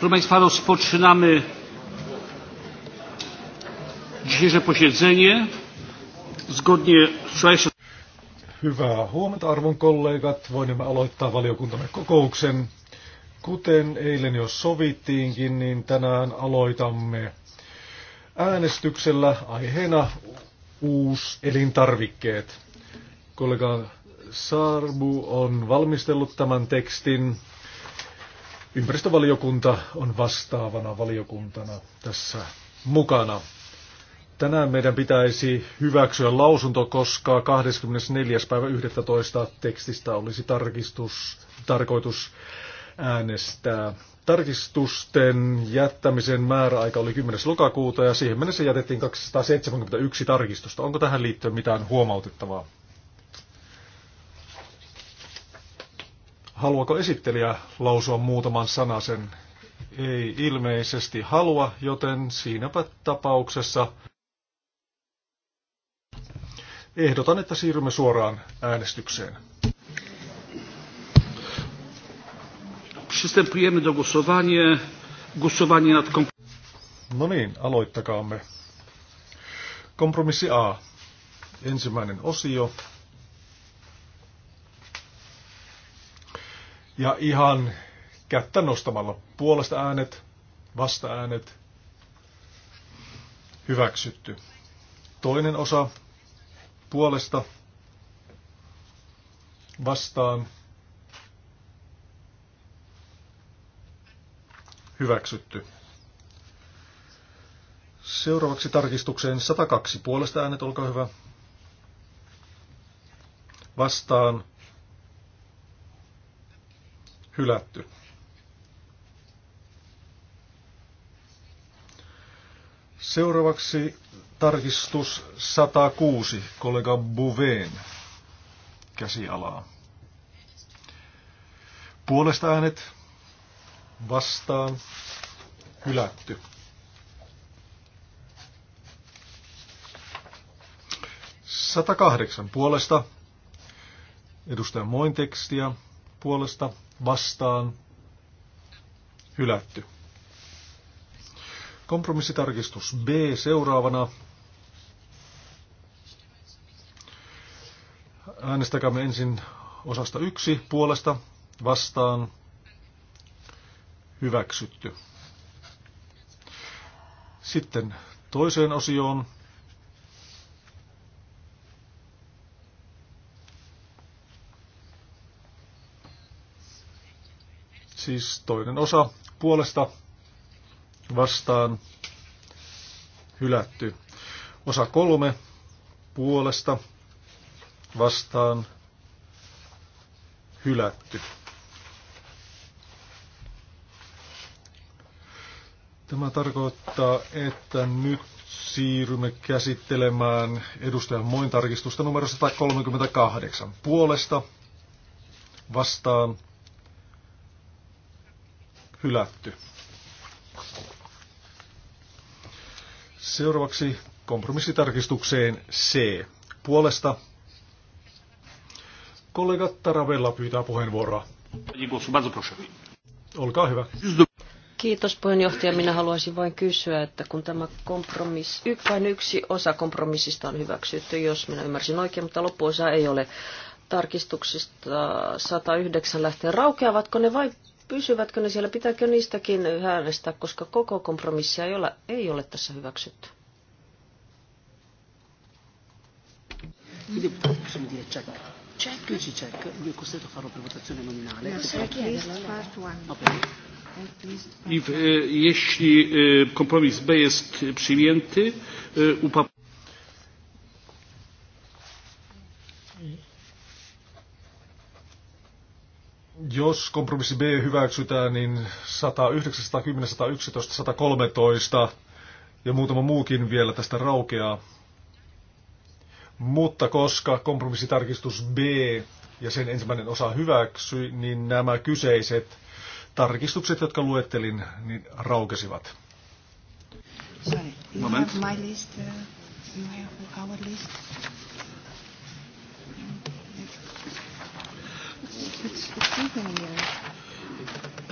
Proszę Państwa, rozpoczynamy dzisiejsze posiedzenie. Zgodnie z wczorajszym... Hyvää huomenta arvon kollegat. Voimme aloittaa valiokuntamme kokouksen. Kuten eilen jo sovittiinkin, niin tänään aloitamme äänestyksellä aiheena uusi elintarvikkeet. Kollega Sarbu on valmistellut tämän tekstin Ympäristövaliokunta on vastaavana valiokuntana tässä mukana. Tänään meidän pitäisi hyväksyä lausunto, koska 24. päivä 11. tekstistä olisi tarkistus, tarkoitus äänestää. Tarkistusten jättämisen määräaika oli 10. lokakuuta ja siihen mennessä jätettiin 271 tarkistusta. Onko tähän liittyen mitään huomautettavaa? Haluaako esittelijä lausua muutaman sanasen? Ei ilmeisesti halua, joten siinäpä tapauksessa ehdotan, että siirrymme suoraan äänestykseen. Przystępujemy do głosowania. Głosowanie nad No niin, aloittakaamme. Kompromissi A. Ensimmäinen osio Ja ihan kättä nostamalla puolesta äänet, vasta äänet, hyväksytty. Toinen osa puolesta vastaan hyväksytty. Seuraavaksi tarkistukseen 102 puolesta äänet, olkaa hyvä. Vastaan hylätty. Seuraavaksi tarkistus 106, kollega Buveen käsialaa. Puolesta äänet vastaan hylätty. Satakahdeksan puolesta. Edustaja Moin tekstiä puolesta vastaan hylätty. Kompromissitarkistus B seuraavana. Äänestäkäämme ensin osasta 1 puolesta vastaan hyväksytty. Sitten toiseen osioon Siis toinen osa puolesta vastaan hylätty. Osa kolme puolesta vastaan hylätty. Tämä tarkoittaa, että nyt siirrymme käsittelemään edustajan Moin tarkistusta numero 138 puolesta vastaan hylätty. Seuraavaksi kompromissitarkistukseen C. Puolesta kollega Taravella pyytää puheenvuoroa. Olkaa hyvä. Kiitos puheenjohtaja. Minä haluaisin vain kysyä, että kun tämä kompromissi, vain yksi osa kompromissista on hyväksytty, jos minä ymmärsin oikein, mutta loppuosa ei ole tarkistuksista 109 lähtee. Raukeavatko ne vai Pysyvätkö ne siellä? Pitääkö niistäkin äänestää, koska koko kompromissia ei ole, ei ole tässä hyväksytty? check. Check? check. No, eh, jeśli eh, kompromis B jest przyjęty, e, Jos kompromissi B hyväksytään, niin 109, 110, 111, 113 ja muutama muukin vielä tästä raukeaa. Mutta koska kompromissitarkistus B ja sen ensimmäinen osa hyväksyi, niin nämä kyseiset tarkistukset, jotka luettelin, niin raukesivat. Sorry, you Moment. have my list, uh, you have our list. It's, it's written here.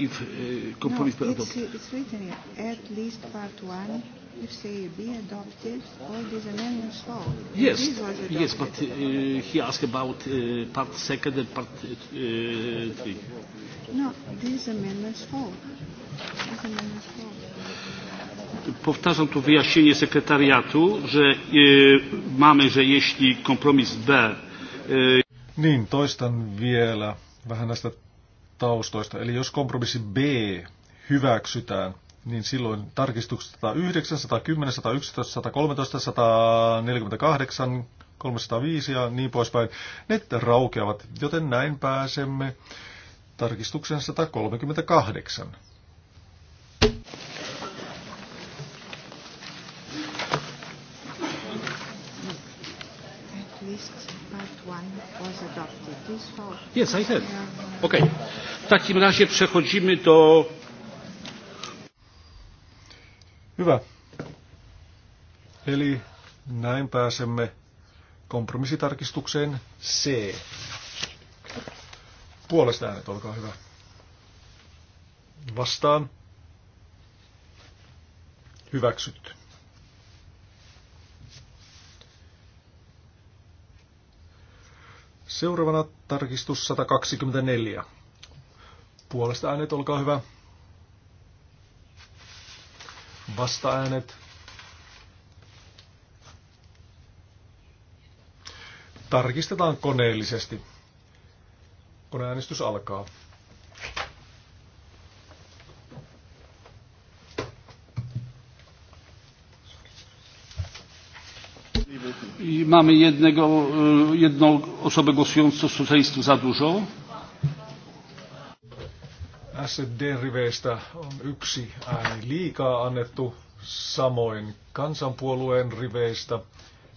If uh, compromise no, it's, it's written here. At least part one, if CAB adopted, all these amendments fall. Yes, yes, but uh, he asked about uh, part second and part uh, three. No, these amendments fall. These amendments fall powtarzam to wyjaśnienie sekretariatu, że y, mamy, że jeśli kompromis B. Y... Niin, toistan vielä vähän näistä taustoista. Eli jos kompromissi B hyväksytään, niin silloin tarkistukset 109, 110, 111, 113, 148, 305 ja niin poispäin, ne raukeavat, joten näin pääsemme tarkistuksen 138. Thank you. Yes, I have. Okay. W takim razie przechodzimy do... Hyvä. Eli näin pääsemme kompromissitarkistukseen C. Puolesta äänet, olkaa hyvä. Vastaan. Hyväksytty. Seuraavana tarkistus 124. Puolesta äänet, olkaa hyvä. Vasta äänet. Tarkistetaan koneellisesti. Koneäänestys alkaa. mamy jednego, jedną osobę głosującą z socjalistów za dużo. SD-riveistä on yksi ääni liikaa annettu, samoin kansanpuolueen riveistä,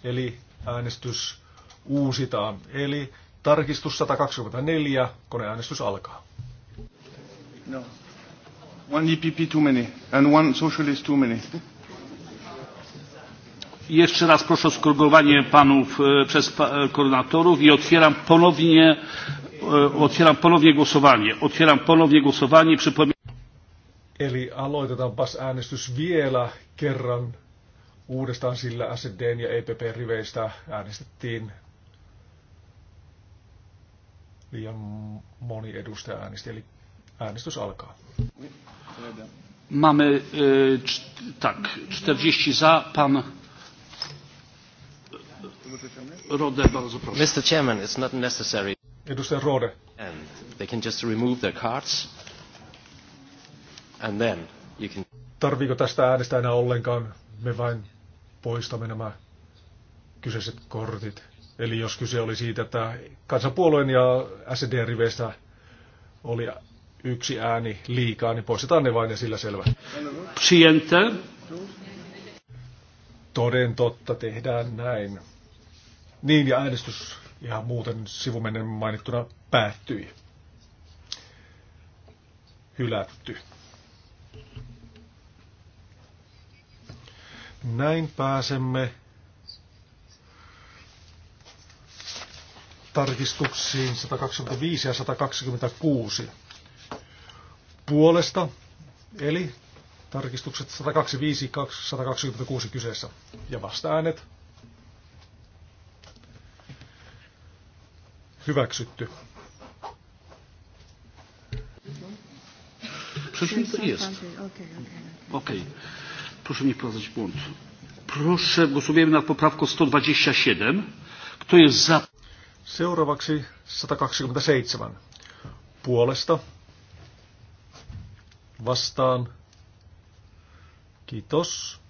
eli äänestys uusitaan. Eli tarkistus 124, koneäänestys alkaa. No. One EPP too many and one socialist too many jeszcze raz proszę o skorygowanie panów e, przez e, koordynatorów i otwieram ponownie, e, otwieram ponownie głosowanie. Otwieram ponownie głosowanie. Przypominam. Eli aloitetaanpas äänestys vielä kerran uudestaan, sillä SDn ja EPP-riveistä äänestettiin liian moni edustaja äänesti, eli äänestys alkaa. Mamy, e, tak, 40 za, pan Mr. Chairman, it's not necessary. Rode. And they can just remove their cards and then you can... Tarviiko tästä äänestä enää ollenkaan? Me vain poistamme nämä kyseiset kortit. Eli jos kyse oli siitä, että kansanpuolueen ja sd riveistä oli yksi ääni liikaa, niin poistetaan ne vain ja sillä selvä. Sientä. Toden totta, tehdään näin. Niin, ja äänestys ihan muuten sivumennen mainittuna päättyi. Hylätty. Näin pääsemme tarkistuksiin 125 ja 126 puolesta, eli tarkistukset 125-126 kyseessä ja vasta-äänet Hyväksytty. Proszę nie wprowadzać błąd. Proszę, głosujemy nad poprawką 127. Kto jest za? Seuraavaksi 127. Puolesta. Vastaan. Kiitos.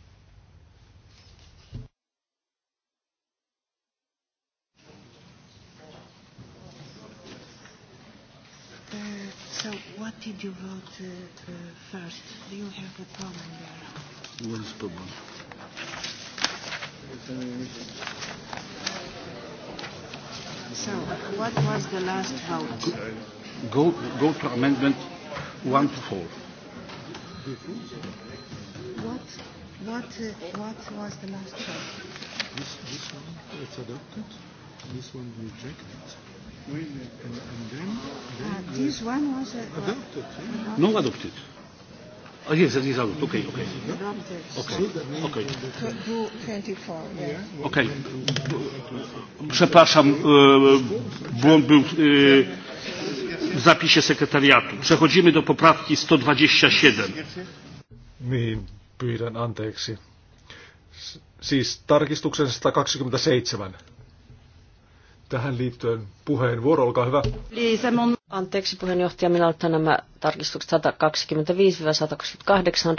did you vote uh, uh, first? Do you have a problem there? What is problem? So, what was the last vote? Go, go to amendment one to four. What, what, uh, what was the last vote? This, this one, it's adopted. This one rejected. Oui, ah, this one was uh, adopted. Yeah? No adopted. Oh, yes, it is adopted. Okay, okay. Adopted. Okay, okay. Do 24, Okay. Przepraszam, e, błąd był e, w zapisie sekretariatu. Przechodzimy do poprawki 127. Niin, pyydän anteeksi. Siis tarkistuksen 127 tähän liittyen puheenvuoro, olkaa hyvä. Liisa, Anteeksi puheenjohtaja, minä otan nämä tarkistukset 125-128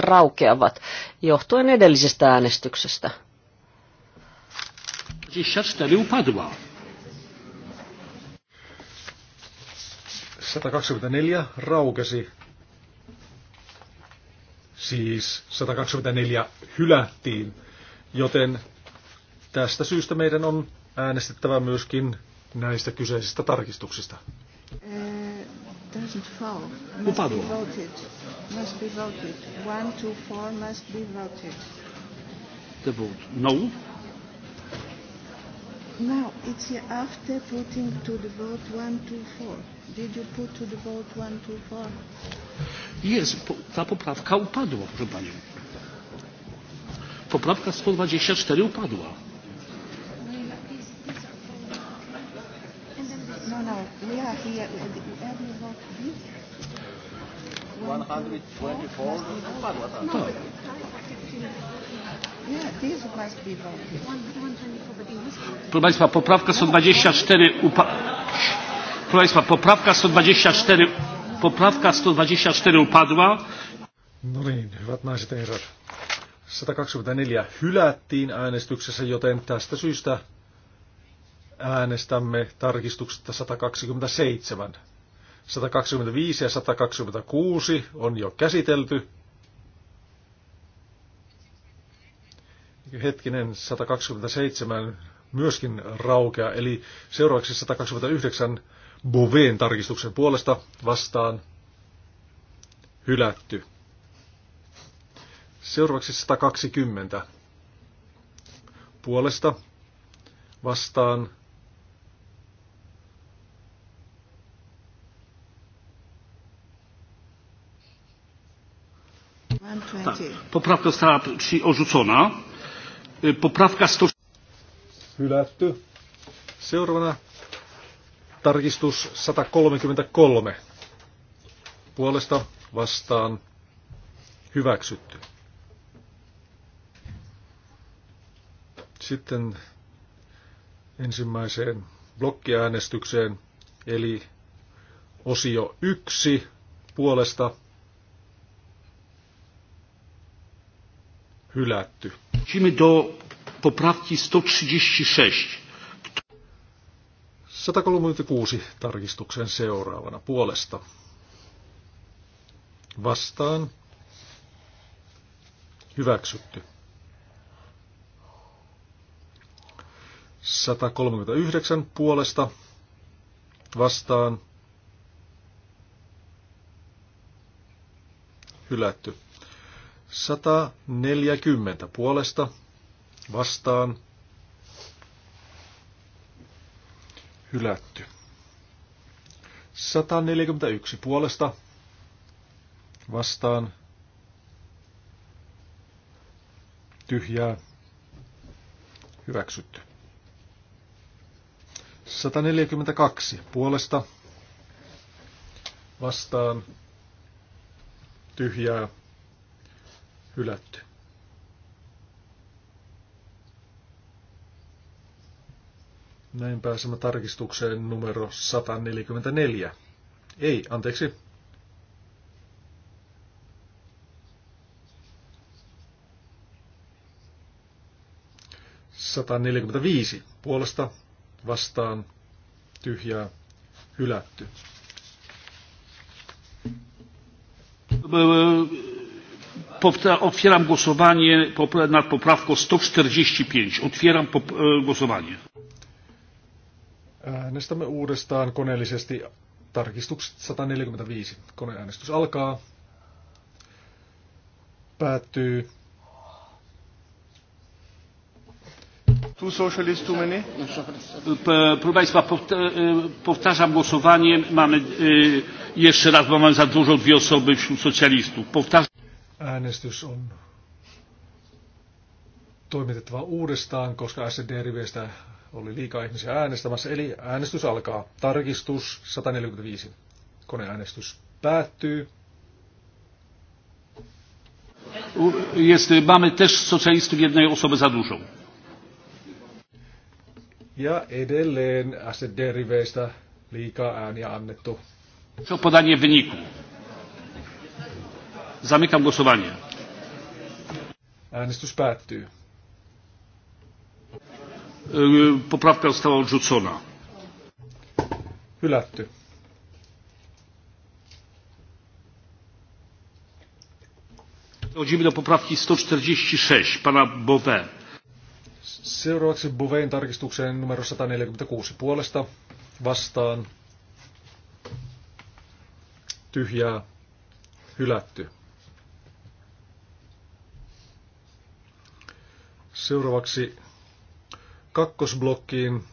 raukeavat johtuen edellisestä äänestyksestä. Dzisiaj upadła. 124 raukesi. Siis 124 hylättiin, joten tästä syystä meidän on äänestettävä myöskin näistä kyseisistä tarkistuksista. Eh, doesn't Must be voted. One, two, four must be voted. The vote. No. Now it's after putting to the vote one, two, four. Did you put to the vote one, two, four? Yes, ta poprawka upadła, proszę Pani. Poprawka 124 upadła. we are here and every vote this 124 Proszę Państwa, poprawka 124 upa... Proszę Państwa, poprawka 124 poprawka 124 upadła. No niin, hyvät naiset ja herrat. 124 hylättiin äänestyksessä, joten tästä syystä äänestämme tarkistuksesta 127. 125 ja 126 on jo käsitelty. Hetkinen, 127 myöskin raukea, eli seuraavaksi 129 Boveen tarkistuksen puolesta vastaan hylätty. Seuraavaksi 120 puolesta vastaan Tak, poprawka została odrzucona. Poprawka 100... Hylätty. Seuraavana tarkistus 133. Puolesta vastaan hyväksytty. Sitten ensimmäiseen blokkiäänestykseen, eli osio 1 puolesta hylätty. Simme do poprawki 136. 136 tarkistuksen seuraavana puolesta. Vastaan. Hyväksytty. 139 puolesta vastaan hylätty. 140 puolesta vastaan hylätty. 141 puolesta vastaan tyhjää hyväksytty. 142 puolesta vastaan tyhjää hylätty. Näin pääsemme tarkistukseen numero 144. Ei, anteeksi. Sataneljäkymmentäviisi puolesta vastaan tyhjää hylätty otwieram głosowanie nad poprawką 145. Otwieram e, głosowanie. Äänestämme uudestaan koneellisesti tarkistukset 145. Koneäänestys alkaa. Päättyy. Tu socialistu meni? many? Proszę Państwa, e, powtarzam głosowanie. Mamy e, jeszcze raz, bo mamy za dużo dwie osoby wśród socjalistów. Powtarzam. Äänestys on toimitettava uudestaan, koska SD-riveistä oli liikaa ihmisiä äänestämässä. Eli äänestys alkaa. Tarkistus 145. Koneäänestys päättyy. Jest, mamy też socjalistów jednej osoby za dużo. Ja edelleen SD-riveistä liikaa ääniä annettu. Se on podanie wyniku. Zamykam głosowanie. Äänestys päättyy. Poprawka została odrzucona. Hylätty. Przechodzimy do poprawki 146 pana Bowe. Seuraavaksi Boveen tarkistukseen numero 146 puolesta vastaan tyhjää hylätty. Seuraavaksi kakkosblokkiin.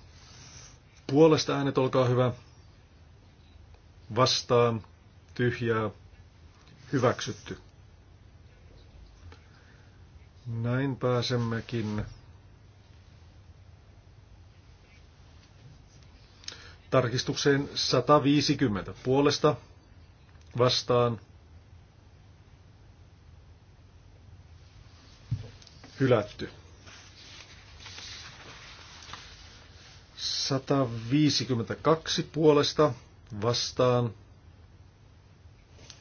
Puolesta äänet, olkaa hyvä. Vastaan, tyhjää, hyväksytty. Näin pääsemmekin tarkistukseen 150 puolesta vastaan hylätty. 152 puolesta vastaan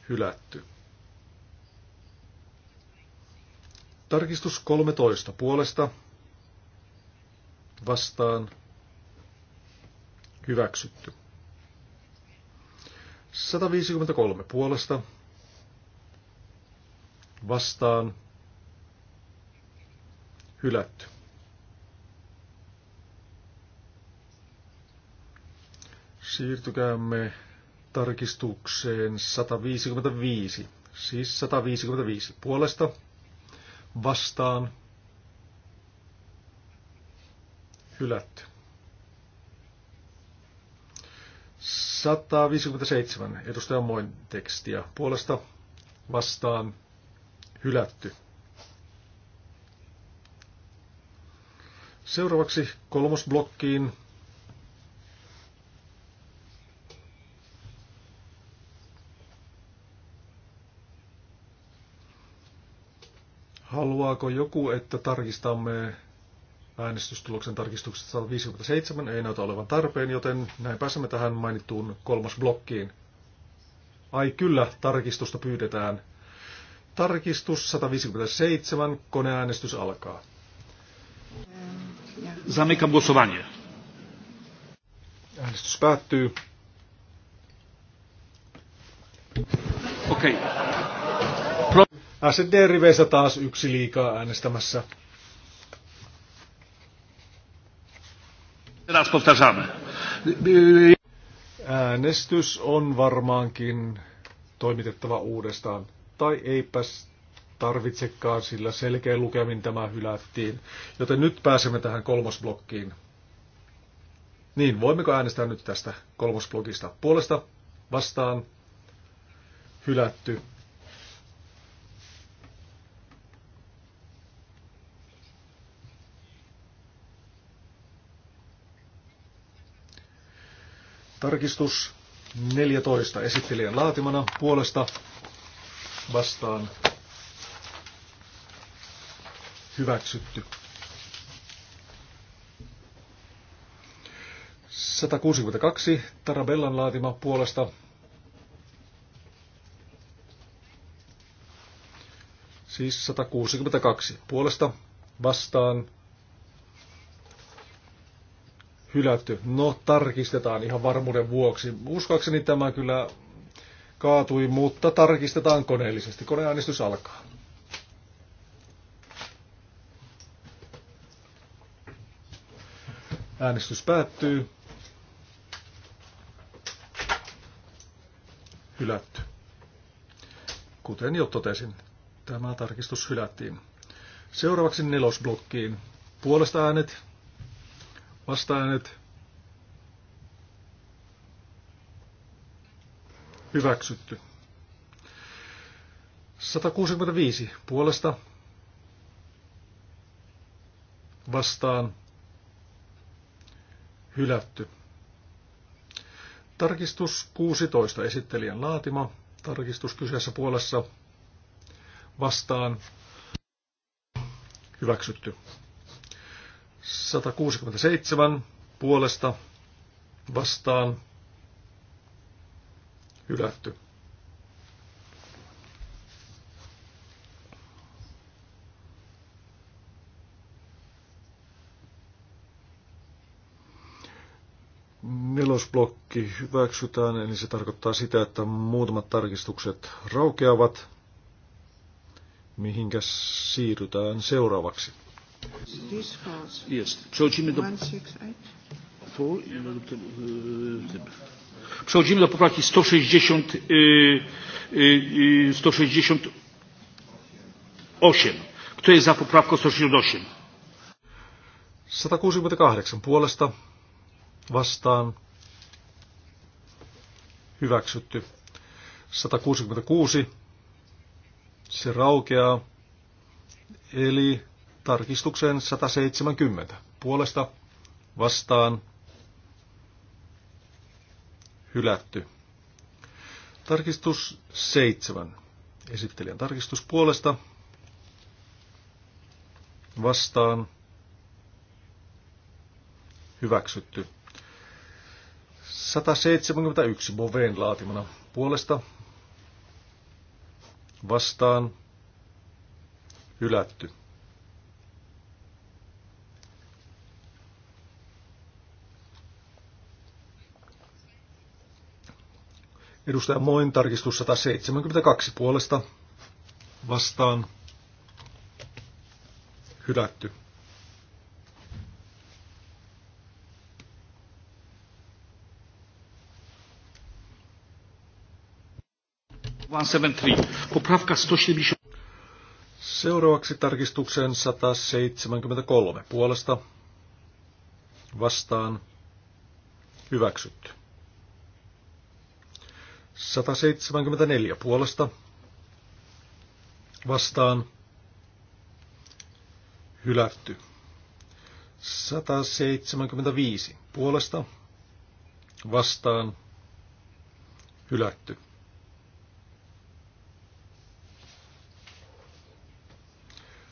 hylätty. Tarkistus 13 puolesta vastaan hyväksytty. 153 puolesta vastaan hylätty. Siirtykäämme tarkistukseen 155. Siis 155 puolesta vastaan hylätty. 157 edustaja Moin tekstiä puolesta vastaan hylätty. Seuraavaksi kolmosblokkiin Haluaako joku, että tarkistamme äänestystuloksen tarkistuksesta 157? Ei näytä olevan tarpeen, joten näin pääsemme tähän mainittuun kolmas blokkiin. Ai kyllä, tarkistusta pyydetään. Tarkistus 157, koneäänestys alkaa. Zamykam głosowanie. Äänestys päättyy. Okei. Okay. SD-riveissä taas yksi liikaa äänestämässä. Äänestys on varmaankin toimitettava uudestaan. Tai eipäs tarvitsekaan, sillä selkeä lukemin tämä hylättiin. Joten nyt pääsemme tähän kolmosblokkiin. Niin, voimmeko äänestää nyt tästä kolmosblogista puolesta vastaan? Hylätty. Tarkistus 14 esittelijän laatimana puolesta vastaan hyväksytty. 162 Tarabellan laatima puolesta. Siis 162 puolesta vastaan hylätty. No, tarkistetaan ihan varmuuden vuoksi. Uskoakseni tämä kyllä kaatui, mutta tarkistetaan koneellisesti. Koneäänestys alkaa. Äänestys päättyy. Hylätty. Kuten jo totesin, tämä tarkistus hylättiin. Seuraavaksi nelosblokkiin. Puolesta äänet nyt. Hyväksytty. 165 puolesta vastaan hylätty. Tarkistus 16 esittelijän laatima. Tarkistus kyseessä puolessa vastaan hyväksytty. 167 puolesta vastaan hylätty. nelosblokki hyväksytään, eli se tarkoittaa sitä, että muutamat tarkistukset raukeavat, mihinkä siirrytään seuraavaksi. Jest. Przechodzimy do... E, przechodzimy do poprawki 160, 168. Kto jest za poprawką 168? 168 puolesta vastaan hyväksytty. 166 se raukeaa. Eli tarkistukseen 170. Puolesta vastaan hylätty. Tarkistus 7. Esittelijän tarkistus puolesta vastaan hyväksytty. 171 Boveen laatimana puolesta vastaan hylätty. Edustaja Moin tarkistus 172 puolesta vastaan hylätty. Poprawka 170. Seuraavaksi tarkistuksen 173 puolesta vastaan hyväksytty. 174 puolesta vastaan hylätty. 175 puolesta vastaan hylätty.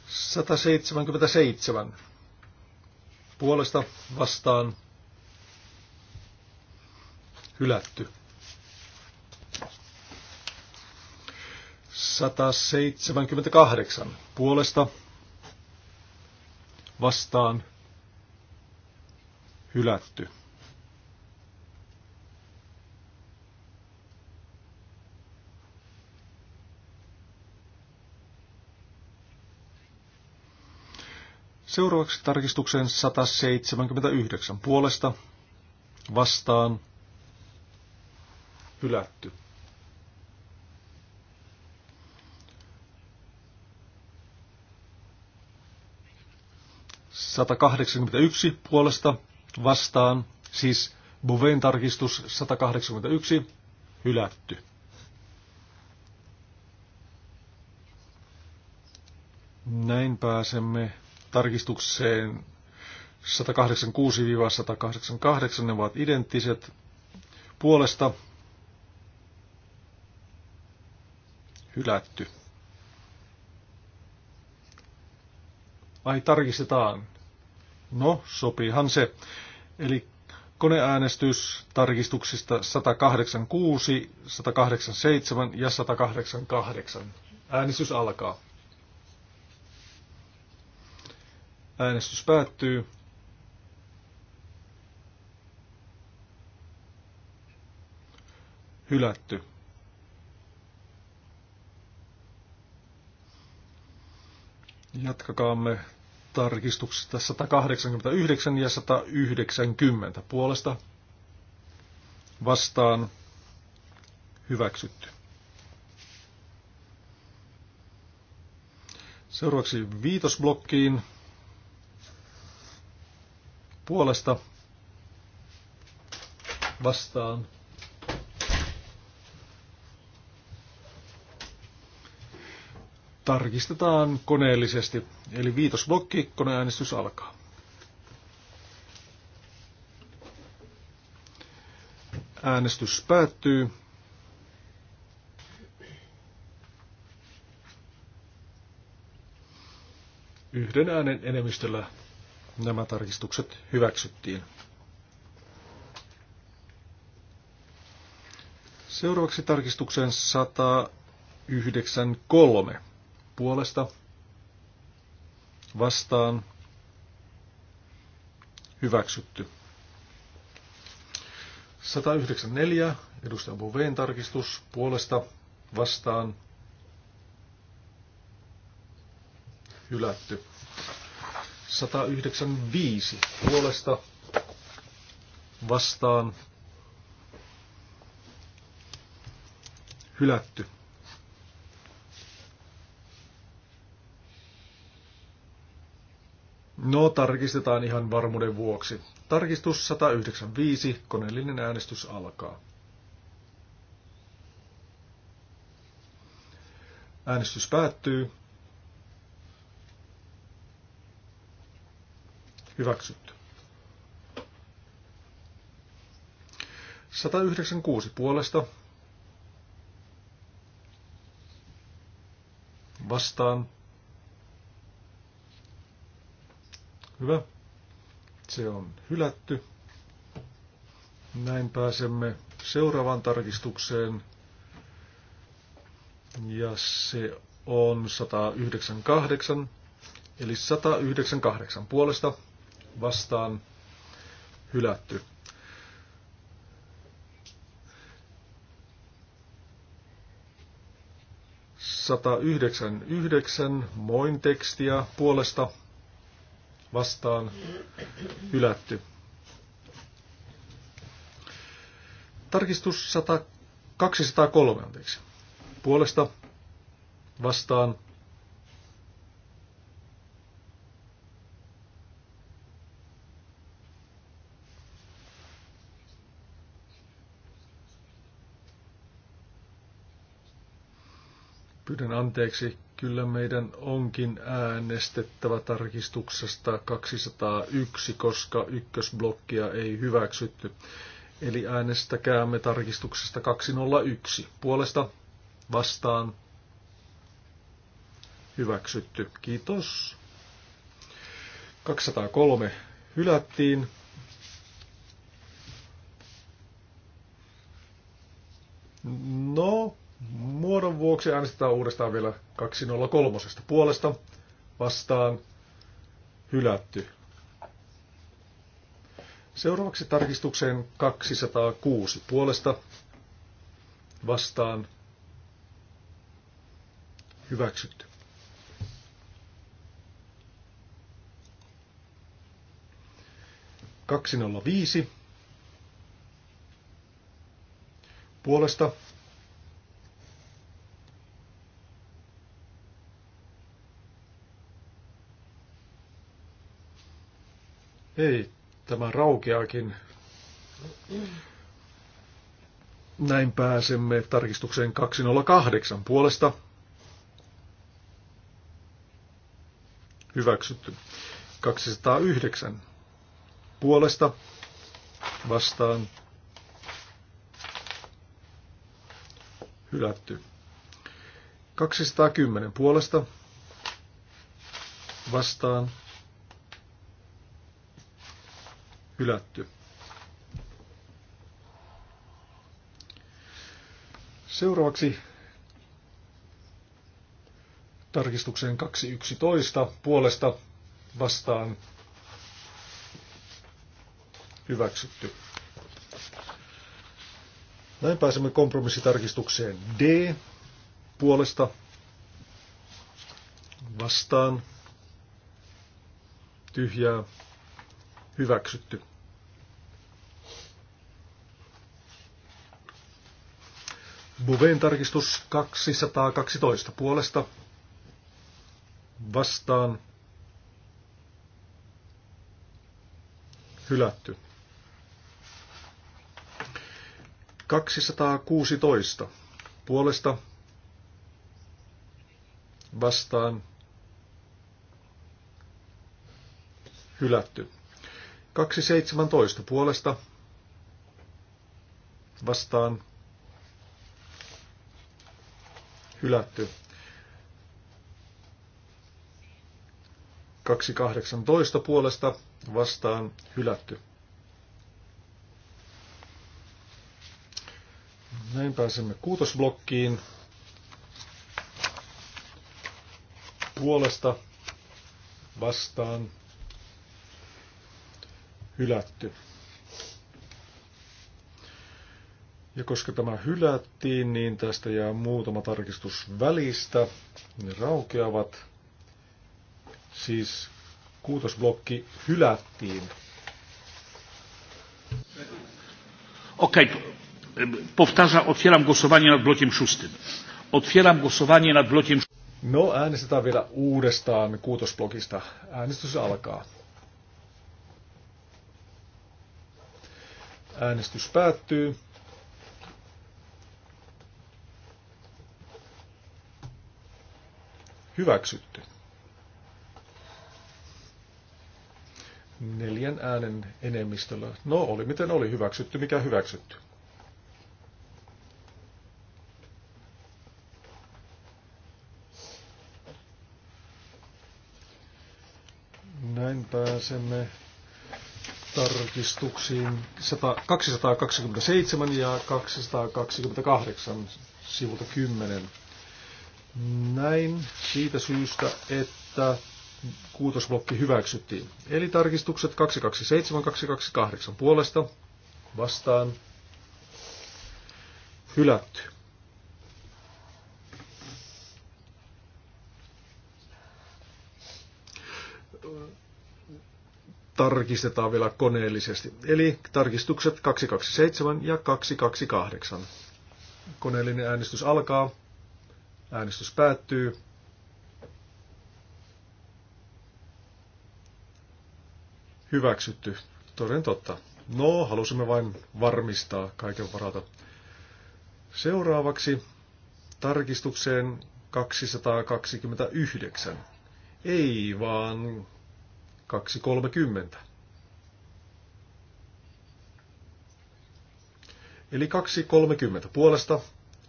Sata seitsemänkymmentä seitsemän puolesta vastaan hylätty. 178 puolesta vastaan hylätty. Seuraavaksi tarkistuksen 179 puolesta vastaan hylätty. 181 puolesta vastaan, siis Bouvain tarkistus 181 hylätty. Näin pääsemme tarkistukseen 186-188, ne ovat identtiset puolesta hylätty. Ai tarkistetaan. No, sopiihan se. Eli koneäänestys tarkistuksista 186, 187 ja 188. Äänestys alkaa. Äänestys päättyy. Hylätty. Jatkakaamme tarkistuksesta 189 ja 190 puolesta vastaan hyväksytty. Seuraavaksi viitosblokkiin puolesta vastaan tarkistetaan koneellisesti. Eli viitosblokki, koneäänestys alkaa. Äänestys päättyy. Yhden äänen enemmistöllä nämä tarkistukset hyväksyttiin. Seuraavaksi tarkistuksen 193 puolesta vastaan hyväksytty. 194 edustaja Bouveen tarkistus puolesta vastaan hylätty. 195 puolesta vastaan hylätty. No, tarkistetaan ihan varmuuden vuoksi. Tarkistus 195, koneellinen äänestys alkaa. Äänestys päättyy. Hyväksytty. 196 puolesta. Vastaan Hyvä. Se on hylätty. Näin pääsemme seuraavaan tarkistukseen. Ja se on 198, eli 198 puolesta vastaan hylätty. Sata yhdeksän moin tekstiä puolesta vastaan hylätty. Tarkistus 100, 203, anteeksi. Puolesta vastaan Pyydän anteeksi, kyllä meidän onkin äänestettävä tarkistuksesta 201, koska ykkösblokkia ei hyväksytty. Eli äänestäkäämme tarkistuksesta 201. Puolesta vastaan hyväksytty. Kiitos. 203 hylättiin. No, muodon vuoksi äänestetään uudestaan vielä 203 puolesta vastaan hylätty. Seuraavaksi tarkistukseen 206 puolesta vastaan hyväksytty. Kaksi nolla viisi puolesta Ei, tämä raukeakin. Näin pääsemme tarkistukseen 208 puolesta. Hyväksytty. 209 puolesta vastaan hylätty. 210 puolesta vastaan hylätty. Seuraavaksi tarkistukseen 2.11 puolesta vastaan hyväksytty. Näin pääsemme kompromissitarkistukseen D puolesta vastaan tyhjää hyväksytty. Buveen tarkistus 212 puolesta vastaan hylätty. 216 puolesta vastaan hylätty. 217 puolesta vastaan hylätty. 218 puolesta vastaan hylätty. Näin pääsemme kuutosblokkiin. Puolesta vastaan hylätty. Ja koska tämä hylättiin, niin tästä jää muutama tarkistus välistä. Ne raukeavat. Siis kuutosblokki hylättiin. Okei, okay. powtarzam, otwieram głosowanie nad blokiem szóstym. Otwieram głosowanie nad blokiem No, äänestetään vielä uudestaan kuutosblokista. Äänestys alkaa. Äänestys päättyy. Hyväksytty. Neljän äänen enemmistöllä. No oli miten oli hyväksytty, mikä hyväksytty. näin pääsemme tarkistuksiin 227 ja 228 sivulta 10. Näin siitä syystä, että kuutosblokki hyväksyttiin. Eli tarkistukset 227, 228 puolesta vastaan hylätty. tarkistetaan vielä koneellisesti. Eli tarkistukset 227 ja 228. Koneellinen äänestys alkaa. Äänestys päättyy. Hyväksytty. Toden totta. No, halusimme vain varmistaa kaiken varalta. Seuraavaksi tarkistukseen 229. Ei vaan 2.30. Eli 2.30 puolesta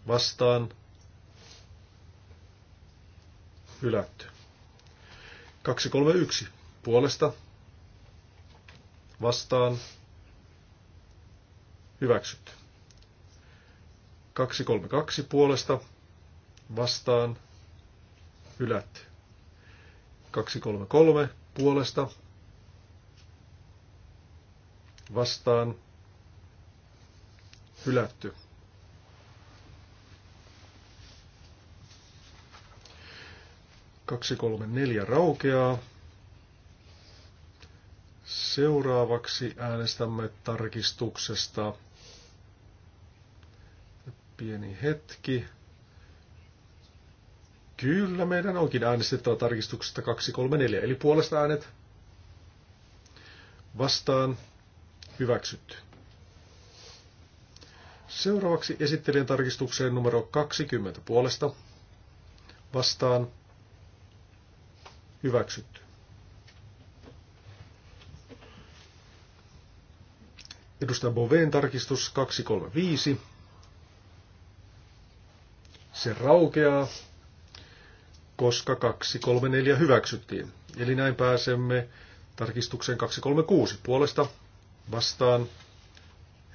vastaan hylätty. 2.31 puolesta vastaan hyväksytty. 232 puolesta vastaan hylätty. 233 puolesta vastaan hylätty. Kaksi, kolme, neljä raukeaa. Seuraavaksi äänestämme tarkistuksesta. Pieni hetki. Kyllä, meidän onkin äänestettävä tarkistuksesta 234, eli puolesta äänet vastaan hyväksytty. Seuraavaksi esittelijän tarkistukseen numero 20 puolesta vastaan hyväksytty. Edustaja Boveen tarkistus 235. Se raukeaa koska 234 hyväksyttiin. Eli näin pääsemme tarkistukseen 236 puolesta vastaan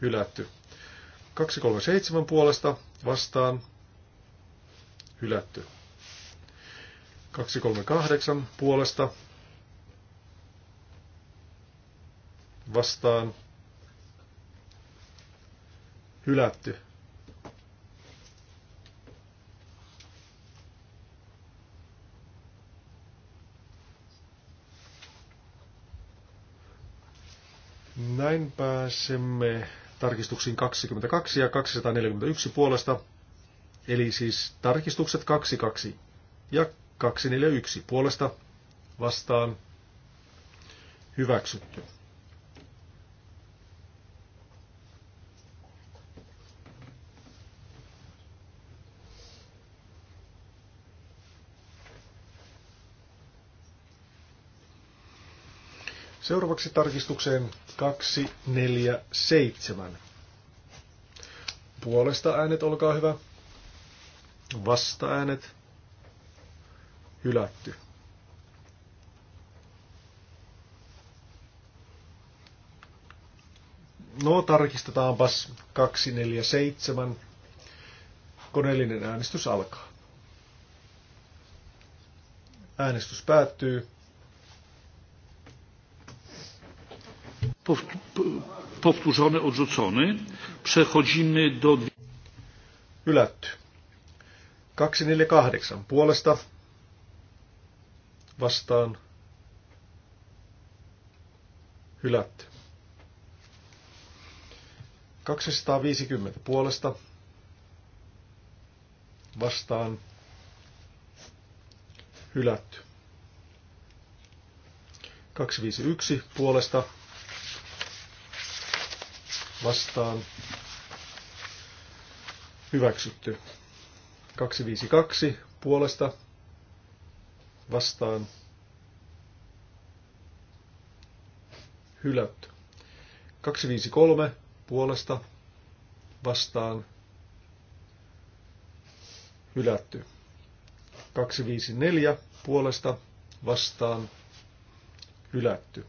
hylätty. 237 puolesta vastaan hylätty. 238 puolesta vastaan hylätty. Näin pääsemme tarkistuksiin 22 ja 241 puolesta, eli siis tarkistukset 22 ja 241 puolesta vastaan hyväksytty. Seuraavaksi tarkistukseen 247. Puolesta äänet, olkaa hyvä. Vasta äänet. Hylätty. No, tarkistetaanpas 247. Koneellinen äänestys alkaa. Äänestys päättyy. powtórzony, odrzucony. Przechodzimy do... Hylätty. 248 puolesta vastaan hylätty. 250 puolesta vastaan hylätty. 251 puolesta vastaan hyväksytty. 252 puolesta vastaan hylätty. 253 puolesta vastaan hylätty. 254 puolesta vastaan hylätty.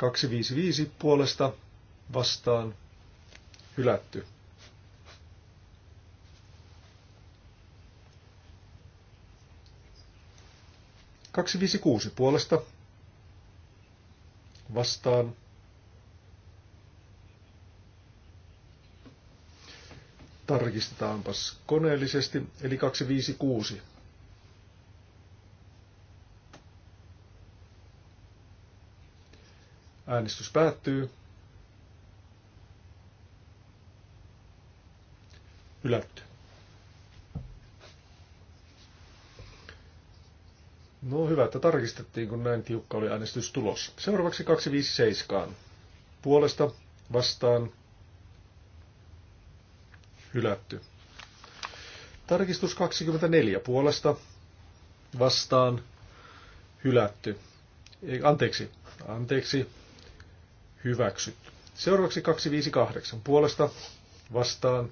255 puolesta vastaan hylätty. Kaksi viisi kuusi puolesta vastaan. Tarkistetaanpas koneellisesti, eli kaksi viisi kuusi. Äänestys päättyy. Hylätty. No hyvä, että tarkistettiin, kun näin tiukka oli äänestystulos. Seuraavaksi 257. Puolesta vastaan hylätty. Tarkistus 24. Puolesta vastaan hylätty. anteeksi, anteeksi hyväksytty. Seuraavaksi 258 puolesta vastaan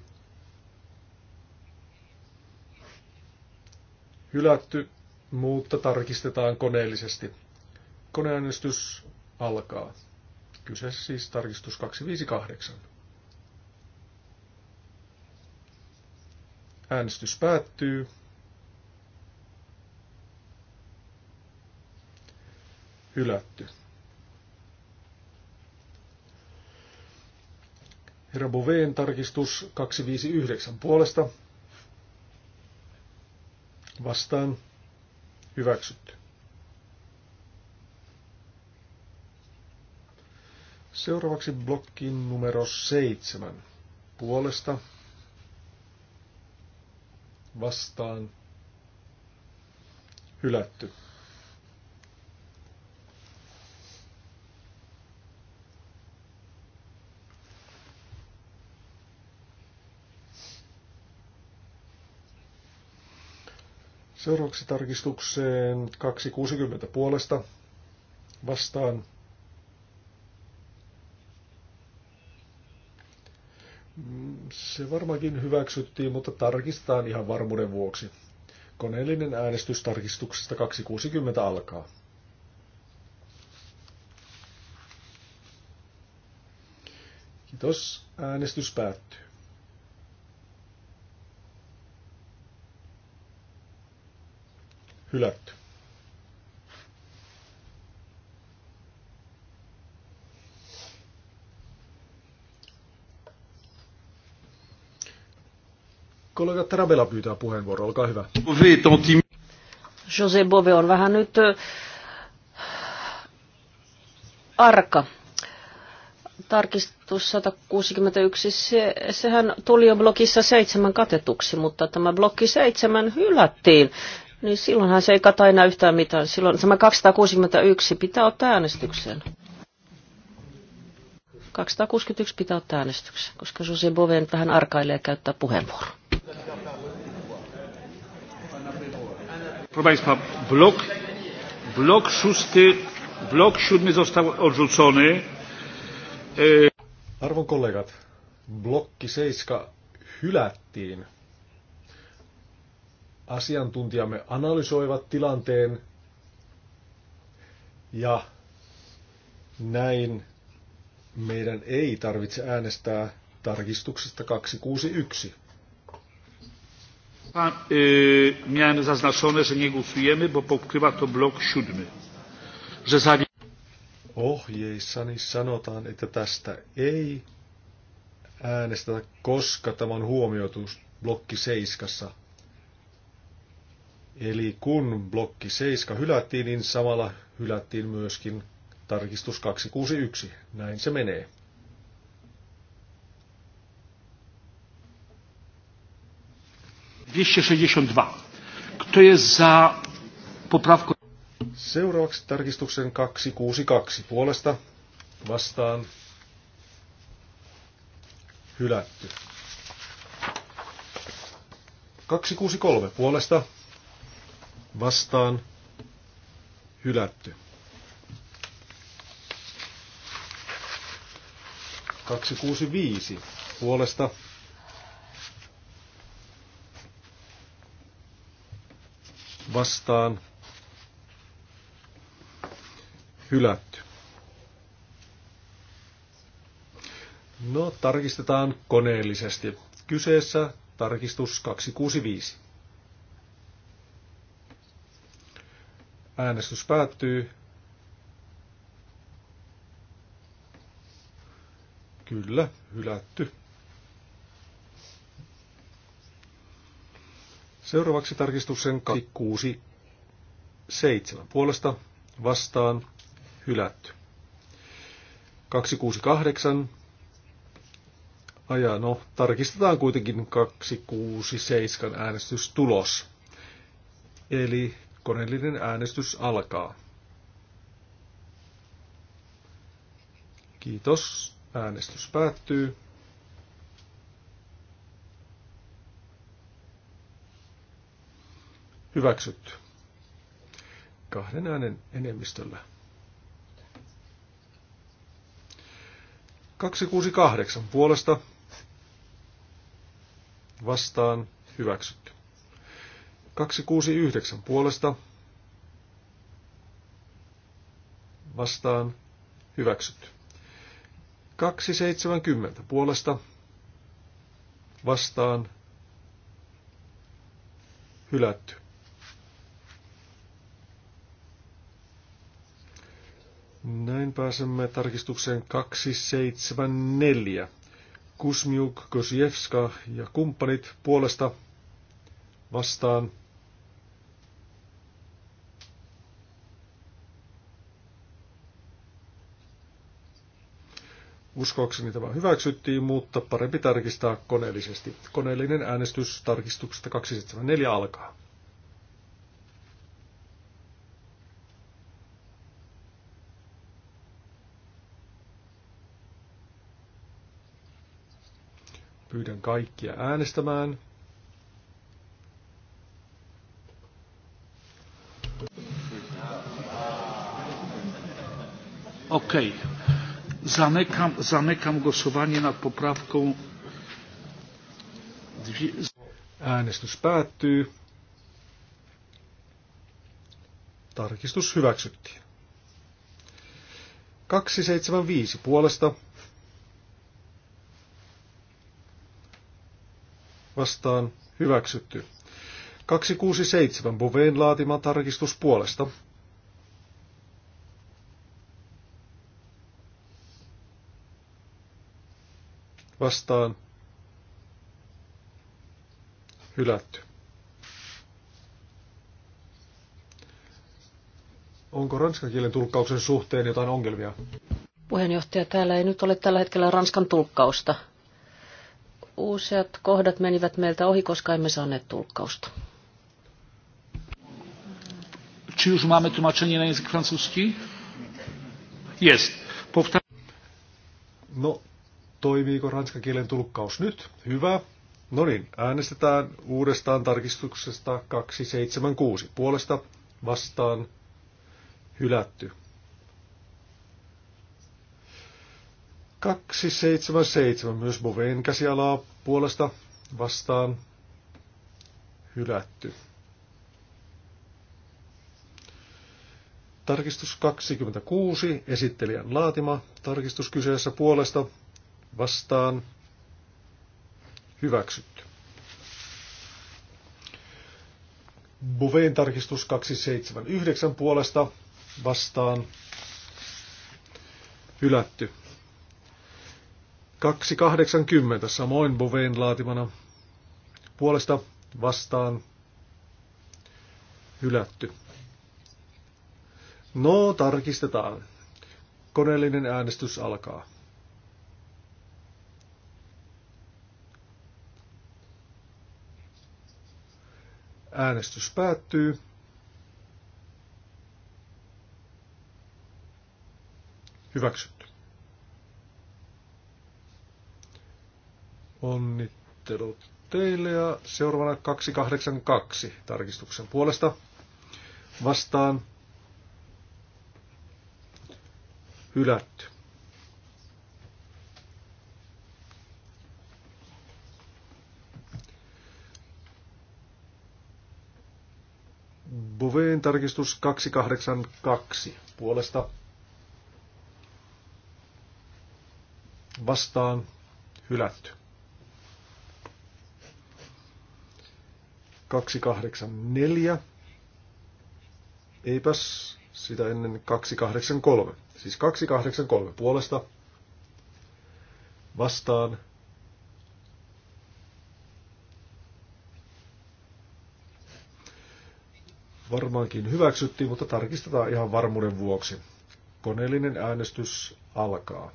hylätty, mutta tarkistetaan koneellisesti. Koneäänestys alkaa. Kyseessä siis tarkistus 258. Äänestys päättyy. Hylätty. Herra Boveen tarkistus 259 puolesta. Vastaan. Hyväksytty. Seuraavaksi blokkin numero 7. Puolesta. Vastaan. Hylätty. Seuraavaksi tarkistukseen 260 puolesta vastaan. Se varmaankin hyväksyttiin, mutta tarkistetaan ihan varmuuden vuoksi. Koneellinen äänestys tarkistuksesta 260 alkaa. Kiitos. Äänestys päättyy. hylätty. Kollega Tarabella pyytää puheenvuoroa, olkaa hyvä. Jose Bove on vähän nyt arka. Tarkistus 161, se, sehän tuli jo blokissa seitsemän katetuksi, mutta tämä blokki seitsemän hylättiin niin silloinhan se ei kata enää yhtään mitään. Silloin tämä 261 pitää ottaa äänestykseen. 261 pitää ottaa äänestykseen, koska Susi Boven vähän arkailee käyttää puheenvuoroa. Proszę blok, blok, szósty, blok siódmy został odrzucony. Arvon kollegat, blokki seiska hylättiin asiantuntijamme analysoivat tilanteen ja näin meidän ei tarvitse äänestää tarkistuksesta 261. A, y, miałem zaznaczone, że nie głosujemy, bo pokrywa to blok siódmy. Że za... Ohjeissani sanotaan, että tästä ei äänestetä, koska tämä on huomioitu blokki seiskassa. Eli kun blokki 7 hylättiin, niin samalla hylättiin myöskin tarkistus 261. Näin se menee. Kto jest za poprawką? Seuraavaksi tarkistuksen 262 puolesta vastaan hylätty. 263 puolesta vastaan hylätty. 265 puolesta vastaan hylätty. No, tarkistetaan koneellisesti. Kyseessä tarkistus 265. Äänestys päättyy. Kyllä, hylätty. Seuraavaksi tarkistuksen 6, 7 puolesta vastaan hylätty. 268 Aja, no, tarkistetaan kuitenkin 267 äänestystulos. Eli Koneellinen äänestys alkaa. Kiitos. Äänestys päättyy. Hyväksytty. Kahden äänen enemmistöllä. 268 puolesta vastaan hyväksytty. 269 puolesta vastaan hyväksytty. 270 puolesta vastaan hylätty. Näin pääsemme tarkistukseen 274. Kusmiuk, Kosjevska ja kumppanit puolesta vastaan Uskoakseni tämä hyväksyttiin, mutta parempi tarkistaa koneellisesti. Koneellinen äänestys tarkistuksesta 274 alkaa. Pyydän kaikkia äänestämään. Okei. Okay. Zamykam, głosowanie nad poprawką. Äänestys päättyy. Tarkistus hyväksyttiin. 275 puolesta. Vastaan hyväksytty. 267 Boveen laatima tarkistus puolesta. vastaan hylätty. Onko ranskan kielen tulkkauksen suhteen jotain ongelmia? Puheenjohtaja, täällä ei nyt ole tällä hetkellä ranskan tulkkausta. Uusiat kohdat menivät meiltä ohi, koska emme saaneet tulkkausta. Czy już mamy tłumaczenie na język francuski? Jest. Powtar- no, Toimiiko ranskan kielen tulkkaus nyt? Hyvä. No niin, äänestetään uudestaan tarkistuksesta 276. Puolesta vastaan hylätty. 277 myös Boveen käsialaa puolesta vastaan hylätty. Tarkistus 26, esittelijän laatima. Tarkistus kyseessä puolesta vastaan hyväksytty. Buveen tarkistus 279 puolesta vastaan hylätty. 280 samoin Buveen laatimana puolesta vastaan hylätty. No, tarkistetaan. Koneellinen äänestys alkaa. Äänestys päättyy. Hyväksytty. Onnittelut teille ja seuraavana 282 tarkistuksen puolesta vastaan hylätty. Boveen tarkistus 282 puolesta vastaan hylätty. 284. Eipäs sitä ennen 283. Siis 283 puolesta vastaan varmaankin hyväksyttiin, mutta tarkistetaan ihan varmuuden vuoksi. Koneellinen äänestys alkaa.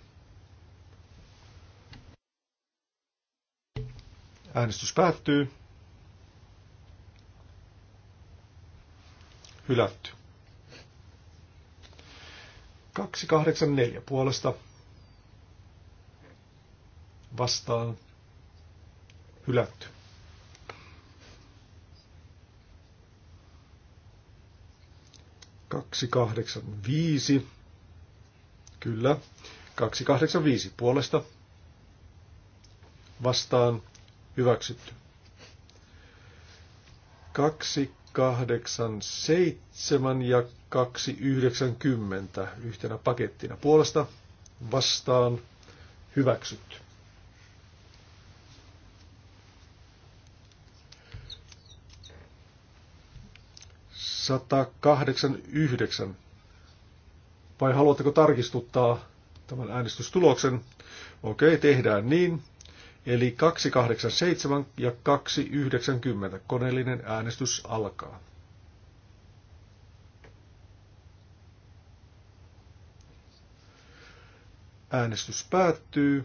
Äänestys päättyy. Hylätty. 284 puolesta vastaan hylätty. 285. Kyllä. 285 puolesta. Vastaan hyväksytty. 287 ja 290 yhtenä pakettina puolesta. Vastaan hyväksytty. 189. Vai haluatteko tarkistuttaa tämän äänestystuloksen? Okei, tehdään niin. Eli 287 ja 290. Koneellinen äänestys alkaa. Äänestys päättyy.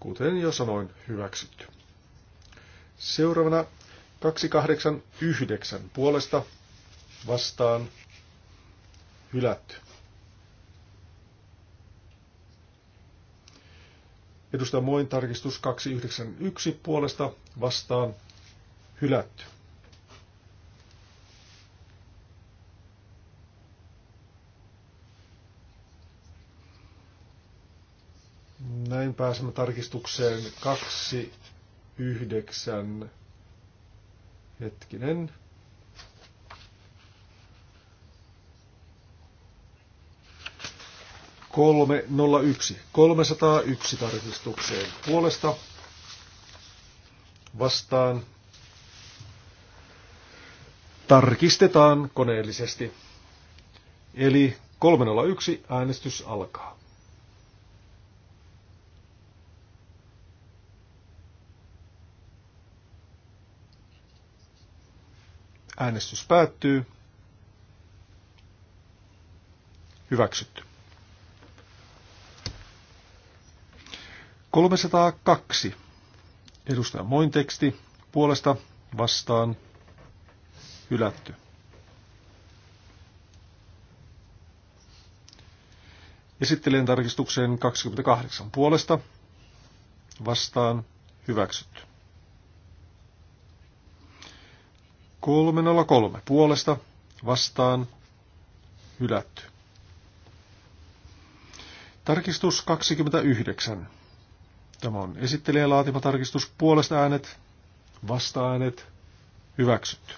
kuten jo sanoin, hyväksytty. Seuraavana 289 puolesta vastaan hylätty. Edustaja Moin tarkistus 291 puolesta vastaan hylätty. Näin pääsemme tarkistukseen 29. Hetkinen. Kolme, nolla yksi. 301 tarkistukseen puolesta vastaan tarkistetaan koneellisesti. Eli 301 äänestys alkaa. Äänestys päättyy. Hyväksytty. 302. Edustaja Moin teksti. Puolesta vastaan hylätty. Esittelijän tarkistukseen 28 puolesta vastaan hyväksytty. 303 puolesta vastaan hylätty. Tarkistus 29. Tämä on esittelijä laatima tarkistus puolesta äänet, vasta äänet, hyväksytty.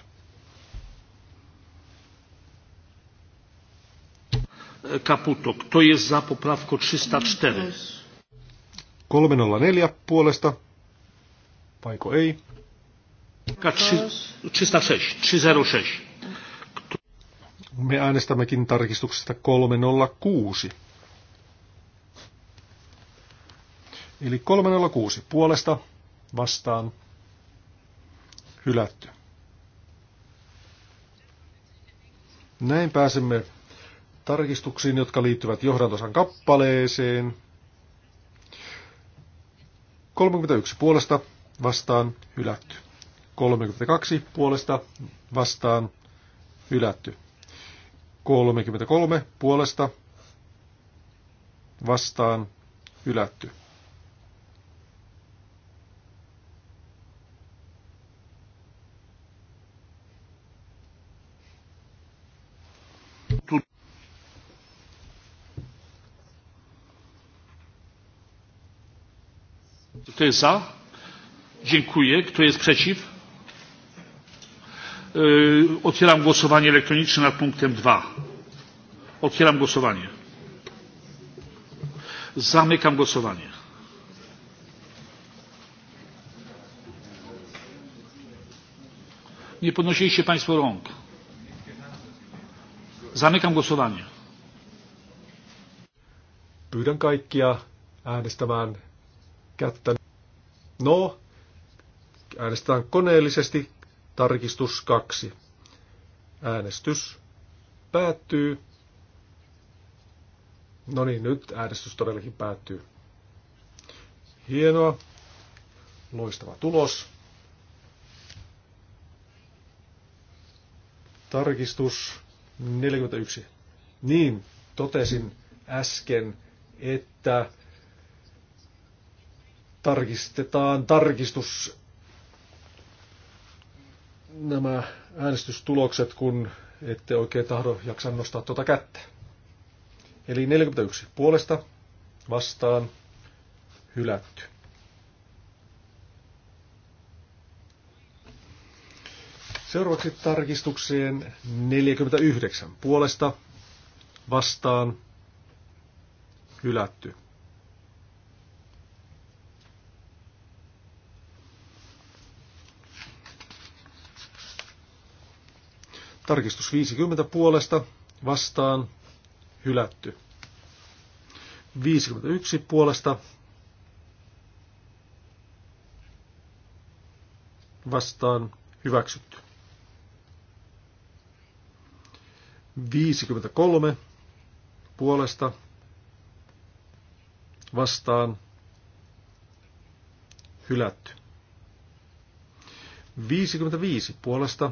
Kaputok, to jest za poprawko 304? 304 puolesta, paiko ei? 306. 306. Me äänestämmekin tarkistuksesta 306. Eli 306 puolesta vastaan hylätty. Näin pääsemme tarkistuksiin, jotka liittyvät johdantosan kappaleeseen. 31 puolesta vastaan hylätty. 32 puolesta vastaan hylätty. 33 puolesta vastaan hylätty. Kto jest za? Dziękuję. Kto jest przeciw? Otwieram głosowanie elektroniczne nad punktem 2. Otwieram głosowanie. Zamykam głosowanie. Nie podnosiliście Państwo rąk. Zamykam głosowanie. Pyydän kaikkia äänestämään kättä. No, äänestetään koneellisesti. Tarkistus 2. Äänestys päättyy. No niin, nyt äänestys todellakin päättyy. Hienoa. Loistava tulos. Tarkistus 41. Niin, totesin äsken, että tarkistetaan tarkistus nämä äänestystulokset, kun ette oikein tahdo jaksa nostaa tuota kättä. Eli 41 puolesta vastaan hylätty. Seuraavaksi tarkistukseen 49 puolesta vastaan hylätty. Tarkistus 50 puolesta vastaan hylätty. 51 puolesta vastaan hyväksytty. 53 puolesta vastaan hylätty. 55 puolesta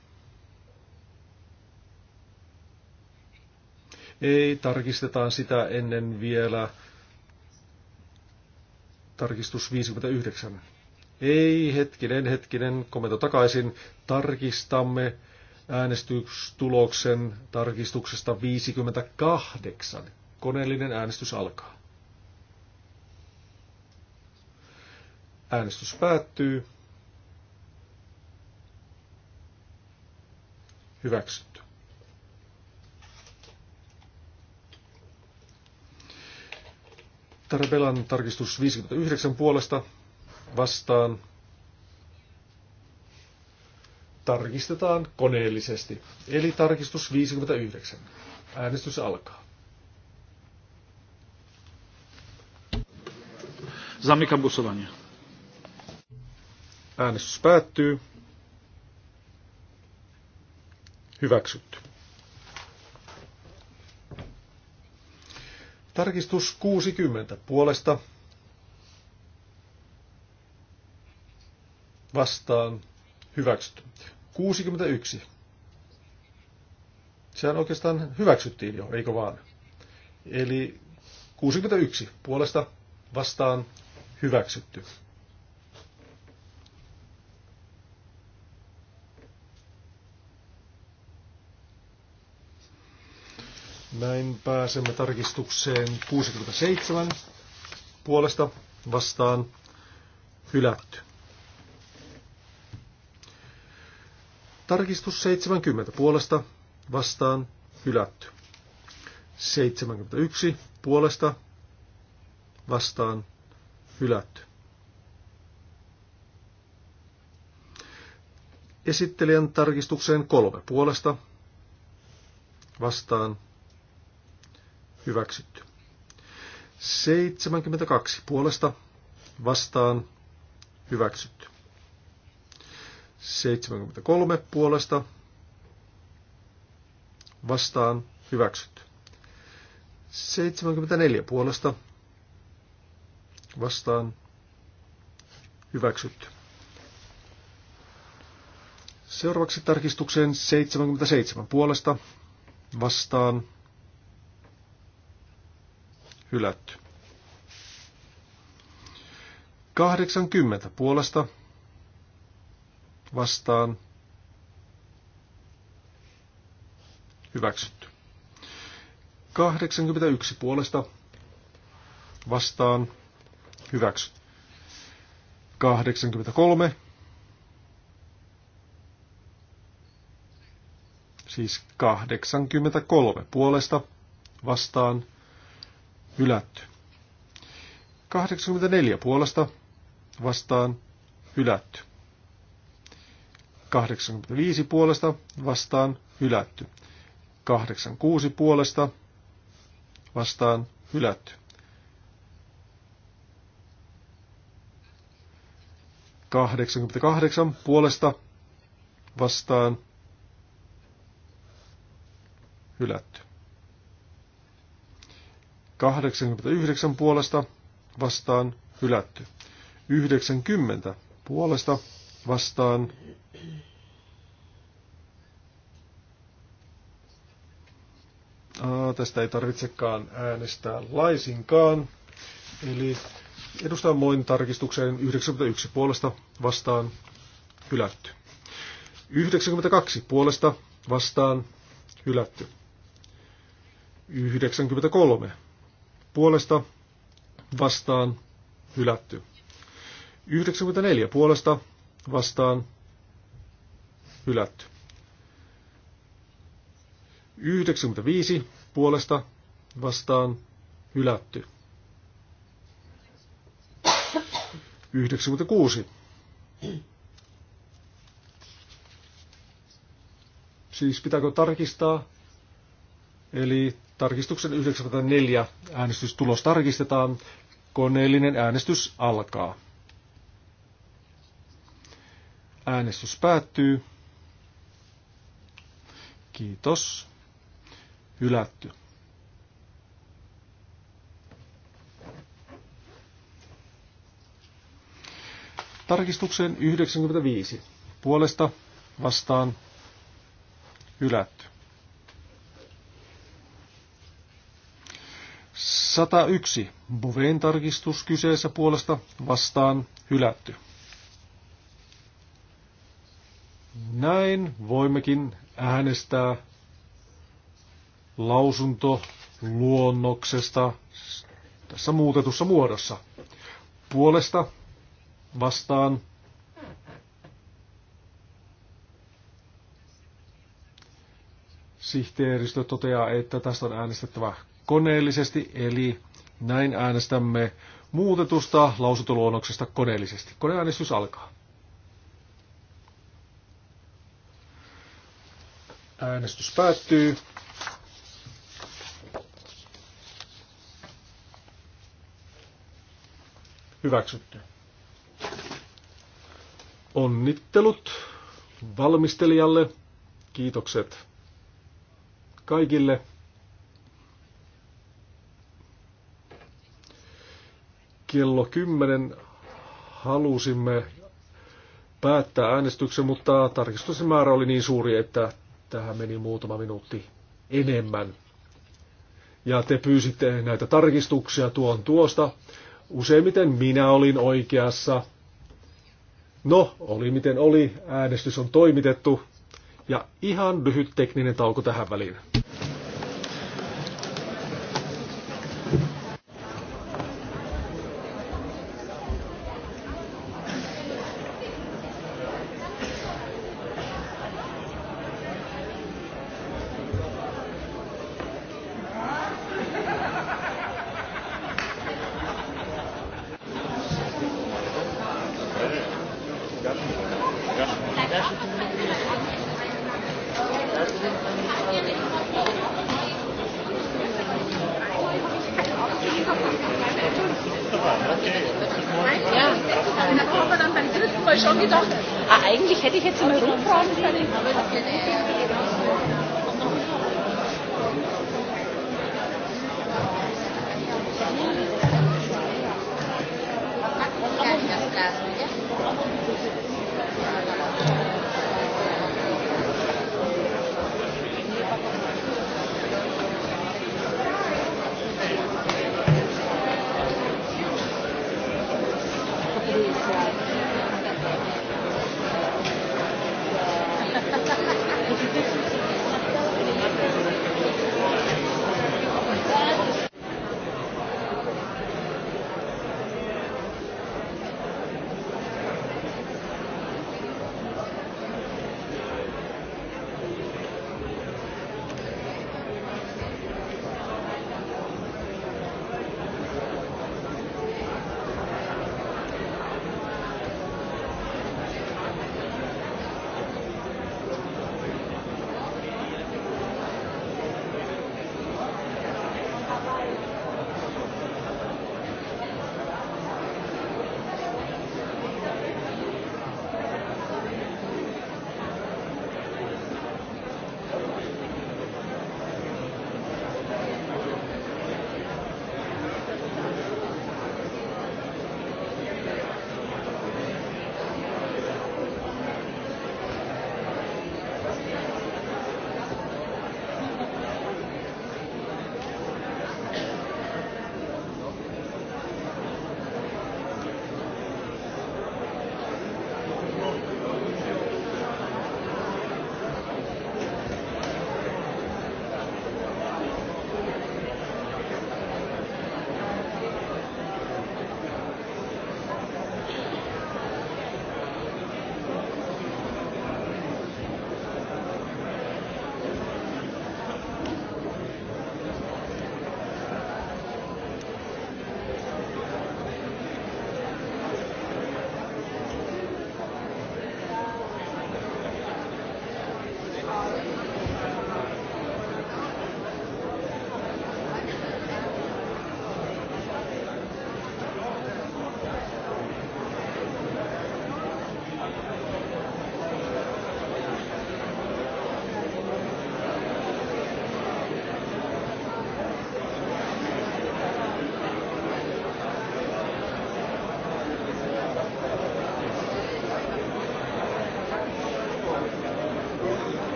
Ei, tarkistetaan sitä ennen vielä. Tarkistus 59. Ei, hetkinen, hetkinen, komento takaisin. Tarkistamme äänestystuloksen tarkistuksesta 58. Koneellinen äänestys alkaa. Äänestys päättyy. Hyväksy. Tarabellan tarkistus 59 puolesta vastaan. Tarkistetaan koneellisesti. Eli tarkistus 59. Äänestys alkaa. Zamika głosowanie. Äänestys päättyy. Hyväksytty. Tarkistus 60 puolesta vastaan hyväksytty. 61. Sehän oikeastaan hyväksyttiin jo, eikö vaan? Eli 61 puolesta vastaan hyväksytty. Näin pääsemme tarkistukseen 67 puolesta vastaan hylätty. Tarkistus 70 puolesta vastaan hylätty. 71 puolesta vastaan hylätty. Esittelijän tarkistukseen kolme puolesta vastaan Hyväksytty. 72 puolesta vastaan hyväksytty. 73 puolesta vastaan hyväksytty. 74 puolesta vastaan hyväksytty. Seuraavaksi tarkistukseen 77 puolesta vastaan hylätty. 80 puolesta vastaan hyväksytty. 81 puolesta vastaan hyväksytty. 83 siis 83 puolesta vastaan hylätty. 84 puolesta vastaan hylätty. 85 puolesta vastaan hylätty. 86 puolesta vastaan hylätty. 88 puolesta vastaan hylätty. 89 puolesta vastaan hylätty. 90 puolesta vastaan Aa, tästä ei tarvitsekaan äänestää laisinkaan. Eli edustajan Moin tarkistukseen 91 puolesta vastaan hylätty. 92 puolesta vastaan hylätty. 93 puolesta vastaan hylätty. 94 puolesta vastaan hylätty. 95 puolesta vastaan hylätty. 96. Siis pitääkö tarkistaa? Eli Tarkistuksen 94 äänestystulos tarkistetaan. Koneellinen äänestys alkaa. Äänestys päättyy. Kiitos. Hylätty. Tarkistuksen 95. Puolesta vastaan hylätty. 101. Boveen tarkistus kyseessä puolesta vastaan hylätty. Näin voimmekin äänestää lausunto luonnoksesta tässä muutetussa muodossa. Puolesta vastaan sihteeristö toteaa, että tästä on äänestettävä koneellisesti, eli näin äänestämme muutetusta lausuntoluonnoksesta koneellisesti. Koneäänestys alkaa. Äänestys päättyy. Hyväksytty. Onnittelut valmistelijalle. Kiitokset kaikille. kello 10 halusimme päättää äänestyksen, mutta tarkistuksen määrä oli niin suuri, että tähän meni muutama minuutti enemmän. Ja te pyysitte näitä tarkistuksia tuon tuosta. Useimmiten minä olin oikeassa. No, oli miten oli, äänestys on toimitettu. Ja ihan lyhyt tekninen tauko tähän väliin.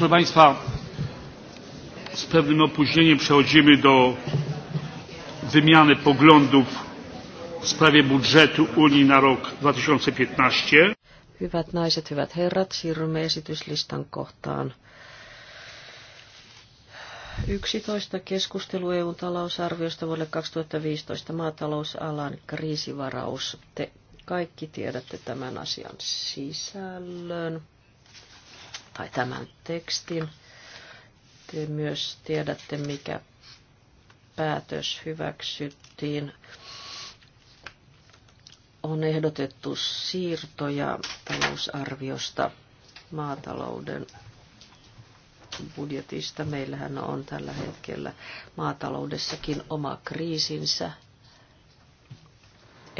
Proszę Państwa, z pewnym opóźnieniem przechodzimy do wymiany poglądów w sprawie budżetu Unii na rok 2015. Hyvät naiset, hyvät herrat, siirrymme esityslistan kohtaan 11 keskustelu EUn talousarviosta vuodelle 2015 maatalousalan kriisivaraus. Te kaikki tiedätte tämän asian sisällön tai tämän tekstin. Te myös tiedätte, mikä päätös hyväksyttiin. On ehdotettu siirtoja talousarviosta maatalouden budjetista. Meillähän on tällä hetkellä maataloudessakin oma kriisinsä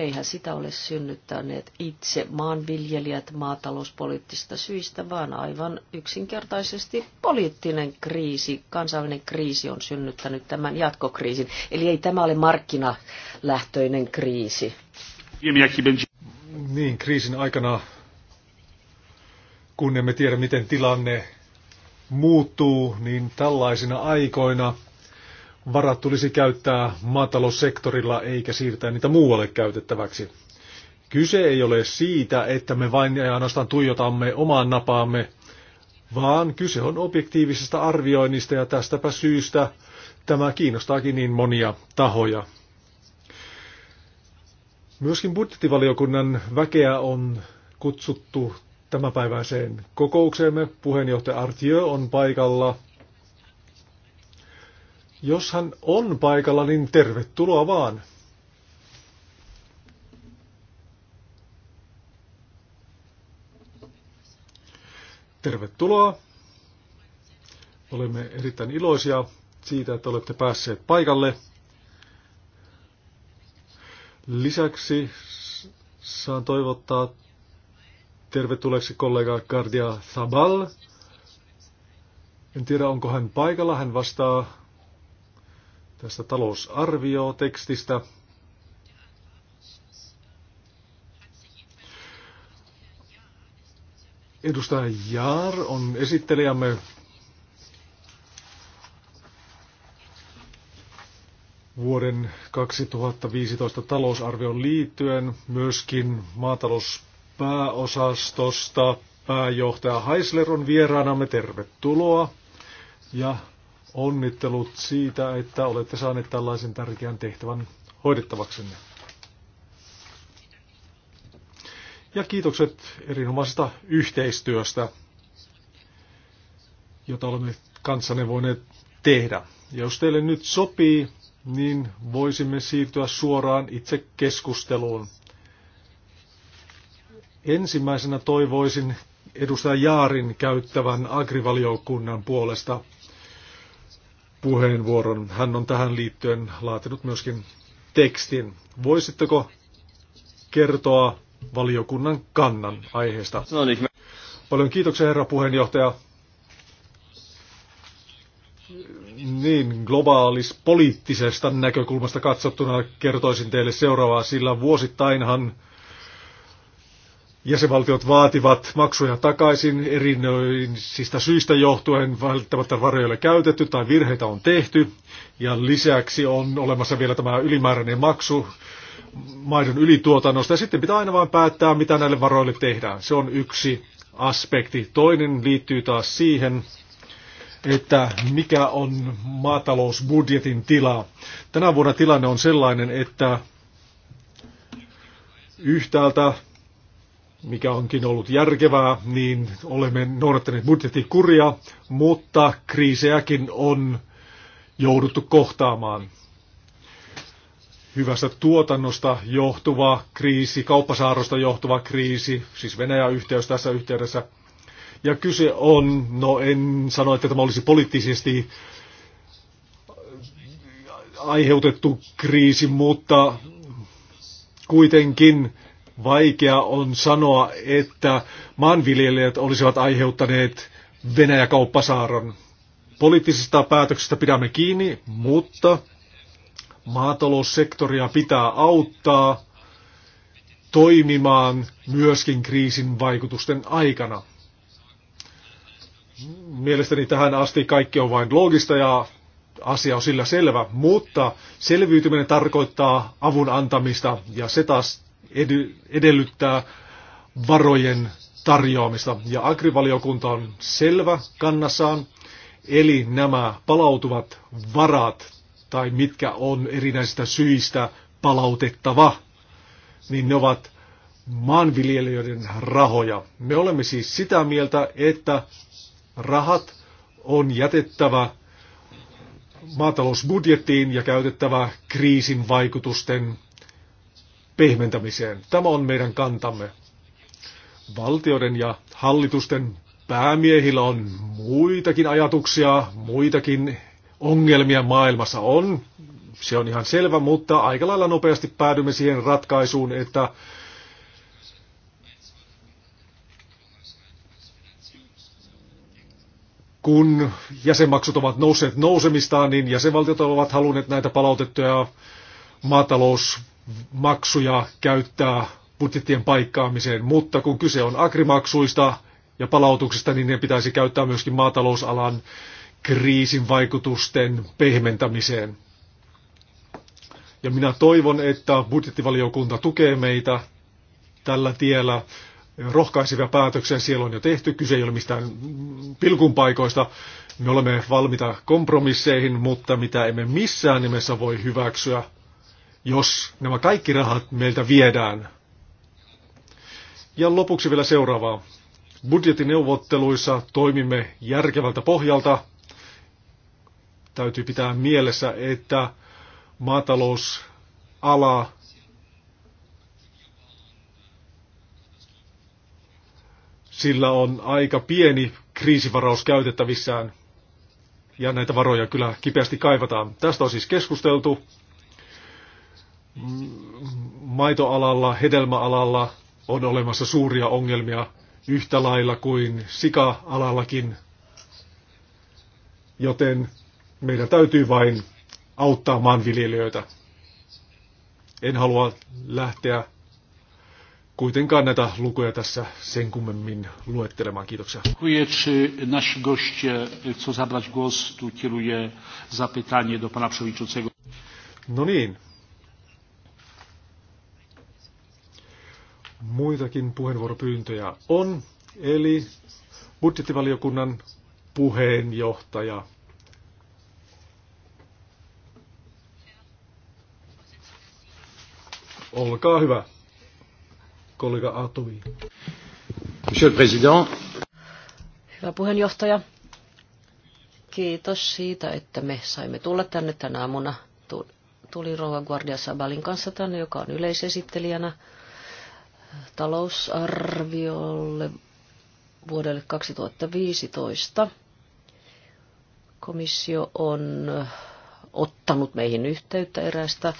Eihän sitä ole synnyttäneet itse maanviljelijät maatalouspoliittista syistä, vaan aivan yksinkertaisesti poliittinen kriisi, kansainvälinen kriisi on synnyttänyt tämän jatkokriisin. Eli ei tämä ole markkinalähtöinen kriisi. Niin, kriisin aikana, kun emme tiedä miten tilanne muuttuu, niin tällaisina aikoina – varat tulisi käyttää maataloussektorilla eikä siirtää niitä muualle käytettäväksi. Kyse ei ole siitä, että me vain ja ainoastaan tuijotamme omaan napaamme, vaan kyse on objektiivisesta arvioinnista ja tästäpä syystä tämä kiinnostaakin niin monia tahoja. Myöskin budjettivaliokunnan väkeä on kutsuttu tämänpäiväiseen kokoukseemme. Puheenjohtaja Artio on paikalla – jos hän on paikalla, niin tervetuloa vaan. Tervetuloa. Olemme erittäin iloisia siitä, että olette päässeet paikalle. Lisäksi saan toivottaa tervetulleeksi kollega Gardia Zabal. En tiedä, onko hän paikalla. Hän vastaa tästä talousarviotekstistä. Edustaja Jaar on esittelijämme. vuoden 2015 talousarvion liittyen myöskin maatalouspääosastosta pääjohtaja Heisler on vieraanamme. Tervetuloa. Ja Onnittelut siitä, että olette saaneet tällaisen tärkeän tehtävän hoidettavaksenne. Ja kiitokset erinomaisesta yhteistyöstä, jota olemme kanssanne voineet tehdä. Ja jos teille nyt sopii, niin voisimme siirtyä suoraan itse keskusteluun. Ensimmäisenä toivoisin edustaja Jaarin käyttävän agrivaliokunnan puolesta puheenvuoron. Hän on tähän liittyen laatinut myöskin tekstin. Voisitteko kertoa valiokunnan kannan aiheesta? No niin. Paljon kiitoksia herra puheenjohtaja. Niin, globaalispoliittisesta näkökulmasta katsottuna kertoisin teille seuraavaa, sillä vuosittainhan Jäsenvaltiot vaativat maksuja takaisin erinöisistä syistä johtuen, välttämättä varoja ole käytetty tai virheitä on tehty. Ja lisäksi on olemassa vielä tämä ylimääräinen maksu maidon ylituotannosta. Ja sitten pitää aina vain päättää, mitä näille varoille tehdään. Se on yksi aspekti. Toinen liittyy taas siihen, että mikä on maatalousbudjetin tila. Tänä vuonna tilanne on sellainen, että yhtäältä mikä onkin ollut järkevää, niin olemme noudattaneet budjettikuria, mutta kriisejäkin on jouduttu kohtaamaan. Hyvästä tuotannosta johtuva kriisi, kauppasaarosta johtuva kriisi, siis Venäjä-yhteys tässä yhteydessä. Ja kyse on, no en sano, että tämä olisi poliittisesti aiheutettu kriisi, mutta kuitenkin Vaikea on sanoa, että maanviljelijät olisivat aiheuttaneet Venäjä-kauppasaaron. Poliittisista päätöksistä pidämme kiinni, mutta maataloussektoria pitää auttaa toimimaan myöskin kriisin vaikutusten aikana. Mielestäni tähän asti kaikki on vain loogista ja asia on sillä selvä, mutta selviytyminen tarkoittaa avun antamista ja se taas edy, edellyttää varojen tarjoamista. Ja agrivaliokunta on selvä kannassaan, eli nämä palautuvat varat tai mitkä on erinäisistä syistä palautettava, niin ne ovat maanviljelijöiden rahoja. Me olemme siis sitä mieltä, että rahat on jätettävä maatalousbudjettiin ja käytettävä kriisin vaikutusten pehmentämiseen. Tämä on meidän kantamme. Valtioiden ja hallitusten päämiehillä on muitakin ajatuksia, muitakin ongelmia maailmassa on. Se on ihan selvä, mutta aika lailla nopeasti päädymme siihen ratkaisuun, että kun jäsenmaksut ovat nousseet nousemistaan, niin jäsenvaltiot ovat halunneet näitä palautettuja maatalous maksuja käyttää budjettien paikkaamiseen, mutta kun kyse on agrimaksuista ja palautuksista, niin ne pitäisi käyttää myöskin maatalousalan kriisin vaikutusten pehmentämiseen. Ja minä toivon, että budjettivaliokunta tukee meitä tällä tiellä. Rohkaisevia päätöksiä siellä on jo tehty. Kyse ei ole mistään pilkunpaikoista. Me olemme valmiita kompromisseihin, mutta mitä emme missään nimessä voi hyväksyä, jos nämä kaikki rahat meiltä viedään. Ja lopuksi vielä seuraavaa. Budjettineuvotteluissa toimimme järkevältä pohjalta. Täytyy pitää mielessä, että maatalousala sillä on aika pieni kriisivaraus käytettävissään ja näitä varoja kyllä kipeästi kaivataan. Tästä on siis keskusteltu maitoalalla, hedelmäalalla on olemassa suuria ongelmia yhtä lailla kuin sika-alallakin, joten meidän täytyy vain auttaa maanviljelijöitä. En halua lähteä kuitenkaan näitä lukuja tässä sen kummemmin luettelemaan. Kiitoksia. Dziękuję. Czy nasi goście chcą zabrać głos? Tu kieruję zapytanie do pana przewodniczącego. No niin, Muitakin puheenvuoropyyntöjä on, eli budjettivaliokunnan puheenjohtaja. Olkaa hyvä, kollega Atui. Monsieur le Président. Hyvä puheenjohtaja. Kiitos siitä, että me saimme tulla tänne tänä aamuna. Tuli Rova Guardia Sabalin kanssa tänne, joka on yleisesittelijänä talousarviolle vuodelle 2015. Komissio on ottanut meihin yhteyttä eräästä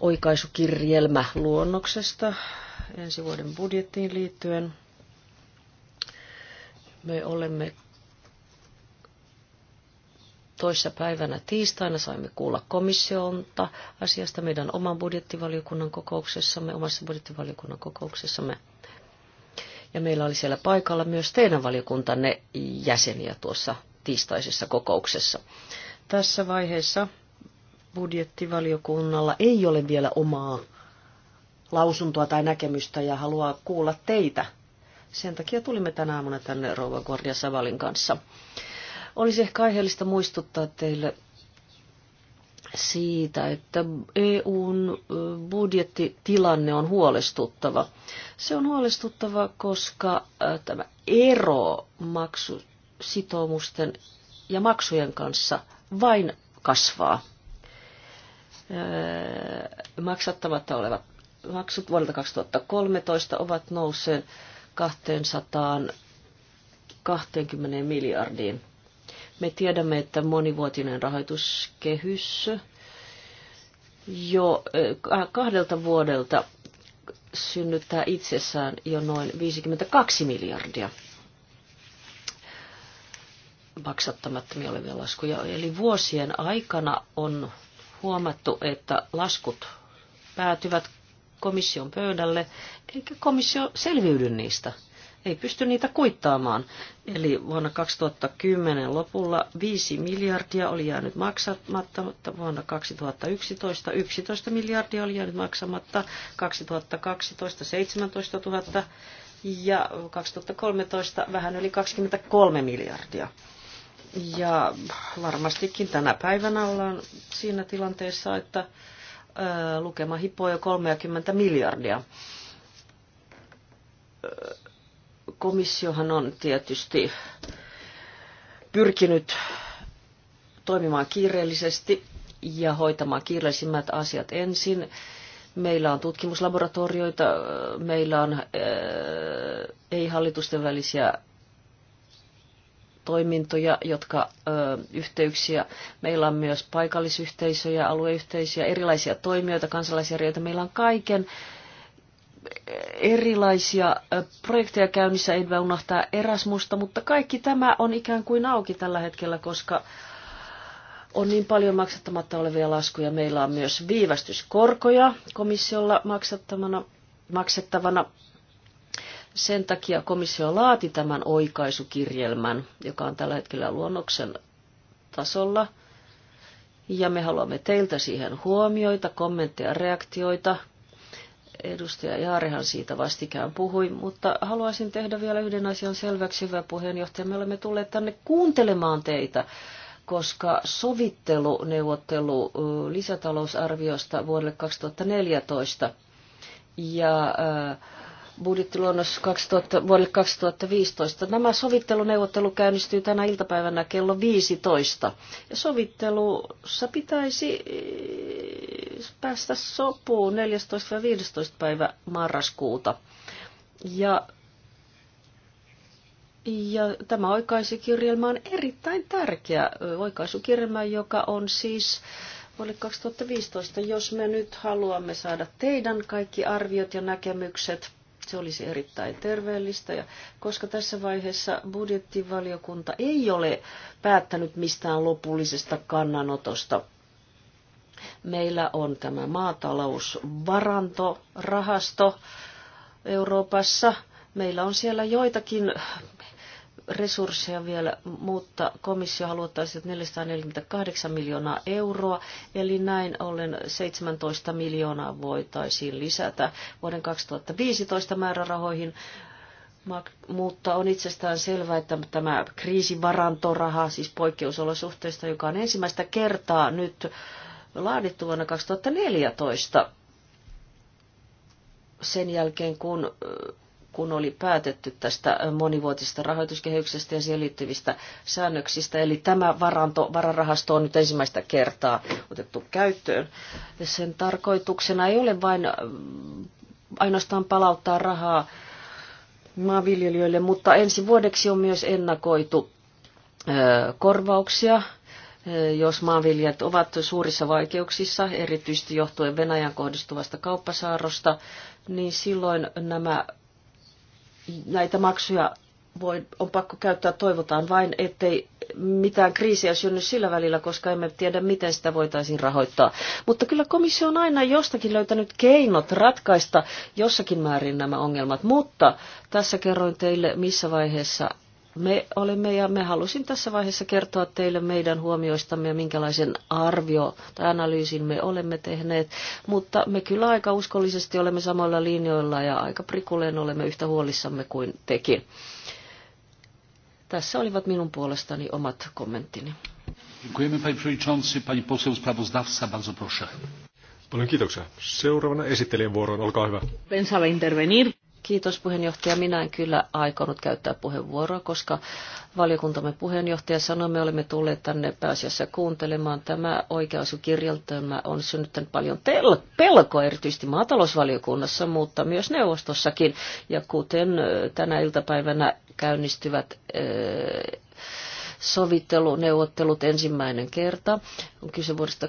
oikaisukirjelmä luonnoksesta ensi vuoden budjettiin liittyen. Me olemme toissa päivänä tiistaina saimme kuulla komissiolta asiasta meidän oman budjettivaliokunnan kokouksessamme, omassa budjettivaliokunnan kokouksessamme. Ja meillä oli siellä paikalla myös teidän valiokuntanne jäseniä tuossa tiistaisessa kokouksessa. Tässä vaiheessa budjettivaliokunnalla ei ole vielä omaa lausuntoa tai näkemystä ja haluaa kuulla teitä. Sen takia tulimme tänä aamuna tänne Rouva Gordia Savalin kanssa. Olisi ehkä aiheellista muistuttaa teille siitä, että EUn budjettitilanne on huolestuttava. Se on huolestuttava, koska tämä ero maksusitoumusten ja maksujen kanssa vain kasvaa. Maksattamatta olevat maksut vuodelta 2013 ovat nousseet 220 miljardiin me tiedämme, että monivuotinen rahoituskehys jo kahdelta vuodelta synnyttää itsessään jo noin 52 miljardia maksattamattomia olevia laskuja. Eli vuosien aikana on huomattu, että laskut päätyvät komission pöydälle, eikä komissio selviydy niistä ei pysty niitä kuittaamaan. Eli vuonna 2010 lopulla 5 miljardia oli jäänyt maksamatta, mutta vuonna 2011 11 miljardia oli jäänyt maksamatta, 2012 17 000 ja 2013 vähän yli 23 miljardia. Ja varmastikin tänä päivänä ollaan siinä tilanteessa, että lukema hipoo jo 30 miljardia komissiohan on tietysti pyrkinyt toimimaan kiireellisesti ja hoitamaan kiireellisimmät asiat ensin. Meillä on tutkimuslaboratorioita, meillä on eh, ei-hallitusten välisiä toimintoja, jotka ö, eh, yhteyksiä. Meillä on myös paikallisyhteisöjä, alueyhteisöjä, erilaisia toimijoita, kansalaisjärjestöjä. Meillä on kaiken erilaisia projekteja käynnissä, ei unohtaa Erasmusta, mutta kaikki tämä on ikään kuin auki tällä hetkellä, koska on niin paljon maksattamatta olevia laskuja. Meillä on myös viivästyskorkoja komissiolla maksattavana. maksettavana. Sen takia komissio laati tämän oikaisukirjelmän, joka on tällä hetkellä luonnoksen tasolla. Ja me haluamme teiltä siihen huomioita, kommentteja, reaktioita, Edustaja Jaarehan siitä vastikään puhui, mutta haluaisin tehdä vielä yhden asian selväksi, hyvä puheenjohtaja. Me olemme tulleet tänne kuuntelemaan teitä koska sovitteluneuvottelu lisätalousarviosta vuodelle 2014 ja budjettiluonnos 2000, vuodelle 2015. Nämä sovitteluneuvottelu käynnistyy tänä iltapäivänä kello 15. Ja sovittelussa pitäisi eh, päästä sopuun 14. ja 15. päivä marraskuuta. Ja, ja tämä oikaisukirjelmä on erittäin tärkeä eh, oikaisukirjelmä, joka on siis vuodelle 2015, jos me nyt haluamme saada teidän kaikki arviot ja näkemykset – se olisi erittäin terveellistä, ja koska tässä vaiheessa budjettivaliokunta ei ole päättänyt mistään lopullisesta kannanotosta meillä on tämä maatalousvarantorahasto Euroopassa. Meillä on siellä joitakin resursseja vielä, mutta komissio haluaisi 448 miljoonaa euroa, eli näin ollen 17 miljoonaa voitaisiin lisätä vuoden 2015 määrärahoihin. Mutta on itsestään selvää, että tämä kriisivarantoraha, siis poikkeusolosuhteista, joka on ensimmäistä kertaa nyt laadittu vuonna 2014, sen jälkeen kun kun oli päätetty tästä monivuotisesta rahoituskehyksestä ja siihen liittyvistä säännöksistä. Eli tämä varanto, vararahasto on nyt ensimmäistä kertaa otettu käyttöön. Sen tarkoituksena ei ole vain äh, ainoastaan palauttaa rahaa maanviljelijöille, mutta ensi vuodeksi on myös ennakoitu äh, korvauksia äh, jos maanviljelijät ovat suurissa vaikeuksissa, erityisesti johtuen Venäjän kohdistuvasta kauppasaarosta, niin silloin nämä näitä maksuja voi, on pakko käyttää, toivotaan vain, ettei mitään kriisiä synny sillä välillä, koska emme tiedä, miten sitä voitaisiin rahoittaa. Mutta kyllä komissio on aina jostakin löytänyt keinot ratkaista jossakin määrin nämä ongelmat, mutta tässä kerroin teille, missä vaiheessa me olemme ja me halusin tässä vaiheessa kertoa teille meidän huomioistamme ja minkälaisen arvio tai analyysin me olemme tehneet, mutta me kyllä aika uskollisesti olemme samoilla linjoilla ja aika prikuleen olemme yhtä huolissamme kuin tekin. Tässä olivat minun puolestani omat kommenttini. pani Paljon kiitoksia. Seuraavana esittelijän vuoroon, olkaa hyvä. Pensaba intervenir. Kiitos puheenjohtaja. Minä en kyllä aikonut käyttää puheenvuoroa, koska valiokuntamme puheenjohtaja sanoi, me olemme tulleet tänne pääasiassa kuuntelemaan. Tämä oikeusukirjelmä on synnyttänyt paljon tel- pelkoa, erityisesti maatalousvaliokunnassa, mutta myös neuvostossakin. Ja kuten tänä iltapäivänä käynnistyvät sovitteluneuvottelut ensimmäinen kerta. On kyse vuodesta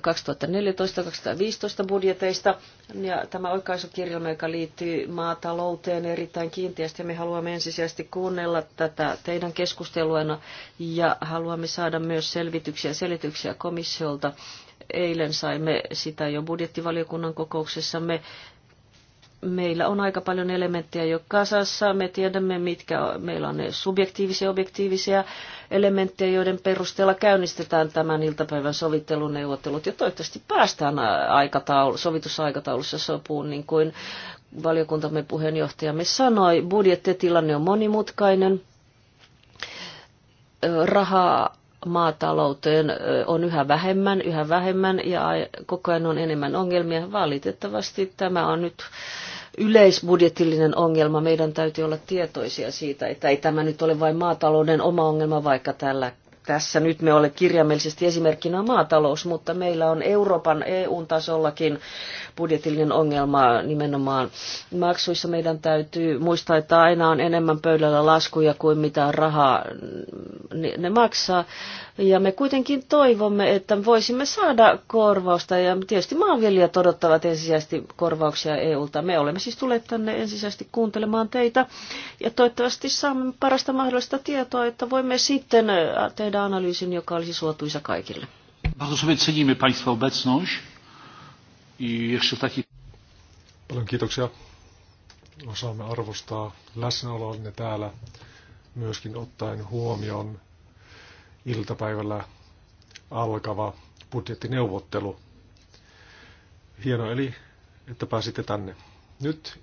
2014-2015 budjeteista. Ja tämä oikaisukirjelmä, joka liittyy maatalouteen erittäin kiinteästi, me haluamme ensisijaisesti kuunnella tätä teidän keskusteluena ja haluamme saada myös selvityksiä ja selityksiä komissiolta eilen saimme sitä jo budjettivaliokunnan kokouksessamme meillä on aika paljon elementtejä jo kasassa. Me tiedämme, mitkä meillä on ne subjektiivisia ja objektiivisia elementtejä, joiden perusteella käynnistetään tämän iltapäivän sovitteluneuvottelut. Ja toivottavasti päästään aikataulu, sovitusaikataulussa sopuun, niin kuin valiokuntamme puheenjohtajamme sanoi. Budjettitilanne on monimutkainen. Rahaa maatalouteen on yhä vähemmän, yhä vähemmän ja koko ajan on enemmän ongelmia. Valitettavasti tämä on nyt yleisbudjetillinen ongelma. Meidän täytyy olla tietoisia siitä, että ei tämä nyt ole vain maatalouden oma ongelma, vaikka tällä tässä nyt me olemme kirjaimellisesti esimerkkinä maatalous, mutta meillä on Euroopan EU-tasollakin budjetillinen ongelma nimenomaan maksuissa. Meidän täytyy muistaa, että aina on enemmän pöydällä laskuja kuin mitä rahaa ne maksaa. Ja me kuitenkin toivomme, että voisimme saada korvausta, ja tietysti maanviljelijät odottavat ensisijaisesti korvauksia EUlta. Me olemme siis tulleet tänne ensisijaisesti kuuntelemaan teitä, ja toivottavasti saamme parasta mahdollista tietoa, että voimme sitten äh, tehdä analyysin, joka olisi suotuisa kaikille. Paljon kiitoksia. Osaamme arvostaa läsnäolonne täällä myöskin ottaen huomioon iltapäivällä alkava budjettineuvottelu. Hieno eli, että pääsitte tänne. Nyt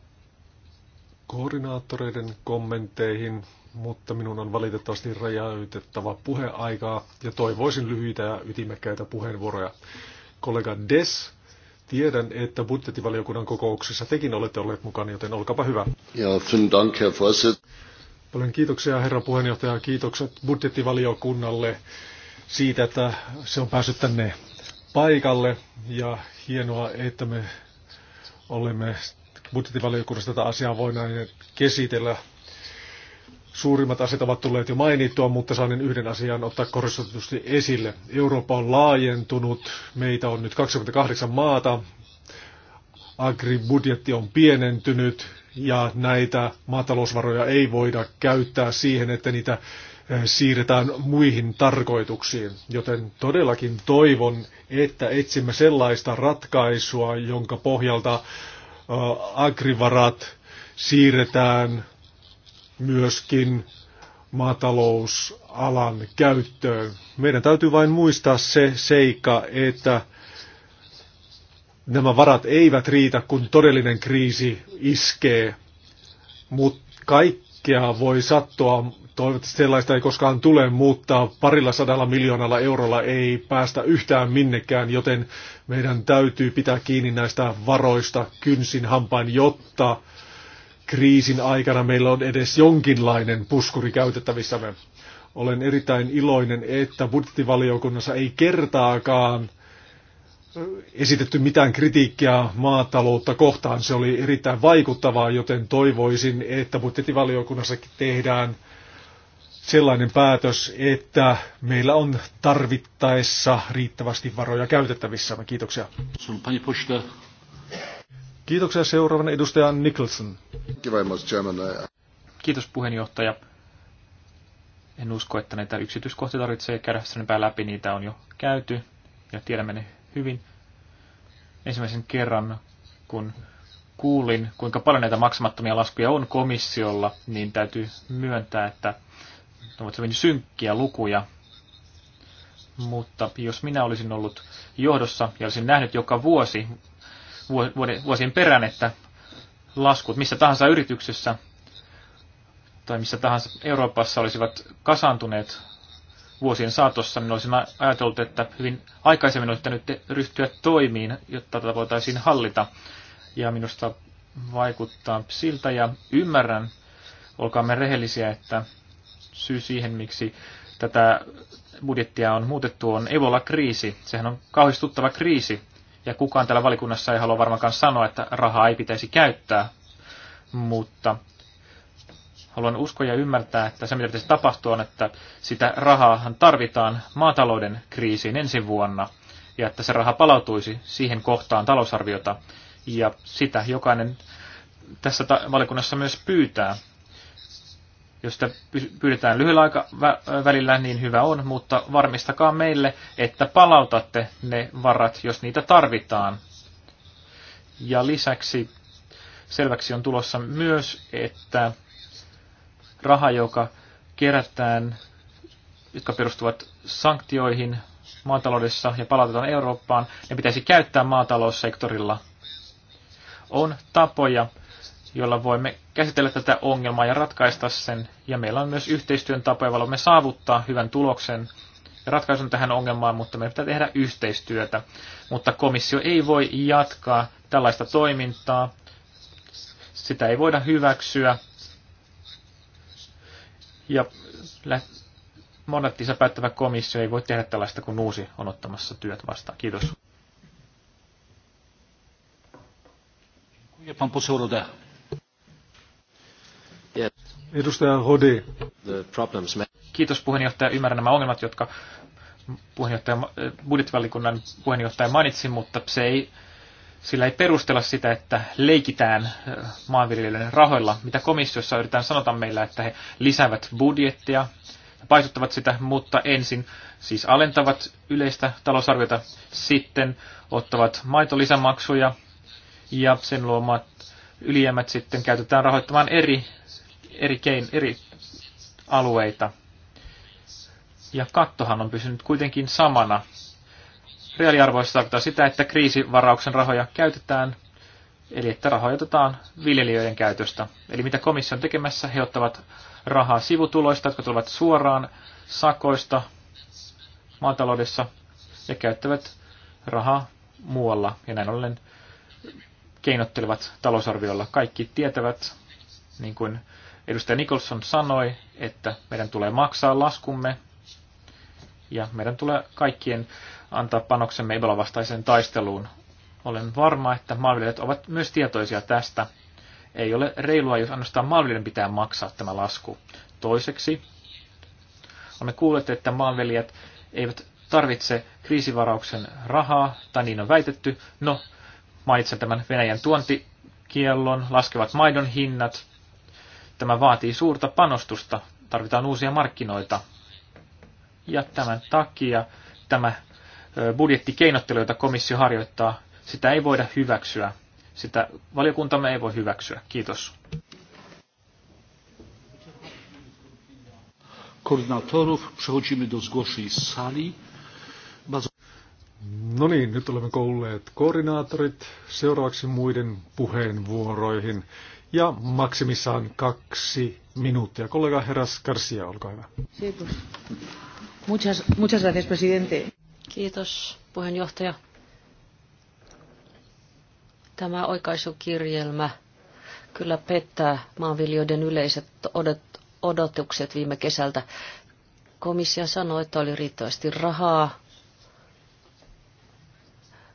koordinaattoreiden kommentteihin, mutta minun on valitettavasti rajoitettava puheaikaa ja toivoisin lyhyitä ja ytimekkäitä puheenvuoroja. Kollega Des, tiedän, että budjettivaliokunnan kokouksessa tekin olette olleet mukana, joten olkapa hyvä. Ja, vielen Dank, Herr Vorsitz. Paljon kiitoksia herra puheenjohtaja ja kiitokset budjettivaliokunnalle siitä, että se on päässyt tänne paikalle ja hienoa, että me olemme budjettivaliokunnassa tätä asiaa voidaan käsitellä. Suurimmat asiat ovat tulleet jo mainittua, mutta saan yhden asian ottaa korostetusti esille. Eurooppa on laajentunut, meitä on nyt 28 maata, agribudjetti on pienentynyt ja näitä maatalousvaroja ei voida käyttää siihen, että niitä eh, siirretään muihin tarkoituksiin. Joten todellakin toivon, että etsimme sellaista ratkaisua, jonka pohjalta eh, agrivarat siirretään myöskin maatalousalan käyttöön. Meidän täytyy vain muistaa se seikka, että nämä varat eivät riitä, kun todellinen kriisi iskee. Mutta kaikkea voi sattua, toivottavasti sellaista ei koskaan tule, mutta parilla sadalla miljoonalla eurolla ei päästä yhtään minnekään, joten meidän täytyy pitää kiinni näistä varoista kynsin hampain, jotta kriisin aikana meillä on edes jonkinlainen puskuri käytettävissämme. Olen erittäin iloinen, että budjettivaliokunnassa ei kertaakaan esitetty mitään kritiikkiä maataloutta kohtaan. Se oli erittäin vaikuttavaa, joten toivoisin, että budjettivaliokunnassakin tehdään sellainen päätös, että meillä on tarvittaessa riittävästi varoja käytettävissä. Kiitoksia. Kiitoksia seuraavan edustajan Nicholson. Kiitos puheenjohtaja. En usko, että näitä yksityiskohtia tarvitsee käydä sen läpi. Niitä on jo käyty ja tiedämme ne hyvin ensimmäisen kerran, kun kuulin, kuinka paljon näitä maksamattomia laskuja on komissiolla, niin täytyy myöntää, että ne ovat hyvin synkkiä lukuja. Mutta jos minä olisin ollut johdossa ja olisin nähnyt joka vuosi, vuosien perään, että laskut missä tahansa yrityksessä tai missä tahansa Euroopassa olisivat kasantuneet vuosien saatossa, niin olisin ajatellut, että hyvin aikaisemmin olisi nyt ryhtyä toimiin, jotta tätä voitaisiin hallita. Ja minusta vaikuttaa siltä ja ymmärrän, olkaamme rehellisiä, että syy siihen, miksi tätä budjettia on muutettu, on evola kriisi Sehän on kauhistuttava kriisi, ja kukaan täällä valikunnassa ei halua varmaankaan sanoa, että rahaa ei pitäisi käyttää, mutta haluan uskoa ja ymmärtää, että se mitä pitäisi tapahtua on, että sitä rahaahan tarvitaan maatalouden kriisiin ensi vuonna ja että se raha palautuisi siihen kohtaan talousarviota ja sitä jokainen tässä valikunnassa myös pyytää. Jos sitä pyydetään lyhyellä aikavälillä, niin hyvä on, mutta varmistakaa meille, että palautatte ne varat, jos niitä tarvitaan. Ja lisäksi selväksi on tulossa myös, että raha, joka kerätään, jotka perustuvat sanktioihin maataloudessa ja palautetaan Eurooppaan, ne pitäisi käyttää maataloussektorilla. On tapoja, joilla voimme käsitellä tätä ongelmaa ja ratkaista sen, ja meillä on myös yhteistyön tapoja, joilla me saavuttaa hyvän tuloksen ja ratkaisun tähän ongelmaan, mutta meidän pitää tehdä yhteistyötä. Mutta komissio ei voi jatkaa tällaista toimintaa, sitä ei voida hyväksyä, ja mandaattinsa päättävä komissio ei voi tehdä tällaista, kun uusi on ottamassa työt vastaan. Kiitos. Edustaja Hodi. Kiitos puheenjohtaja. Ymmärrän nämä ongelmat, jotka puheenjohtaja, eh, budjettivallikunnan puheenjohtaja mainitsi, mutta se ei sillä ei perustella sitä, että leikitään maanviljelijöiden rahoilla. Mitä komissiossa yritetään sanota meillä, että he lisäävät budjettia, paisuttavat sitä, mutta ensin siis alentavat yleistä talousarviota, sitten ottavat maitolisämaksuja ja sen luomat ylijäämät sitten käytetään rahoittamaan eri, eri, kein, eri alueita. Ja kattohan on pysynyt kuitenkin samana Reaaliarvoissa tarkoittaa sitä, että kriisivarauksen rahoja käytetään, eli että rahoja otetaan viljelijöiden käytöstä. Eli mitä komissio on tekemässä, he ottavat rahaa sivutuloista, jotka tulevat suoraan sakoista maataloudessa ja käyttävät rahaa muualla. Ja näin ollen keinottelevat talousarviolla. Kaikki tietävät, niin kuin edustaja Nicholson sanoi, että meidän tulee maksaa laskumme ja meidän tulee kaikkien antaa panoksemme Ebola vastaiseen taisteluun. Olen varma, että maanviljelijät ovat myös tietoisia tästä. Ei ole reilua, jos ainoastaan maanviljelijän pitää maksaa tämä lasku. Toiseksi, olemme kuulleet, että maanviljelijät eivät tarvitse kriisivarauksen rahaa, tai niin on väitetty. No, mainitsen tämän Venäjän tuontikiellon, laskevat maidon hinnat. Tämä vaatii suurta panostusta, tarvitaan uusia markkinoita. Ja tämän takia tämä budjettikeinottelu, jota komissio harjoittaa, sitä ei voida hyväksyä. Sitä valiokuntamme ei voi hyväksyä. Kiitos. koordynatorów. Przechodzimy do zgłoszeń z sali. No niin, nyt olemme kuulleet koordinaattorit, seuraavaksi muiden puheenvuoroihin ja maksimissaan kaksi minuuttia. Kollega Heras Garcia, olkaa hyvä. Muchas, muchas gracias, presidente. Kiitos puheenjohtaja. Tämä oikaisukirjelmä kyllä pettää maanviljoiden yleiset odot- odotukset viime kesältä. Komissio sanoi, että oli riittävästi rahaa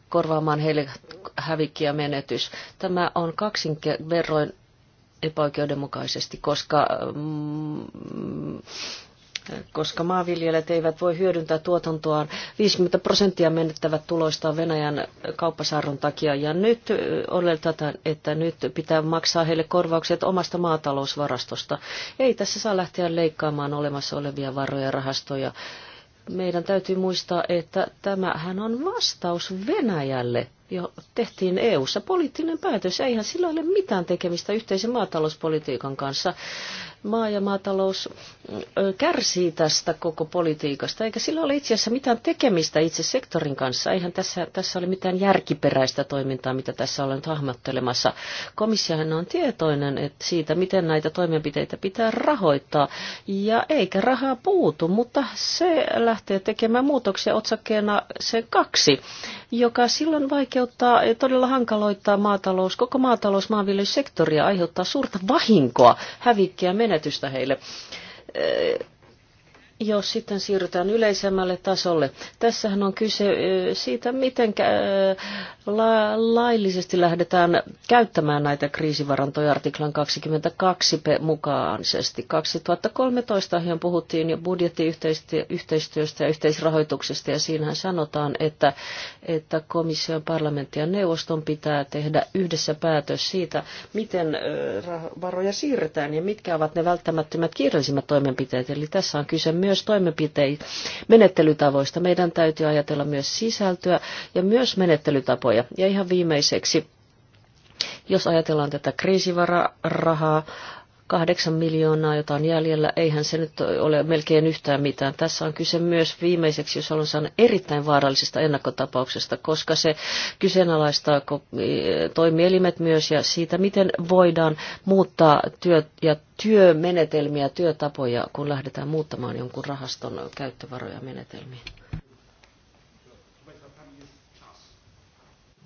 korvaamaan heille hävikkiä menetys. Tämä on kaksin verroin epäoikeudenmukaisesti, koska mm, koska maanviljelijät eivät voi hyödyntää tuotantoaan. 50 prosenttia menettävät tuloistaan Venäjän kauppasaarron takia ja nyt oletetaan, että nyt pitää maksaa heille korvaukset omasta maatalousvarastosta. Ei tässä saa lähteä leikkaamaan olemassa olevia varoja rahastoja meidän täytyy muistaa, että tämähän on vastaus Venäjälle. Jo tehtiin EU-ssa poliittinen päätös. Eihän sillä ole mitään tekemistä yhteisen maatalouspolitiikan kanssa maa ja maatalous kärsii tästä koko politiikasta, eikä sillä ole itse asiassa mitään tekemistä itse sektorin kanssa. Eihän tässä, tässä ole mitään järkiperäistä toimintaa, mitä tässä olen nyt hahmottelemassa. Komissiohan on tietoinen että siitä, miten näitä toimenpiteitä pitää rahoittaa, ja eikä rahaa puutu, mutta se lähtee tekemään muutoksia otsakkeena se kaksi joka silloin vaikeuttaa ja todella hankaloittaa maatalous, koko maatalous, maanviljelyssektoria, aiheuttaa suurta vahinkoa, hävikkiä, menetystä heille jos sitten siirrytään yleisemmälle tasolle. Tässähän on kyse siitä, miten laillisesti lähdetään käyttämään näitä kriisivarantoja artiklan 22 mukaisesti. 2013 jo puhuttiin jo budjettiyhteistyöstä ja yhteisrahoituksesta ja siinähän sanotaan, että, että komission, parlamentti ja neuvoston pitää tehdä yhdessä päätös siitä, miten varoja siirretään ja mitkä ovat ne välttämättömät kiireellisimmät toimenpiteet. Eli tässä on kyse myös myös toimenpiteitä menettelytavoista. Meidän täytyy ajatella myös sisältöä ja myös menettelytapoja. Ja ihan viimeiseksi jos ajatellaan tätä kriisivararahaa, kahdeksan miljoonaa, jota on jäljellä, eihän se nyt ole melkein yhtään mitään. Tässä on kyse myös viimeiseksi, jos haluan sanoa, erittäin vaarallisesta ennakkotapauksesta, koska se kyseenalaistaa eh, toimielimet myös ja siitä, miten voidaan muuttaa työ- ja työmenetelmiä, työtapoja, kun lähdetään muuttamaan jonkun rahaston käyttövaroja menetelmiä.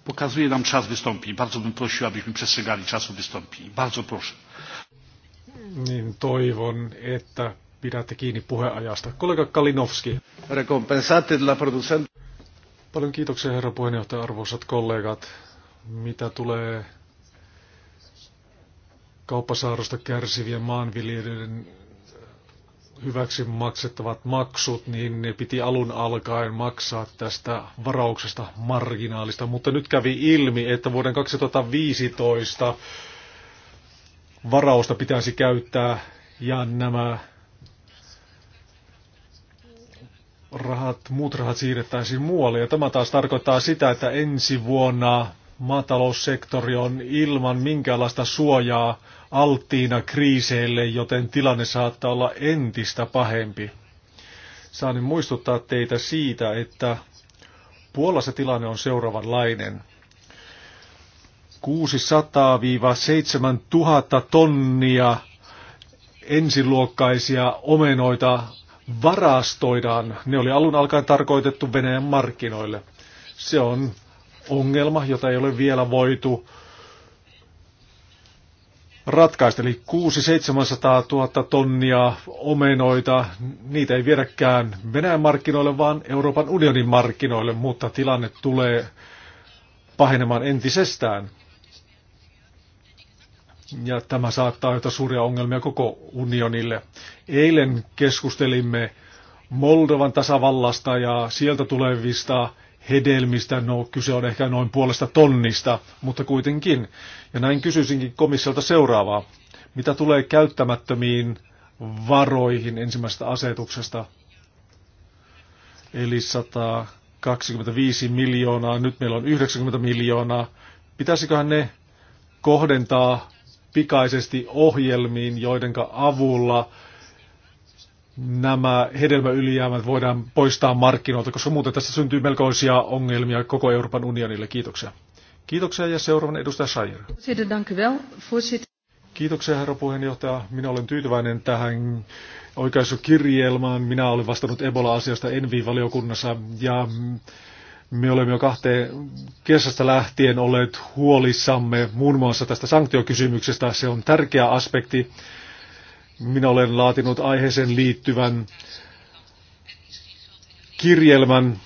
Pokazuje nam czas wystąpień. Bardzo bym prosił, abyśmy przestrzegali czasu wystąpień. Bardzo proszę niin toivon, että pidätte kiinni puheajasta. Kollega Kalinowski. Paljon kiitoksia herra puheenjohtaja, arvoisat kollegat. Mitä tulee kauppasaarosta kärsivien maanviljelijöiden hyväksi maksettavat maksut, niin ne piti alun alkaen maksaa tästä varauksesta marginaalista, mutta nyt kävi ilmi, että vuoden 2015 varausta pitäisi käyttää ja nämä rahat, muut rahat siirrettäisiin muualle. Ja tämä taas tarkoittaa sitä, että ensi vuonna maataloussektori on ilman minkäänlaista suojaa alttiina kriiseille, joten tilanne saattaa olla entistä pahempi. Saanin muistuttaa teitä siitä, että Puolassa tilanne on seuraavanlainen – 600-7000 tonnia ensiluokkaisia omenoita varastoidaan. Ne oli alun alkaen tarkoitettu Venäjän markkinoille. Se on ongelma, jota ei ole vielä voitu ratkaista. Eli 600 000 tonnia omenoita, niitä ei viedäkään Venäjän markkinoille, vaan Euroopan unionin markkinoille, mutta tilanne tulee pahenemaan entisestään ja tämä saattaa aiheuttaa suuria ongelmia koko unionille. Eilen keskustelimme Moldovan tasavallasta ja sieltä tulevista hedelmistä, no kyse on ehkä noin puolesta tonnista, mutta kuitenkin. Ja näin kysyisinkin komissiolta seuraavaa. Mitä tulee käyttämättömiin varoihin ensimmäisestä asetuksesta? Eli 125 miljoonaa, nyt meillä on 90 miljoonaa. Pitäisiköhän ne kohdentaa pikaisesti ohjelmiin, joidenka avulla nämä hedelmäylijäämät voidaan poistaa markkinoilta, koska muuten tässä syntyy melkoisia ongelmia koko Euroopan unionille. Kiitoksia. Kiitoksia ja seuraavan edustaja Sajer. Kiitoksia herra puheenjohtaja. Minä olen tyytyväinen tähän oikaisukirjelmään. Minä olen vastannut Ebola-asiasta Envi-valiokunnassa ja me olemme jo kahteen kesästä lähtien olleet huolissamme muun muassa tästä sanktiokysymyksestä. Se on tärkeä aspekti. Minä olen laatinut aiheeseen liittyvän kirjelmän.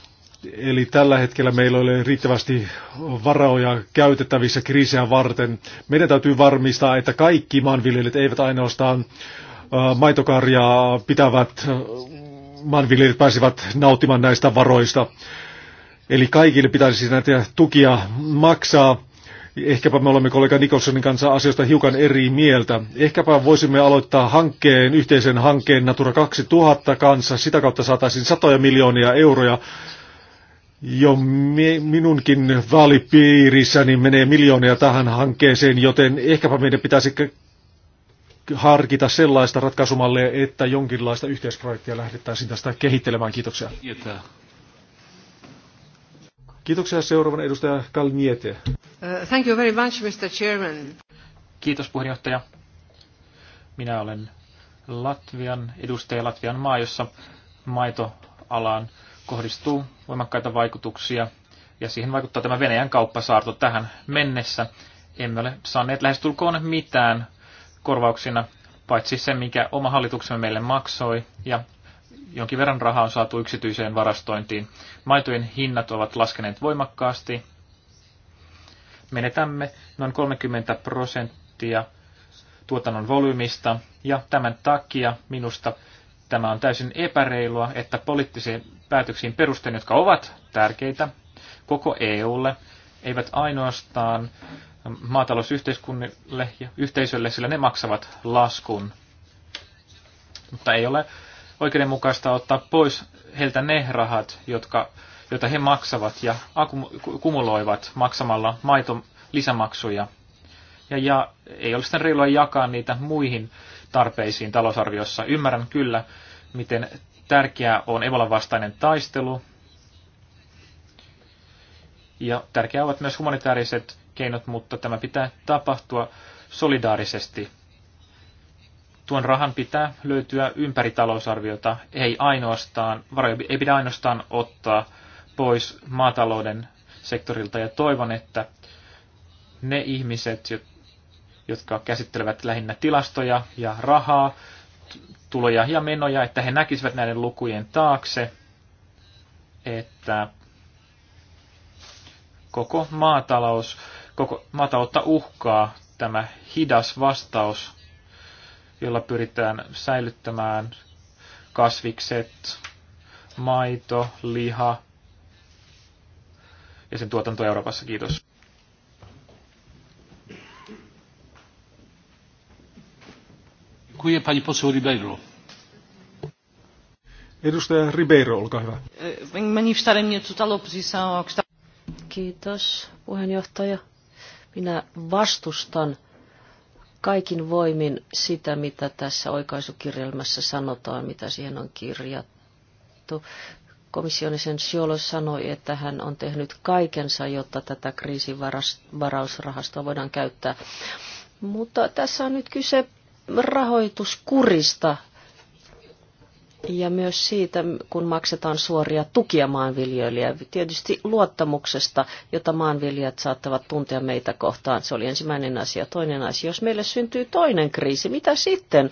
Eli tällä hetkellä meillä ei ole riittävästi varoja käytettävissä kriisiä varten. Meidän täytyy varmistaa, että kaikki maanviljelijät eivät ainoastaan maitokarjaa pitävät maanviljelijät pääsivät nauttimaan näistä varoista. Eli kaikille pitäisi näitä tukia maksaa. Ehkäpä me olemme kollega Nikolsonin kanssa asioista hiukan eri mieltä. Ehkäpä voisimme aloittaa hankkeen, yhteisen hankkeen Natura 2000 kanssa. Sitä kautta saataisiin satoja miljoonia euroja. Jo mi- minunkin vaalipiirissäni menee miljoonia tähän hankkeeseen, joten ehkäpä meidän pitäisi harkita sellaista ratkaisumalle että jonkinlaista yhteisprojektia lähdettäisiin tästä kehittelemään. Kiitoksia. Kiitos. Kiitoksia seuraavana edustaja Kalniete. Uh, thank you very much, Mr. Chairman. Kiitos puheenjohtaja. Minä olen Latvian edustaja Latvian maa, jossa maitoalaan kohdistuu voimakkaita vaikutuksia ja siihen vaikuttaa tämä Venäjän kauppasaarto tähän mennessä. Emme ole saaneet lähestulkoon mitään korvauksina, paitsi se, mikä oma hallituksemme meille maksoi, ja jonkin verran rahaa on saatu yksityiseen varastointiin. Maitojen hinnat ovat laskeneet voimakkaasti. Menetämme noin 30 prosenttia tuotannon volyymista, ja tämän takia minusta tämä on täysin epäreilua, että poliittisiin päätöksiin perusteen, jotka ovat tärkeitä koko EUlle, eivät ainoastaan maatalousyhteiskunnille ja yhteisölle, sillä ne maksavat laskun. Mutta ei ole oikeudenmukaista ottaa pois heiltä ne rahat, jotka, joita he maksavat ja kumuloivat maksamalla maito lisämaksuja. Ja, ja ei olisi sitten reilua jakaa niitä muihin tarpeisiin talousarviossa. Ymmärrän kyllä, miten tärkeää on Ebolan vastainen taistelu. Ja tärkeää ovat myös humanitaariset keinot, mutta tämä pitää tapahtua solidaarisesti tuon rahan pitää löytyä ympäri talousarviota, ei ainoastaan, varoja ei pidä ainoastaan ottaa pois maatalouden sektorilta ja toivon, että ne ihmiset, jotka käsittelevät lähinnä tilastoja ja rahaa, tuloja ja menoja, että he näkisivät näiden lukujen taakse, että koko maatalous, koko maataloutta uhkaa tämä hidas vastaus jolla pyritään säilyttämään kasvikset, maito, liha ja sen tuotanto Euroopassa. Kiitos. pani poseł Ribeiro. Edustaja Ribeiro, olkaa hyvä. Kiitos puheenjohtaja. Minä vastustan kaikin voimin sitä, mitä tässä oikaisukirjelmässä sanotaan, mitä siihen on kirjattu. Komission sen sanoi, että hän on tehnyt kaikensa, jotta tätä kriisivarausrahastoa voidaan käyttää. Mutta tässä on nyt kyse rahoituskurista, ja myös siitä, kun maksetaan suoria tukia maanviljelijä. Tietysti luottamuksesta, jota maanviljelijät saattavat tuntea meitä kohtaan. Se oli ensimmäinen asia. Toinen asia, jos meille syntyy toinen kriisi, mitä sitten?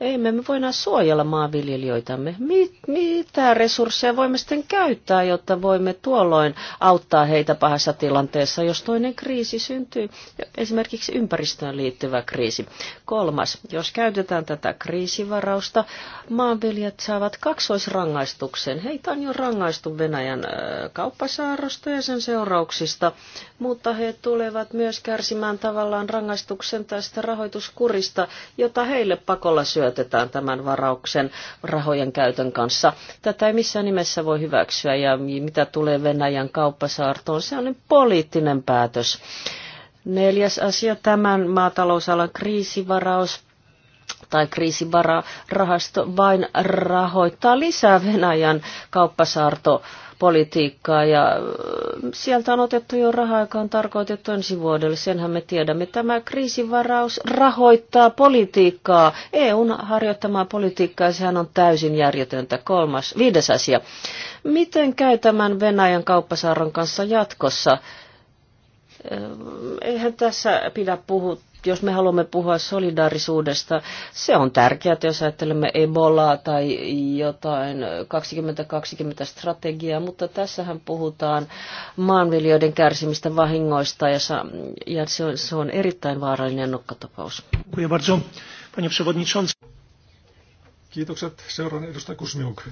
Ei me voi suojella maanviljelijöitämme. Mit, mitä resursseja voimme sitten käyttää, jotta voimme tuolloin auttaa heitä pahassa tilanteessa, jos toinen kriisi syntyy, esimerkiksi ympäristöön liittyvä kriisi. Kolmas, jos käytetään tätä kriisivarausta, maanviljelijät saavat kaksoisrangaistuksen. Heitä on jo rangaistu Venäjän kauppasaarosta ja sen seurauksista, mutta he tulevat myös kärsimään tavallaan rangaistuksen tästä rahoituskurista, jota heille pakolla syö toteutetaan tämän varauksen rahojen käytön kanssa. Tätä ei missään nimessä voi hyväksyä ja mitä tulee Venäjän kauppasaartoon, se on poliittinen päätös. Neljäs asia, tämän maatalousalan kriisivaraus tai kriisivararahasto vain rahoittaa lisää Venäjän kauppasaartoa politiikkaa ja sieltä on otettu jo rahaa, joka on tarkoitettu ensi vuodelle. Senhän me tiedämme. Tämä kriisivaraus rahoittaa politiikkaa, EUn harjoittamaa politiikkaa, sehän on täysin järjetöntä. Kolmas, viides asia. Miten käy tämän Venäjän kauppasaaron kanssa jatkossa? Eihän tässä pidä puhua jos me haluamme puhua solidaarisuudesta, se on tärkeää, jos ajattelemme Ebolaa tai jotain 2020-strategiaa, mutta tässähän puhutaan maanviljoiden kärsimistä vahingoista ja, ja se, on, se on erittäin vaarallinen nokkatapaus. Kiitokset. Seuraan edustaja Kusmiuk.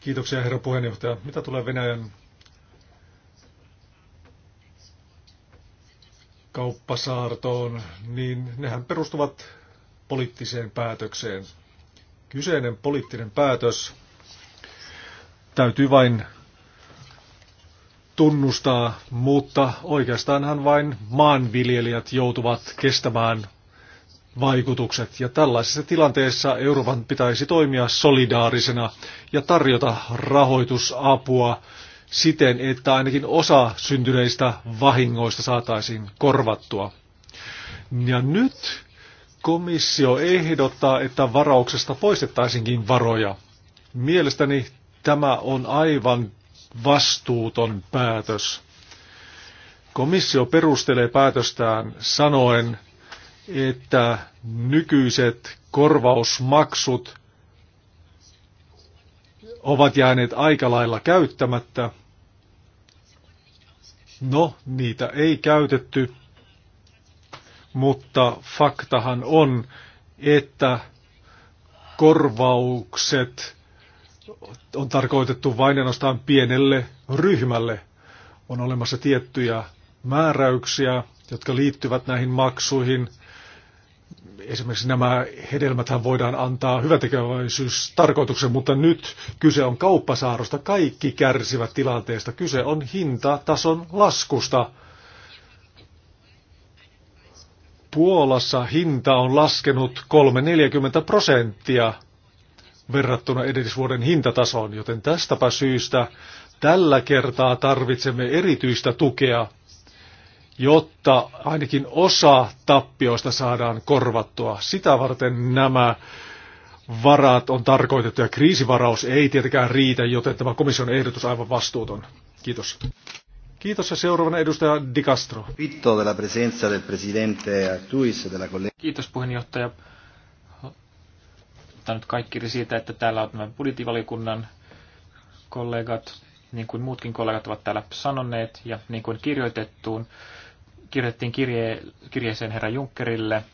Kiitoksia herra puheenjohtaja. Mitä tulee Venäjän kauppasaartoon, niin nehän perustuvat poliittiseen päätökseen. Kyseinen poliittinen päätös täytyy vain tunnustaa, mutta oikeastaanhan vain maanviljelijät joutuvat kestämään vaikutukset. Ja tällaisessa tilanteessa Euroopan pitäisi toimia solidaarisena ja tarjota rahoitusapua siten, että ainakin osa syntyneistä vahingoista saataisiin korvattua. Ja nyt komissio ehdottaa, että varauksesta poistettaisinkin varoja. Mielestäni tämä on aivan vastuuton päätös. Komissio perustelee päätöstään sanoen, että nykyiset korvausmaksut ovat jääneet aika lailla käyttämättä – No, niitä ei käytetty, mutta faktahan on, että korvaukset on tarkoitettu vain ainoastaan pienelle ryhmälle. On olemassa tiettyjä määräyksiä, jotka liittyvät näihin maksuihin – esimerkiksi nämä hedelmäthän voidaan antaa hyvätekeväisyys tarkoituksen, mutta nyt kyse on kauppasaarosta. Kaikki kärsivät tilanteesta. Kyse on hintatason laskusta. Puolassa hinta on laskenut 3-40 prosenttia verrattuna edellisvuoden hintatasoon, joten tästäpä syystä tällä kertaa tarvitsemme erityistä tukea jotta ainakin osa tappioista saadaan korvattua. Sitä varten nämä varat on tarkoitettu ja kriisivaraus ei tietenkään riitä, joten tämä komission ehdotus aivan vastuuton. Kiitos. Kiitos ja seuraavana edustaja Di Castro. E Kiitos puheenjohtaja. Tämä nyt kaikki siitä, että täällä on tämän budjettivaliokunnan kollegat, niin kuin muutkin kollegat ovat täällä sanoneet ja niin kuin kirjoitettuun kirjoitettiin kirje, kirjeeseen herra Junckerille,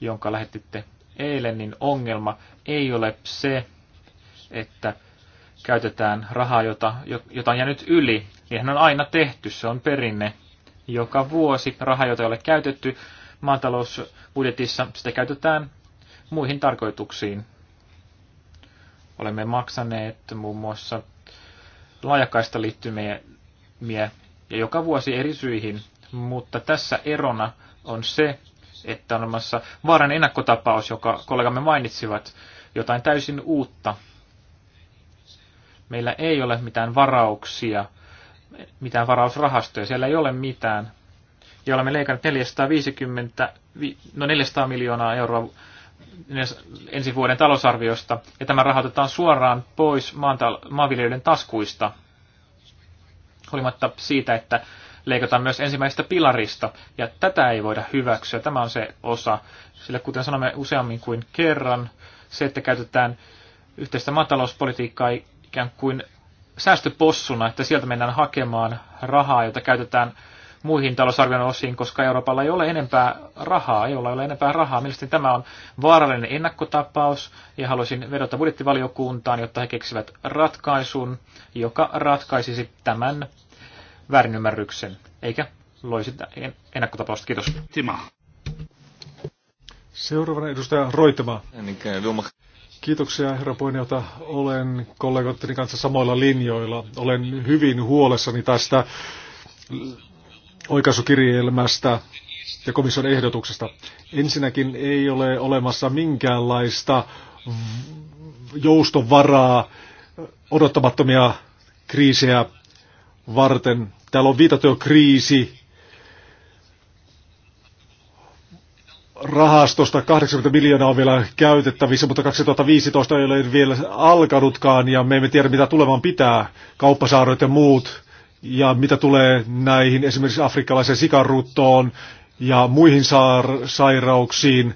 jonka lähetitte eilen, niin ongelma ei ole se, että käytetään rahaa, jota, jota on jäänyt yli. Niinhän on aina tehty, se on perinne. Joka vuosi rahaa, jota ei ole käytetty maatalousbudjetissa, sitä käytetään muihin tarkoituksiin. Olemme maksaneet muun muassa laajakaista liittymiä ja joka vuosi eri syihin. Mutta tässä erona on se, että on olemassa vaaran ennakkotapaus, joka kollegamme mainitsivat, jotain täysin uutta. Meillä ei ole mitään varauksia, mitään varausrahastoja, siellä ei ole mitään. Ja olemme leikanneet 450, no 400 miljoonaa euroa ensi vuoden talousarviosta, ja tämä rahoitetaan suoraan pois maanviljelijöiden taskuista, huolimatta siitä, että leikataan myös ensimmäisestä pilarista, ja tätä ei voida hyväksyä. Tämä on se osa, sillä kuten sanomme useammin kuin kerran, se, että käytetään yhteistä maatalouspolitiikkaa ikään kuin säästöpossuna, että sieltä mennään hakemaan rahaa, jota käytetään muihin talousarvion osiin, koska Euroopalla ei ole enempää rahaa, ei ole enempää rahaa. Mielestäni tämä on vaarallinen ennakkotapaus ja haluaisin vedota budjettivaliokuntaan, jotta he keksivät ratkaisun, joka ratkaisisi tämän väärinymmärryksen, eikä loisi ennakkotapausta. Kiitos. Tima. Seuraavana edustaja Roitema. Kiitoksia herra Poinjota. Olen kollegoitteni kanssa samoilla linjoilla. Olen hyvin huolessani tästä oikaisukirjelmästä ja komission ehdotuksesta. Ensinnäkin ei ole olemassa minkäänlaista joustovaraa odottamattomia kriisejä varten. Täällä on viitattu jo kriisi rahastosta 80 miljoonaa on vielä käytettävissä, mutta 2015 ei ole vielä alkanutkaan ja me emme tiedä mitä tulevan pitää, kauppasaaroit ja muut, ja mitä tulee näihin esimerkiksi afrikkalaiseen sikaruttoon ja muihin saar- sairauksiin.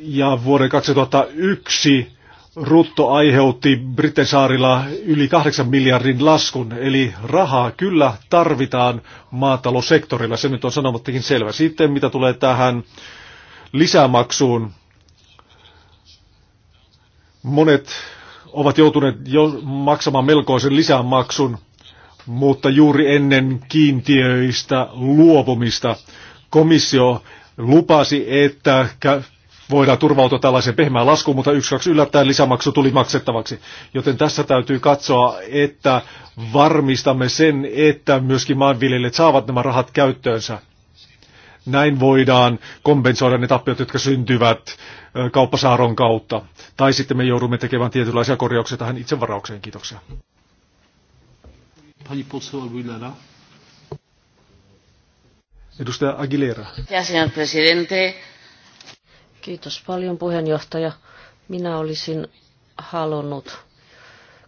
Ja vuoden 2001 rutto aiheutti Britesaarilla yli 8 miljardin laskun, eli rahaa kyllä tarvitaan maataloussektorilla, se nyt on sanomattakin selvä. Sitten mitä tulee tähän lisämaksuun, monet ovat joutuneet jo maksamaan melkoisen lisämaksun, mutta juuri ennen kiintiöistä luopumista komissio lupasi, että voidaan turvautua tällaiseen pehmään laskuun, mutta yksi kaksi yllättäen lisämaksu tuli maksettavaksi. Joten tässä täytyy katsoa, että varmistamme sen, että myöskin maanviljelijät saavat nämä rahat käyttöönsä. Näin voidaan kompensoida ne tappiot, jotka syntyvät kauppasaaron kautta. Tai sitten me joudumme tekemään tietynlaisia korjauksia tähän itsevaraukseen. Kiitoksia. Edustaja Aguilera. Ja, señor presidente. Kiitos paljon puheenjohtaja. Minä olisin halunnut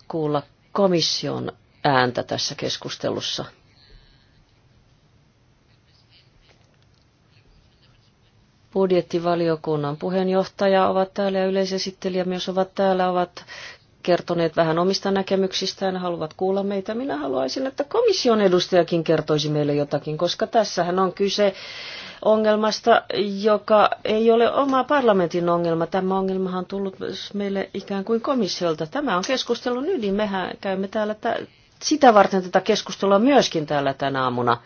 kuulla komission ääntä tässä keskustelussa. Budjettivaliokunnan puheenjohtaja ovat täällä ja yleisesittelijä myös ovat täällä, ovat kertoneet vähän omista näkemyksistään, haluavat kuulla meitä. Minä haluaisin, että komission edustajakin kertoisi meille jotakin, koska tässähän on kyse ongelmasta, joka ei ole oma parlamentin ongelma. Tämä ongelmahan on tullut meille ikään kuin komissiolta. Tämä on keskustelun ydin. Mehän käymme täällä t- sitä varten tätä keskustelua myöskin täällä tänä aamuna.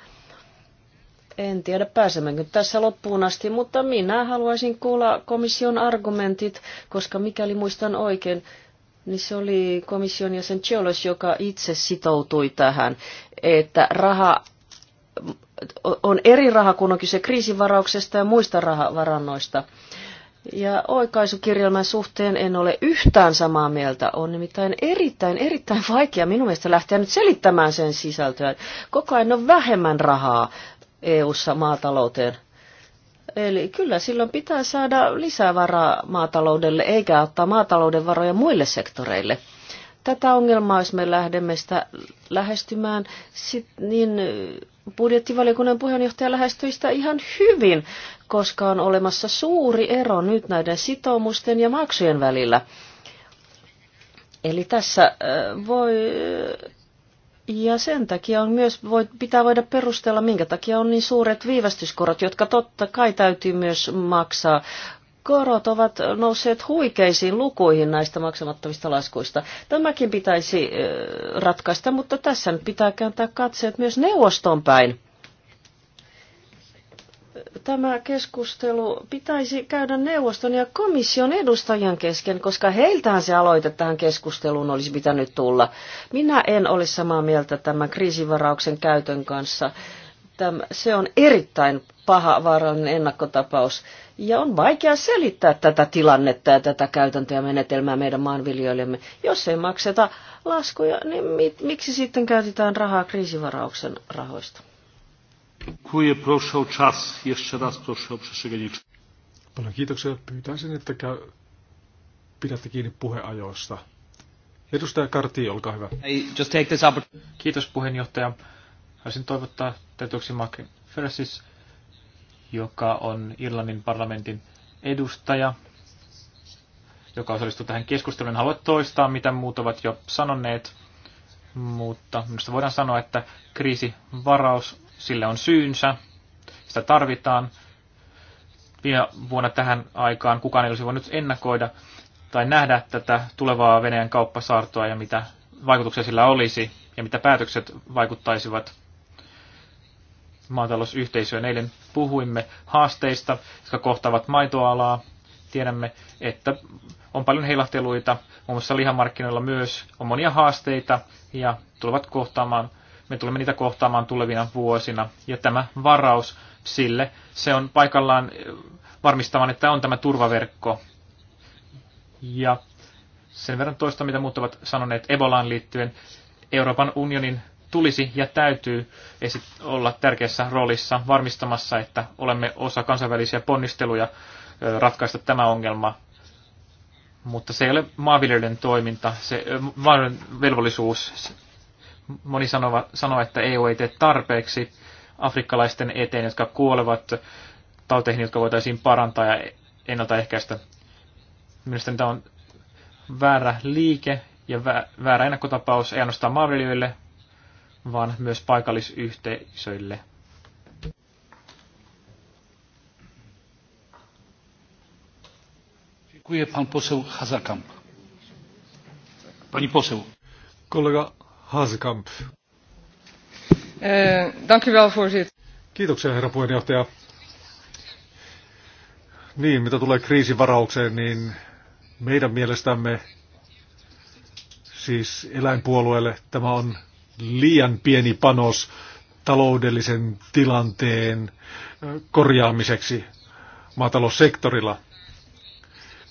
En tiedä pääsemmekö tässä loppuun asti, mutta minä haluaisin kuulla komission argumentit, koska mikäli muistan oikein, niin se oli komission jäsen Cholos, joka itse sitoutui tähän, että raha on eri raha, kun on kyse kriisivarauksesta ja muista rahavarannoista. Ja oikaisukirjelmän suhteen en ole yhtään samaa mieltä. On nimittäin erittäin, erittäin vaikea minun mielestä lähteä nyt selittämään sen sisältöä. Koko ajan on vähemmän rahaa EU-ssa maatalouteen. Eli kyllä silloin pitää saada lisää varaa maataloudelle, eikä ottaa maatalouden varoja muille sektoreille. Tätä ongelmaa, jos me lähdemme sitä lähestymään, sit, niin budjettivaliokunnan puheenjohtaja lähestyi sitä ihan hyvin, koska on olemassa suuri ero nyt näiden sitoumusten ja maksujen välillä. Eli tässä voi, ja sen takia on myös, voi, pitää voida perustella, minkä takia on niin suuret viivästyskorot, jotka totta kai täytyy myös maksaa korot ovat nousseet huikeisiin lukuihin näistä maksamattomista laskuista. Tämäkin pitäisi ratkaista, mutta tässä nyt pitää kääntää katseet myös neuvoston päin. Tämä keskustelu pitäisi käydä neuvoston ja komission edustajien kesken, koska heiltähän se aloite tähän keskusteluun olisi pitänyt tulla. Minä en ole samaa mieltä tämän kriisivarauksen käytön kanssa Tämä, se on erittäin paha vaarallinen ennakkotapaus ja on vaikea selittää tätä tilannetta ja tätä käytäntöä ja menetelmää meidän maanviljelijöillemme. Jos ei makseta laskuja, niin mit, miksi sitten käytetään rahaa kriisivarauksen rahoista? Dziękuję, proszę o czas. Jeszcze raz proszę o przestrzeganie. Paljon kiitoksia. Pyytäisin, että käy... pidätte kiinni puheajoista. Edustaja Karti, olkaa hyvä. Hey, just take this Kiitos puheenjohtaja Haluaisin toivottaa tervetuloksi Mark Fersis, joka on Irlannin parlamentin edustaja, joka osallistuu tähän keskusteluun. Haluan toistaa, mitä muut ovat jo sanoneet, mutta minusta voidaan sanoa, että kriisivaraus, sille on syynsä, sitä tarvitaan. Viime vuonna tähän aikaan kukaan ei olisi voinut ennakoida tai nähdä tätä tulevaa Venäjän kauppasaartoa ja mitä vaikutuksia sillä olisi ja mitä päätökset vaikuttaisivat maatalousyhteisöön. Eilen puhuimme haasteista, jotka kohtaavat maitoalaa. Tiedämme, että on paljon heilahteluita, muun muassa lihamarkkinoilla myös on monia haasteita ja tulevat kohtaamaan, me tulemme niitä kohtaamaan tulevina vuosina. Ja tämä varaus sille, se on paikallaan eh, varmistamaan, että on tämä turvaverkko. Ja sen verran toista, mitä muut ovat sanoneet Ebolaan liittyen, Euroopan unionin tulisi ja täytyy olla tärkeässä roolissa varmistamassa, että olemme osa kansainvälisiä ponnisteluja ratkaista tämä ongelma. Mutta se ei ole maanviljelijöiden toiminta, se maanviljelijöiden velvollisuus. Moni sanova, sanoo, että EU ei tee tarpeeksi afrikkalaisten eteen, jotka kuolevat tauteihin, jotka voitaisiin parantaa ja ennaltaehkäistä. Mielestäni tämä on väärä liike ja väärä ennakkotapaus, ei ainoastaan maanviljelijöille, vaan myös paikallisyhteisöille. Dziękuję pan poseł Hazakamp. Pani poseł. Kollega Hazakamp. E, dank u wel, voorzitter. Kiitoksia, herra puheenjohtaja. Niin, mitä tulee kriisivaraukseen, niin meidän mielestämme, siis eläinpuolueelle, tämä on liian pieni panos taloudellisen tilanteen korjaamiseksi maataloussektorilla.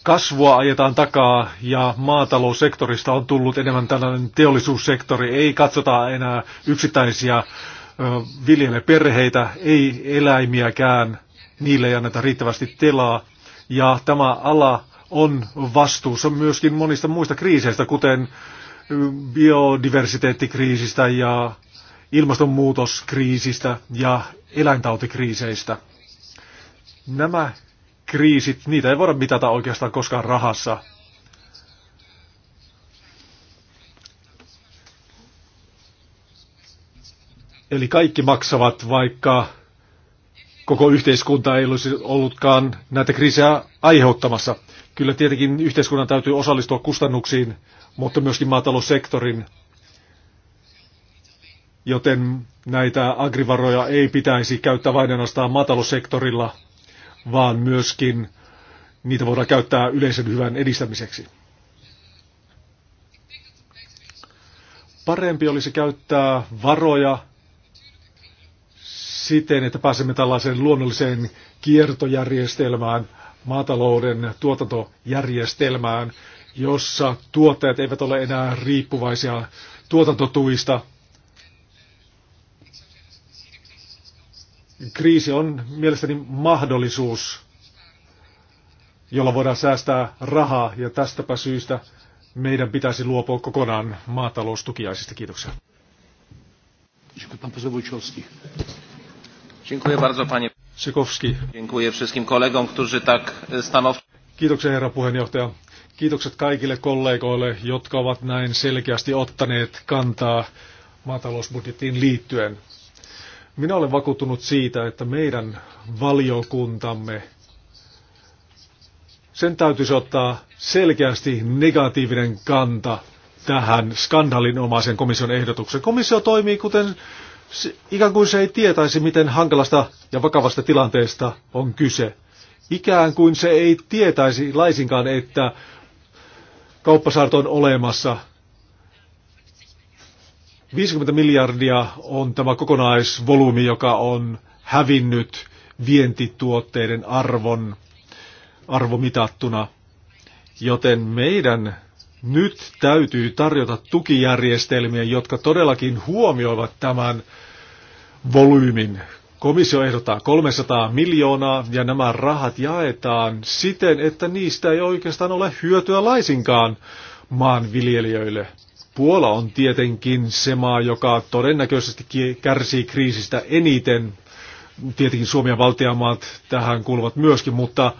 Kasvua ajetaan takaa ja maataloussektorista on tullut enemmän tällainen teollisuussektori. Ei katsota enää yksittäisiä viljelijäperheitä, ei eläimiäkään, niille ei anneta riittävästi tilaa. Ja tämä ala on vastuussa myöskin monista muista kriiseistä, kuten biodiversiteettikriisistä ja ilmastonmuutoskriisistä ja eläintautikriiseistä. Nämä kriisit, niitä ei voida mitata oikeastaan koskaan rahassa. Eli kaikki maksavat, vaikka koko yhteiskunta ei olisi ollutkaan näitä kriisejä aiheuttamassa. Kyllä tietenkin yhteiskunnan täytyy osallistua kustannuksiin mutta myöskin maataloussektorin, joten näitä agrivaroja ei pitäisi käyttää vain ainoastaan maataloussektorilla, vaan myöskin niitä voidaan käyttää yleisen hyvän edistämiseksi. Parempi olisi käyttää varoja siten, että pääsemme tällaiseen luonnolliseen kiertojärjestelmään, maatalouden tuotantojärjestelmään, jossa tuottajat eivät ole enää riippuvaisia tuotantotuista. Kriisi on mielestäni mahdollisuus, jolla voidaan säästää rahaa ja tästäpä syystä meidän pitäisi luopua kokonaan maataloustukiaisista. Kiitoksia. Dziękuję bardzo panie Dziękuję wszystkim kolegom, którzy tak e, Kiitoksia herra puheenjohtaja. Kiitokset kaikille kollegoille, jotka ovat näin selkeästi ottaneet kantaa maatalousbudjettiin liittyen. Minä olen vakuuttunut siitä, että meidän valiokuntamme, sen täytyisi ottaa selkeästi negatiivinen kanta tähän skandalinomaisen komission ehdotukseen. Komissio toimii kuten ikään kuin se ei tietäisi, miten hankalasta ja vakavasta tilanteesta on kyse. Ikään kuin se ei tietäisi laisinkaan, että kauppasaarto on olemassa. 50 miljardia on tämä kokonaisvolyymi, joka on hävinnyt vientituotteiden arvon arvomitattuna. Joten meidän nyt täytyy tarjota tukijärjestelmiä, jotka todellakin huomioivat tämän volyymin Komissio ehdottaa 300 miljoonaa ja nämä rahat jaetaan siten, että niistä ei oikeastaan ole hyötyä laisinkaan maanviljelijöille. Puola on tietenkin se maa, joka todennäköisesti kärsii kriisistä eniten. Tietenkin Suomi ja valtiamaat tähän kuuluvat myöskin, mutta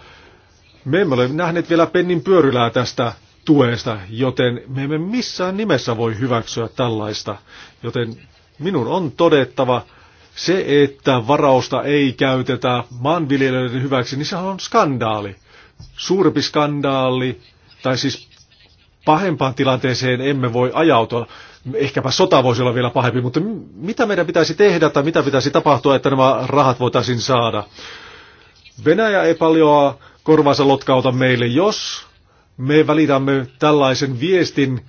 me emme ole nähneet vielä pennin pyörylää tästä tuesta, joten me emme missään nimessä voi hyväksyä tällaista. Joten minun on todettava, se, että varausta ei käytetä maanviljelijöiden hyväksi, niin sehän on skandaali. Suurempi skandaali, tai siis pahempaan tilanteeseen emme voi ajautua. Ehkäpä sota voisi olla vielä pahempi, mutta mitä meidän pitäisi tehdä tai mitä pitäisi tapahtua, että nämä rahat voitaisiin saada? Venäjä ei paljoa korvaansa lotkauta meille, jos me välitämme tällaisen viestin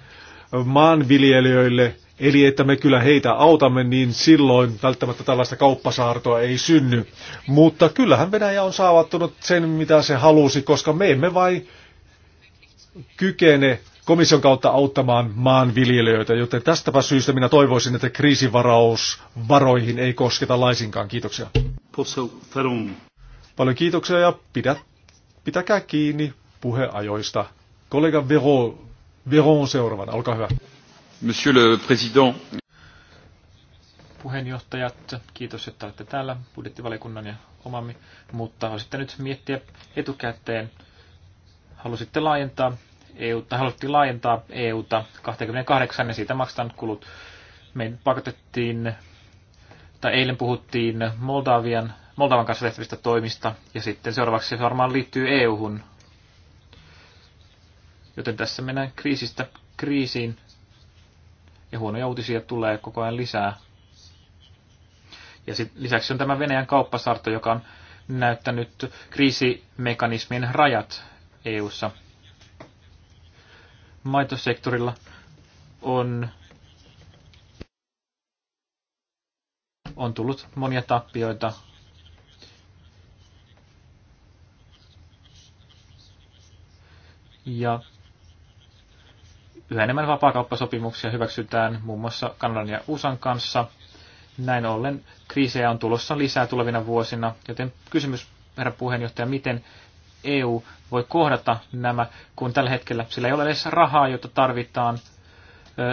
maanviljelijöille, Eli että me kyllä heitä autamme, niin silloin välttämättä tällaista kauppasaartoa ei synny. Mutta kyllähän Venäjä on saavattunut sen, mitä se halusi, koska me emme vain kykene komission kautta auttamaan maanviljelijöitä, joten tästäpä syystä minä toivoisin, että kriisivarausvaroihin ei kosketa laisinkaan. Kiitoksia. Paljon kiitoksia ja pidä, pitäkää kiinni puheajoista. Kollega Veron Vero seuraavana, olkaa hyvä. Monsieur le Président. Puheenjohtajat, kiitos, että olette täällä budjettivaliokunnan ja omamme, mutta haluaisitte nyt miettiä etukäteen. Halusitte laajentaa EUta, haluttiin laajentaa EUta 28 ja siitä maksetaan kulut. Me pakotettiin, tai eilen puhuttiin Moldavian, Moldavan kanssa tehtävistä toimista ja sitten seuraavaksi se varmaan liittyy EUhun. Joten tässä mennään kriisistä kriisiin ja huonoja uutisia tulee koko ajan lisää. Ja sit, lisäksi on tämä Venäjän kauppasarto, joka on näyttänyt kriisimekanismin rajat EU:ssa. Maitosektorilla on, on tullut monia tappioita ja yhä enemmän vapaakauppasopimuksia hyväksytään muun muassa Kanadan ja USAn kanssa. Näin ollen kriisejä on tulossa lisää tulevina vuosina, joten kysymys, herra puheenjohtaja, miten EU voi kohdata nämä, kun tällä hetkellä sillä ei ole edes rahaa, jota tarvitaan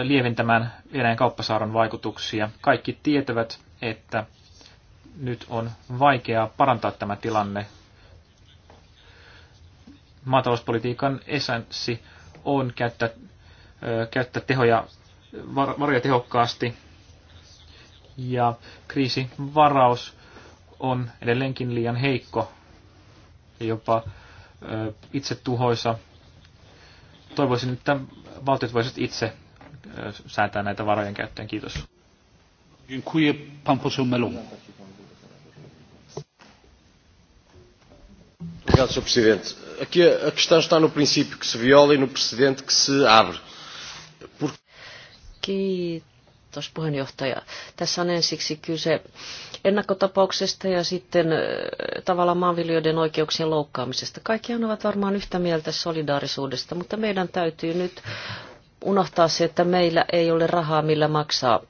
lieventämään Venäjän kauppasaaron vaikutuksia. Kaikki tietävät, että nyt on vaikeaa parantaa tämä tilanne. Maatalouspolitiikan essenssi on käyttää käyttää tehoja, varjo tehokkaasti. Ja kriisivaraus on edelleenkin liian heikko ja jopa tuhoisa. Toivoisin, että valtiot voisivat itse säätää näitä varojen käyttöön. Kiitos. Dziękuję. Pan poseł Melun. Obrigado, Sr. Presidente. Aqui a questão está no princípio que se viola e no precedente que se abre. Kiitos puheenjohtaja. Tässä on ensiksi kyse ennakkotapauksesta ja sitten tavallaan maanviljelijöiden oikeuksien loukkaamisesta. Kaikkihan ovat varmaan yhtä mieltä solidaarisuudesta, mutta meidän täytyy nyt unohtaa se, että meillä ei ole rahaa, millä maksaa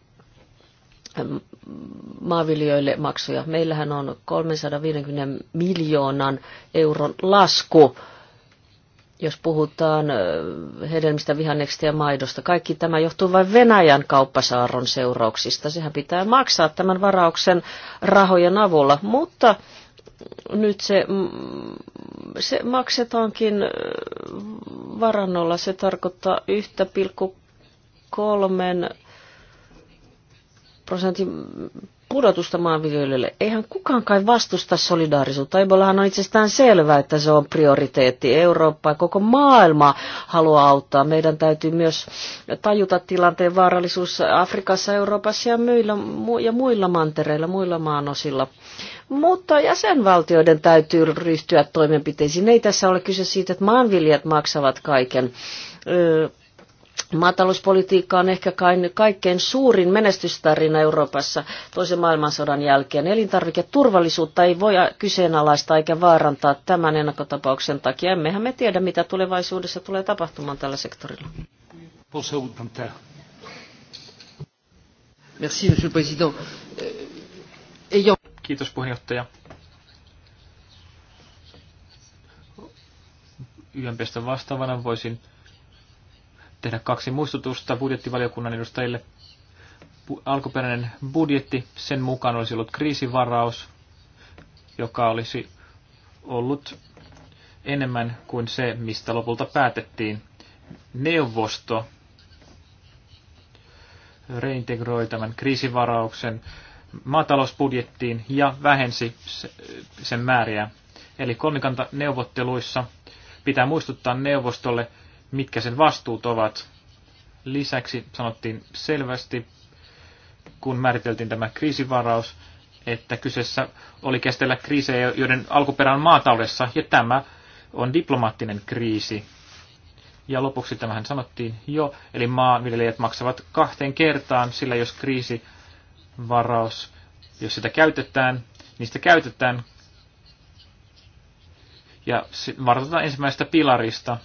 maanviljelijöille maksuja. Meillähän on 350 miljoonan euron lasku jos puhutaan hedelmistä, vihanneksista ja maidosta. Kaikki tämä johtuu vain Venäjän kauppasaaron seurauksista. Sehän pitää maksaa tämän varauksen rahojen avulla, mutta nyt se, mm, se maksetaankin varannolla. Se tarkoittaa 1,3 prosentin pudotusta maanviljelijöille. Eihän kukaan kai vastusta solidaarisuutta. Ebolahan on itsestään selvää, että se on prioriteetti. Eurooppa ja koko maailma haluaa auttaa. Meidän täytyy myös tajuta tilanteen vaarallisuus Afrikassa, Euroopassa ja muilla, ja muilla mantereilla, muilla maanosilla. Mutta jäsenvaltioiden täytyy ryhtyä toimenpiteisiin. Ei tässä ole kyse siitä, että maanviljelijät maksavat kaiken. Öö, Maatalouspolitiikka on ehkä kaikkein suurin menestystarina Euroopassa toisen maailmansodan jälkeen. Elintarviketurvallisuutta ei voi kyseenalaista eikä vaarantaa tämän ennakkotapauksen takia. Emmehän me tiedä, mitä tulevaisuudessa tulee tapahtumaan tällä sektorilla. Merci, monsieur président. Euh, Kiitos puheenjohtaja. YMPstä vastaavana voisin tehdä kaksi muistutusta budjettivaliokunnan edustajille. Alkuperäinen budjetti, sen mukaan olisi ollut kriisivaraus, joka olisi ollut enemmän kuin se, mistä lopulta päätettiin. Neuvosto reintegroi tämän kriisivarauksen maatalousbudjettiin ja vähensi sen määriä. Eli kunnikanta-neuvotteluissa pitää muistuttaa neuvostolle, mitkä sen vastuut ovat. Lisäksi sanottiin selvästi, kun määriteltiin tämä kriisivaraus, että kyseessä oli kestellä kriisejä, joiden alkuperä on maataloudessa, ja tämä on diplomaattinen kriisi. Ja lopuksi tämähän sanottiin jo, eli maanviljelijät maksavat kahteen kertaan, sillä jos kriisivaraus, jos sitä käytetään, niistä käytetään, ja varoitetaan ensimmäisestä pilarista,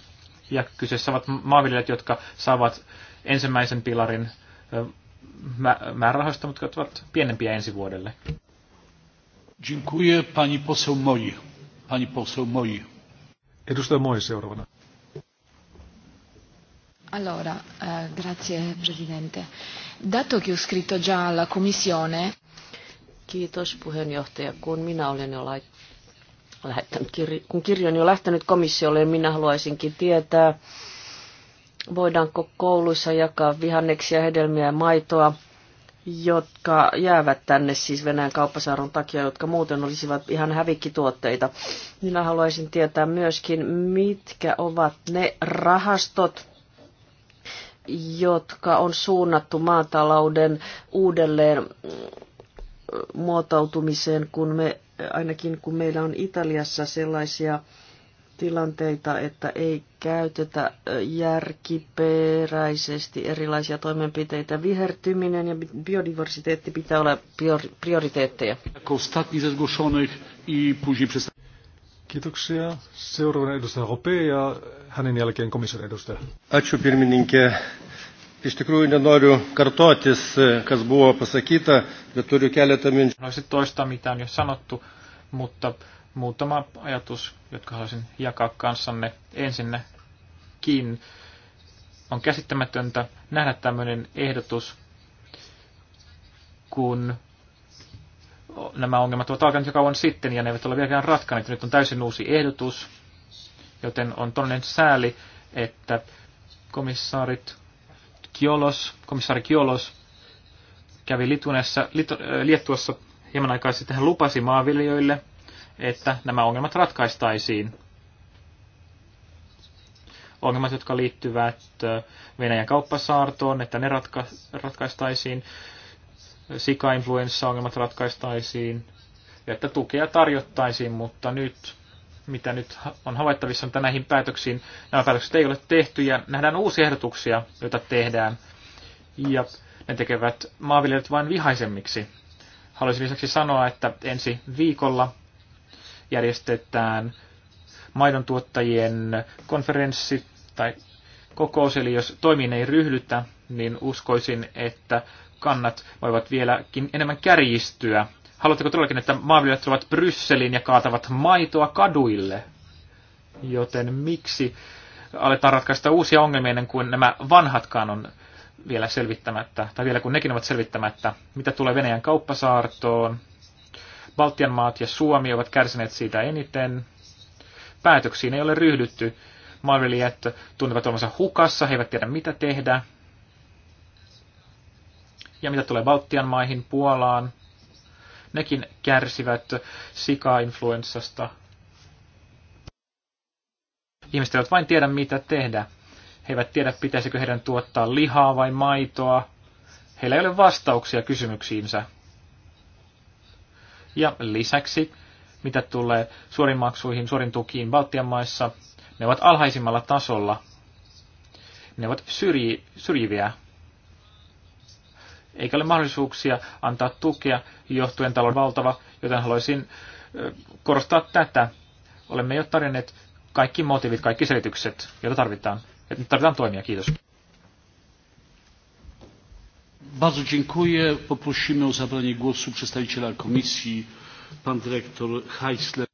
ja kyseessä ovat maanviljelijät, jotka saavat ensimmäisen pilarin määrärahoista, mutta jotka ovat pienempiä ensi vuodelle. Dziękuję, pani poseł Moi. Pani poseł Moi. Edustaja Moi seuraavana. Allora, uh, grazie Presidente. Dato che ho scritto già alla Commissione... Kiitos puheenjohtaja. Kun minä olen jo laittanut kun kirjo on jo lähtenyt komissiolle, niin minä haluaisinkin tietää, voidaanko kouluissa jakaa vihanneksia, hedelmiä ja maitoa, jotka jäävät tänne siis Venäjän kauppasaaron takia, jotka muuten olisivat ihan hävikkituotteita. Minä haluaisin tietää myöskin, mitkä ovat ne rahastot, jotka on suunnattu maatalouden uudelleen muotoutumiseen, kun me ainakin kun meillä on Italiassa sellaisia tilanteita, että ei käytetä järkiperäisesti erilaisia toimenpiteitä. Vihertyminen ja biodiversiteetti pitää olla prioriteetteja. Kiitoksia. Seuraavana edustaja Hope ja hänen jälkeen komission edustaja. Ačiū Iš tikrųjų nenoriu kartotis, kas buvo pasakyta, bet turiu keletą minčių. Haluaisin toistaa, mitä on jo sanottu, mutta muutama ajatus, jotka haluaisin jakaa kanssanne. Ensinnäkin on käsittämätöntä nähdä tämmöinen ehdotus, kun nämä ongelmat ovat alkaneet jo kauan sitten ja ne eivät ole vieläkään ratkaneet. Nyt on täysin uusi ehdotus, joten on todellinen sääli, että komissaarit Kiolos, komissaari Kiolos, kävi Litunessa, Litu, äh, Liettuassa hieman aikaa sitten. Hän lupasi maanviljelijöille, että nämä ongelmat ratkaistaisiin. Ongelmat, jotka liittyvät äh, Venäjän kauppasaartoon, että ne ratka, ratkaistaisiin. sika ongelmat ratkaistaisiin ja että tukea tarjottaisiin, mutta nyt mitä nyt on havaittavissa, mitä näihin päätöksiin, nämä päätökset ei ole tehty, ja nähdään uusia ehdotuksia, joita tehdään, ja ne tekevät maanviljelijät vain vihaisemmiksi. Haluaisin lisäksi sanoa, että ensi viikolla järjestetään maidon tuottajien konferenssi tai kokous, eli jos toimiin ei ryhdytä, niin uskoisin, että kannat voivat vieläkin enemmän kärjistyä Haluatteko todellakin, että maanviljelijät tulevat Brysseliin ja kaatavat maitoa kaduille? Joten miksi aletaan ratkaista uusia ongelmia ennen kuin nämä vanhatkaan on vielä selvittämättä, tai vielä kun nekin ovat selvittämättä, mitä tulee Venäjän kauppasaartoon. Baltian maat ja Suomi ovat kärsineet siitä eniten. Päätöksiin ei ole ryhdytty. Maanviljelijät tuntevat olevansa hukassa, he eivät tiedä mitä tehdä. Ja mitä tulee Baltian maihin, Puolaan, nekin kärsivät sika-influenssasta. Ihmiset eivät vain tiedä, mitä tehdä. He eivät tiedä, pitäisikö heidän tuottaa lihaa vai maitoa. Heillä ei ole vastauksia kysymyksiinsä. Ja lisäksi, mitä tulee suorin maksuihin, suorin tukiin Baltian maissa, ne ovat alhaisimmalla tasolla. Ne ovat syrji, syrjiviä eikä ole mahdollisuuksia antaa tukea johtuen talon valtava, joten haluaisin korostaa tätä. Olemme jo tarjonneet kaikki motiivit, kaikki selitykset, joita tarvitaan. Et nyt tarvitaan toimia. Kiitos. Bardzo dziękuję. Poprosimy o zabranie głosu przedstawiciela komisji, pan dyrektor Heisler.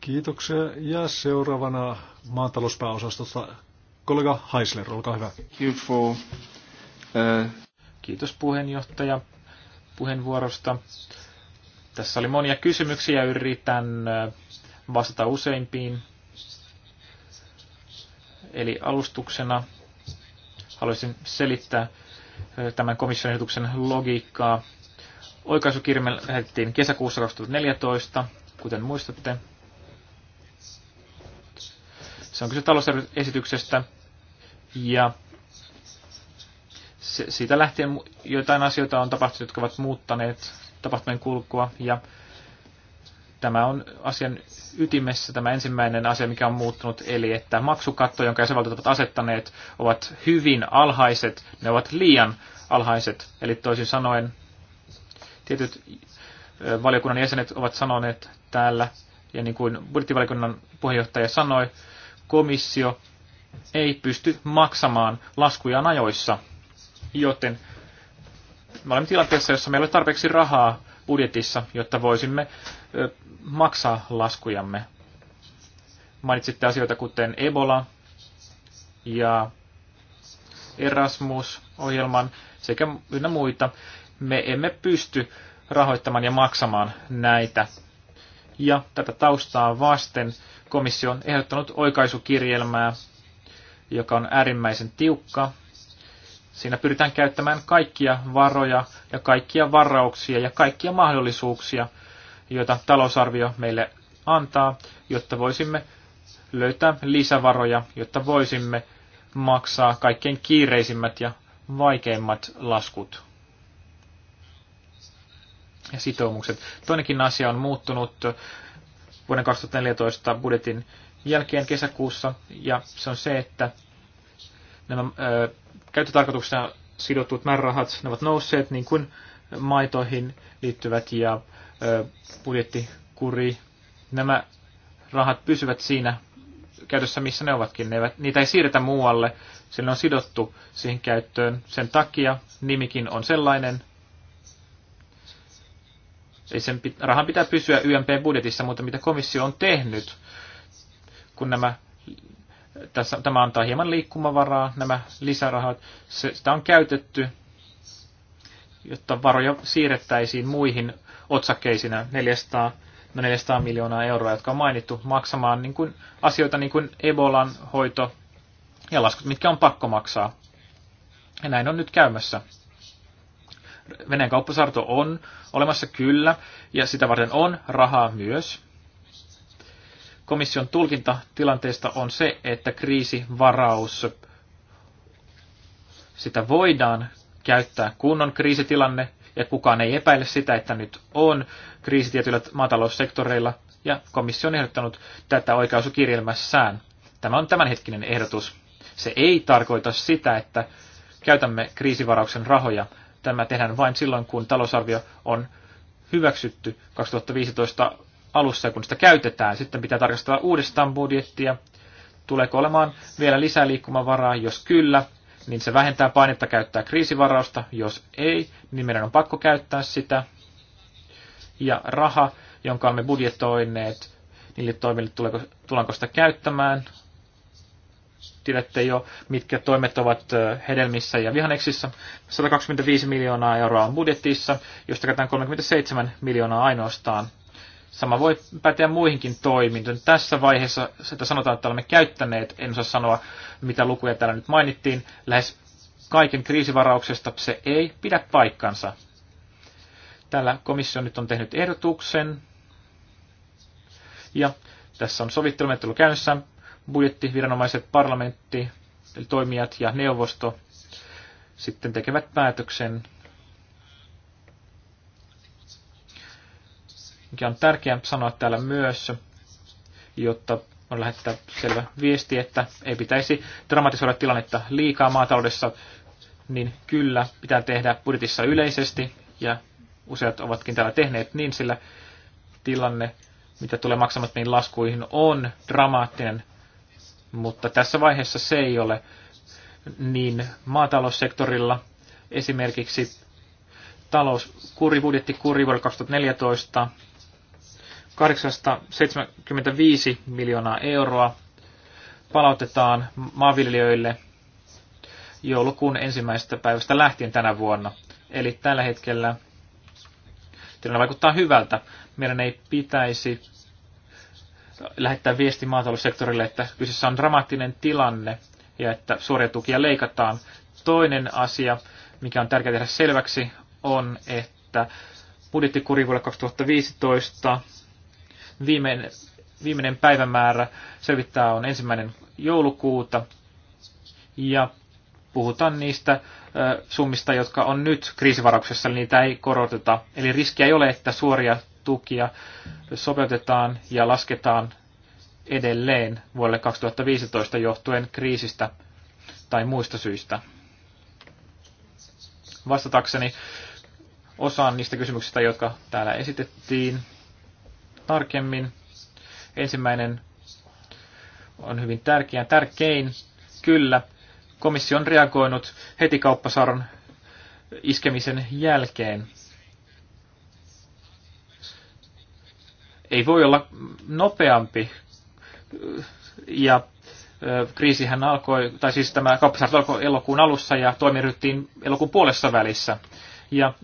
Kiitoksia. Ja seuraavana maatalouspääosastosta kollega Heisler, olkaa hyvä. Thank you for, uh... Kiitos puheenjohtaja puheenvuorosta. Tässä oli monia kysymyksiä, yritän vastata useimpiin. Eli alustuksena haluaisin selittää tämän komission ehdotuksen logiikkaa. Oikaisukirme lähetettiin kesäkuussa 2014, kuten muistatte. Se on kyse talousesityksestä ja se, siitä lähtien joitain asioita on tapahtunut, jotka ovat muuttaneet tapahtumien kulkua ja tämä on asian ytimessä tämä ensimmäinen asia, mikä on muuttunut, eli että maksukatto, jonka jäsenvaltiot ovat asettaneet, ovat hyvin alhaiset, ne ovat liian alhaiset. Eli toisin sanoen tietyt valiokunnan jäsenet ovat sanoneet täällä, ja niin kuin budjettivaliokunnan puheenjohtaja sanoi, komissio ei pysty maksamaan laskujaan ajoissa. Joten me olemme tilanteessa, jossa meillä on tarpeeksi rahaa budjetissa, jotta voisimme maksaa laskujamme. Mainitsitte asioita kuten Ebola ja Erasmus-ohjelman sekä ynnä muita. Me emme pysty rahoittamaan ja maksamaan näitä. Ja tätä taustaa vasten komissio on ehdottanut oikaisukirjelmää, joka on äärimmäisen tiukka Siinä pyritään käyttämään kaikkia varoja ja kaikkia varauksia ja kaikkia mahdollisuuksia, joita talousarvio meille antaa, jotta voisimme löytää lisävaroja, jotta voisimme maksaa kaikkein kiireisimmät ja vaikeimmat laskut ja sitoumukset. Toinenkin asia on muuttunut vuoden 2014 budjetin jälkeen kesäkuussa, ja se on se, että nämä ö, käyttötarkoituksena sidotut määrärahat, ne ovat nousseet niin kuin maitoihin liittyvät ja budjettikuri. Nämä rahat pysyvät siinä käytössä, missä ne ovatkin. Ne eivät, niitä ei siirretä muualle, sillä ne on sidottu siihen käyttöön. Sen takia nimikin on sellainen. Ei sen pit, rahan pitää pysyä YMP-budjetissa, mutta mitä komissio on tehnyt, kun nämä tässä, tämä antaa hieman liikkumavaraa, nämä lisärahat. Se, sitä on käytetty, jotta varoja siirrettäisiin muihin otsakkeisina 400, no 400 miljoonaa euroa, jotka on mainittu maksamaan niin kuin, asioita niin kuin Ebolan hoito ja laskut, mitkä on pakko maksaa. Ja näin on nyt käymässä. Venäjän kauppasarto on olemassa kyllä, ja sitä varten on rahaa myös, komission tulkinta tilanteesta on se, että kriisivaraus, sitä voidaan käyttää, kunnon kriisitilanne, ja kukaan ei epäile sitä, että nyt on kriisi tietyillä maataloussektoreilla, ja komissio on ehdottanut tätä oikaisukirjelmässään. Tämä on tämänhetkinen ehdotus. Se ei tarkoita sitä, että käytämme kriisivarauksen rahoja. Tämä tehdään vain silloin, kun talousarvio on hyväksytty 2015 alussa, kun sitä käytetään. Sitten pitää tarkastella uudestaan budjettia. Tuleeko olemaan vielä lisää liikkumavaraa? Jos kyllä, niin se vähentää painetta käyttää kriisivarausta. Jos ei, niin meidän on pakko käyttää sitä. Ja raha, jonka olemme budjetoineet, niille toimille tuleeko, tullaanko sitä käyttämään. Tiedätte jo, mitkä toimet ovat hedelmissä ja vihaneksissa. 125 miljoonaa euroa on budjetissa, josta käytetään 37 miljoonaa ainoastaan Sama voi päteä muihinkin toimintoihin. Tässä vaiheessa sitä sanotaan, että olemme käyttäneet, en osaa sanoa mitä lukuja täällä nyt mainittiin, lähes kaiken kriisivarauksesta se ei pidä paikkansa. Täällä komissio nyt on tehnyt ehdotuksen, ja tässä on sovittelumenettely käynnissä, viranomaiset parlamentti, eli toimijat ja neuvosto sitten tekevät päätöksen mikä on tärkeää sanoa täällä myös, jotta on lähettää selvä viesti, että ei pitäisi dramatisoida tilannetta liikaa maataloudessa, niin kyllä pitää tehdä budjetissa yleisesti, ja useat ovatkin täällä tehneet niin, sillä tilanne, mitä tulee maksamattomiin laskuihin, on dramaattinen, mutta tässä vaiheessa se ei ole niin maataloussektorilla esimerkiksi talouskuri, budjettikuri vuodelle 2014 875 miljoonaa euroa palautetaan maanviljelijöille joulukuun ensimmäisestä päivästä lähtien tänä vuonna. Eli tällä hetkellä tilanne vaikuttaa hyvältä. Meidän ei pitäisi lähettää viesti maataloussektorille, että kyseessä on dramaattinen tilanne ja että suoria tukia leikataan. Toinen asia, mikä on tärkeää tehdä selväksi, on, että budjettikuri vuodelle 2015 Viimeinen, viimeinen päivämäärä selvittää on ensimmäinen joulukuuta ja puhutaan niistä summista, jotka on nyt kriisivarauksessa, eli niitä ei koroteta. Eli riskiä ei ole, että suoria tukia sopeutetaan ja lasketaan edelleen vuodelle 2015 johtuen kriisistä tai muista syistä. Vastatakseni osaan niistä kysymyksistä, jotka täällä esitettiin, tarkemmin. Ensimmäinen on hyvin tärkeä, tärkein. Kyllä, komissio on reagoinut heti kauppasaron iskemisen jälkeen. Ei voi olla nopeampi ja kriisihän alkoi, tai siis tämä kauppasarto alkoi elokuun alussa ja toimiryttiin elokuun puolessa välissä. Ja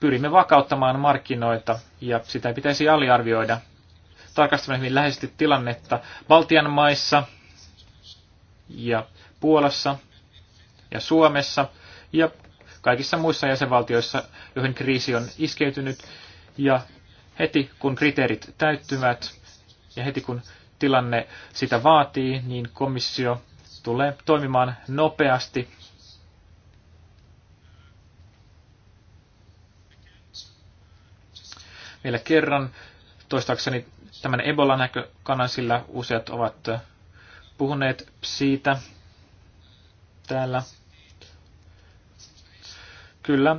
pyrimme vakauttamaan markkinoita ja sitä pitäisi aliarvioida. Tarkastamme hyvin läheisesti tilannetta Baltian maissa ja Puolassa ja Suomessa ja kaikissa muissa jäsenvaltioissa, joihin kriisi on iskeytynyt. Ja heti kun kriteerit täyttyvät ja heti kun tilanne sitä vaatii, niin komissio tulee toimimaan nopeasti vielä kerran toistaakseni tämän Ebola-näkökannan, sillä useat ovat äh, puhuneet siitä täällä. Kyllä,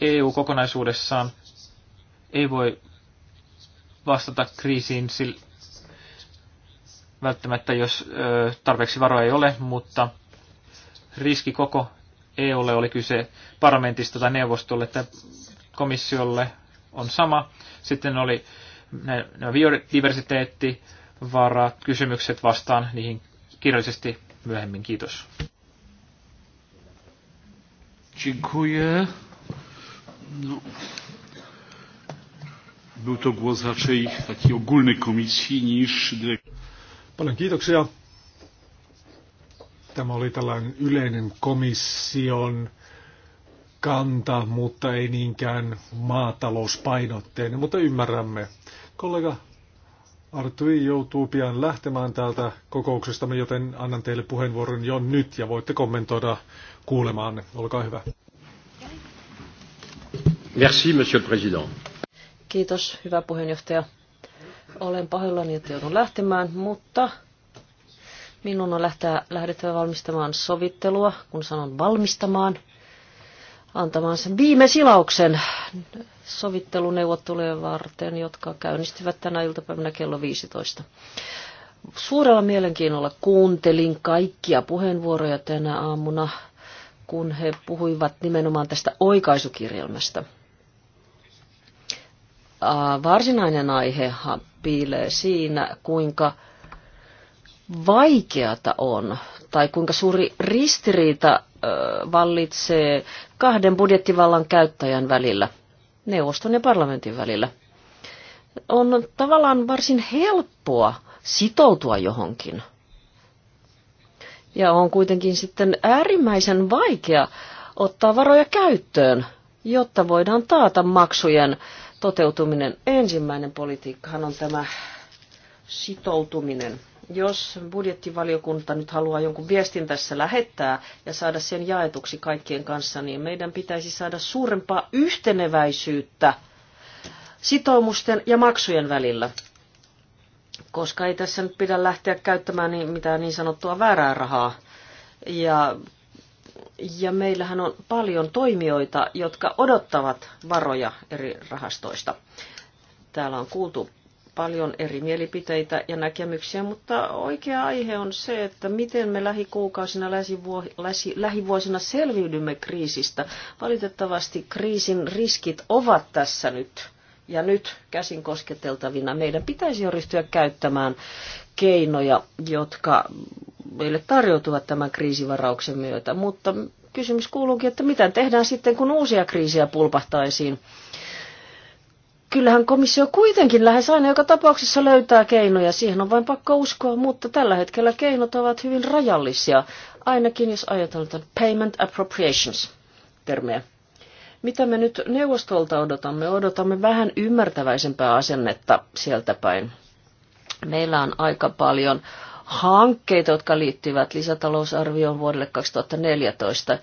EU kokonaisuudessaan ei voi vastata kriisiin sillä välttämättä, jos äh, tarpeeksi varoja ei ole, mutta riski koko EUlle oli kyse parlamentista tai neuvostolle tai komissiolle on sama. Sitten oli nämä biodiversiteettivarat, kysymykset vastaan niihin kirjallisesti myöhemmin. Kiitos. Dziękuję. No. Był to głos raczej takiej ogólnej komisji niż Paljon kiitoksia. Tämä oli tällainen yleinen komission kanta, mutta ei niinkään maatalouspainotteinen, mutta ymmärrämme. Kollega Artui joutuu pian lähtemään täältä kokouksestamme, joten annan teille puheenvuoron jo nyt ja voitte kommentoida kuulemaanne. Olkaa hyvä. Merci, monsieur le président. Kiitos, hyvä puheenjohtaja. Olen pahoillani, että joudun lähtemään, mutta minun on lähtää, lähdettävä valmistamaan sovittelua, kun sanon valmistamaan – antamaan sen viime silauksen sovitteluneuvottelujen varten, jotka käynnistyvät tänä iltapäivänä kello 15. Suurella mielenkiinnolla kuuntelin kaikkia puheenvuoroja tänä aamuna, kun he puhuivat nimenomaan tästä oikaisukirjelmästä. Varsinainen aihe piilee siinä, kuinka vaikeata on tai kuinka suuri ristiriita vallitsee kahden budjettivallan käyttäjän välillä, neuvoston ja parlamentin välillä. On tavallaan varsin helppoa sitoutua johonkin. Ja on kuitenkin sitten äärimmäisen vaikea ottaa varoja käyttöön, jotta voidaan taata maksujen toteutuminen. Ensimmäinen politiikkahan on tämä sitoutuminen jos budjettivaliokunta nyt haluaa jonkun viestin tässä lähettää ja saada sen jaetuksi kaikkien kanssa, niin meidän pitäisi saada suurempaa yhteneväisyyttä sitoumusten ja maksujen välillä koska ei tässä nyt pidä lähteä käyttämään niin, mitään niin sanottua väärää rahaa. Ja, ja meillähän on paljon toimijoita, jotka odottavat varoja eri rahastoista. Täällä on kuultu paljon eri mielipiteitä ja näkemyksiä, mutta oikea aihe on se, että miten me lähikuukausina, lähivuosina selviydymme kriisistä. Valitettavasti kriisin riskit ovat tässä nyt ja nyt käsin kosketeltavina. Meidän pitäisi jo ryhtyä käyttämään keinoja, jotka meille tarjoutuvat tämän kriisivarauksen myötä, mutta kysymys kuuluukin, että mitä tehdään sitten, kun uusia kriisejä pulpahtaisiin kyllähän komissio kuitenkin lähes aina joka tapauksessa löytää keinoja. Siihen on vain pakko uskoa, mutta tällä hetkellä keinot ovat hyvin rajallisia, ainakin jos ajatellaan payment appropriations-termiä. Mitä me nyt neuvostolta odotamme? Odotamme vähän ymmärtäväisempää asennetta sieltä päin. Meillä on aika paljon hankkeita, jotka liittyvät lisätalousarvioon vuodelle 2014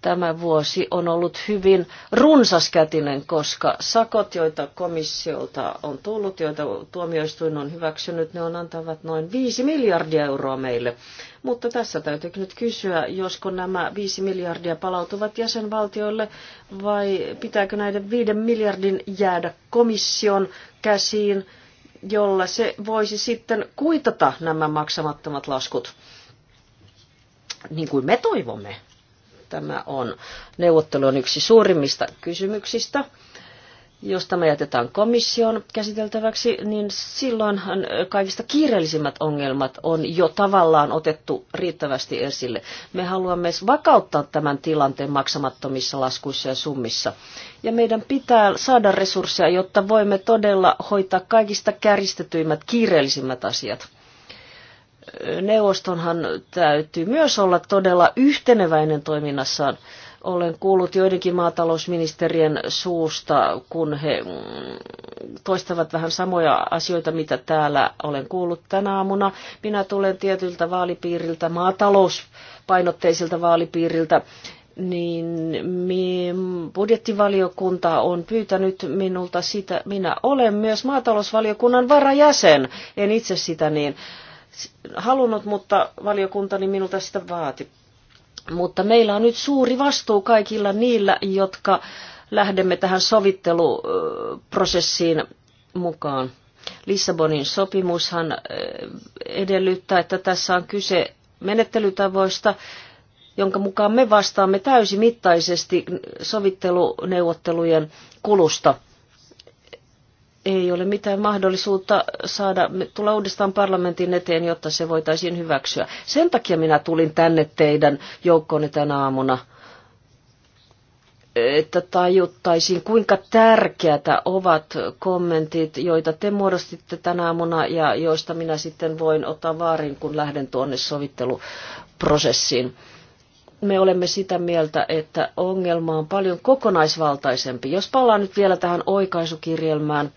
tämä vuosi on ollut hyvin runsaskätinen, koska sakot, joita komissiolta on tullut, joita tuomioistuin on hyväksynyt, ne on antavat noin 5 miljardia euroa meille. Mutta tässä täytyy nyt kysyä, josko nämä 5 miljardia palautuvat jäsenvaltioille vai pitääkö näiden 5 miljardin jäädä komission käsiin, jolla se voisi sitten kuitata nämä maksamattomat laskut, niin kuin me toivomme. Tämä on, neuvottelu on yksi suurimmista kysymyksistä. Jos tämä jätetään komission käsiteltäväksi, niin silloinhan äh, kaikista kiireellisimmät ongelmat on jo tavallaan otettu riittävästi esille. Me haluamme vakauttaa tämän tilanteen maksamattomissa laskuissa ja summissa. Ja meidän pitää saada resursseja, jotta voimme todella hoitaa kaikista käristetyimmät kiireellisimmät asiat neuvostonhan täytyy myös olla todella yhteneväinen toiminnassaan. Olen kuullut joidenkin maatalousministerien suusta, kun he mm, toistavat vähän samoja asioita, mitä täällä olen kuullut tänä aamuna. Minä tulen tietyltä vaalipiiriltä, maatalouspainotteisilta vaalipiiriltä, niin budjettivaliokunta on pyytänyt minulta sitä. Minä olen myös maatalousvaliokunnan varajäsen, en itse sitä niin halunnut, mutta valiokuntani minulta sitä vaati. Mutta meillä on nyt suuri vastuu kaikilla niillä, jotka lähdemme tähän sovitteluprosessiin mukaan. Lissabonin sopimushan edellyttää, että tässä on kyse menettelytavoista, jonka mukaan me vastaamme täysimittaisesti sovitteluneuvottelujen kulusta – ei ole mitään mahdollisuutta saada tulla uudestaan parlamentin eteen, jotta se voitaisiin hyväksyä. Sen takia minä tulin tänne teidän joukkoonne tänä aamuna, että tajuttaisiin, kuinka tärkeätä ovat kommentit, joita te muodostitte tänä aamuna ja joista minä sitten voin ottaa vaarin, kun lähden tuonne sovitteluprosessiin me olemme sitä mieltä, että ongelma on paljon kokonaisvaltaisempi. Jos palaan nyt vielä tähän oikaisukirjelmään,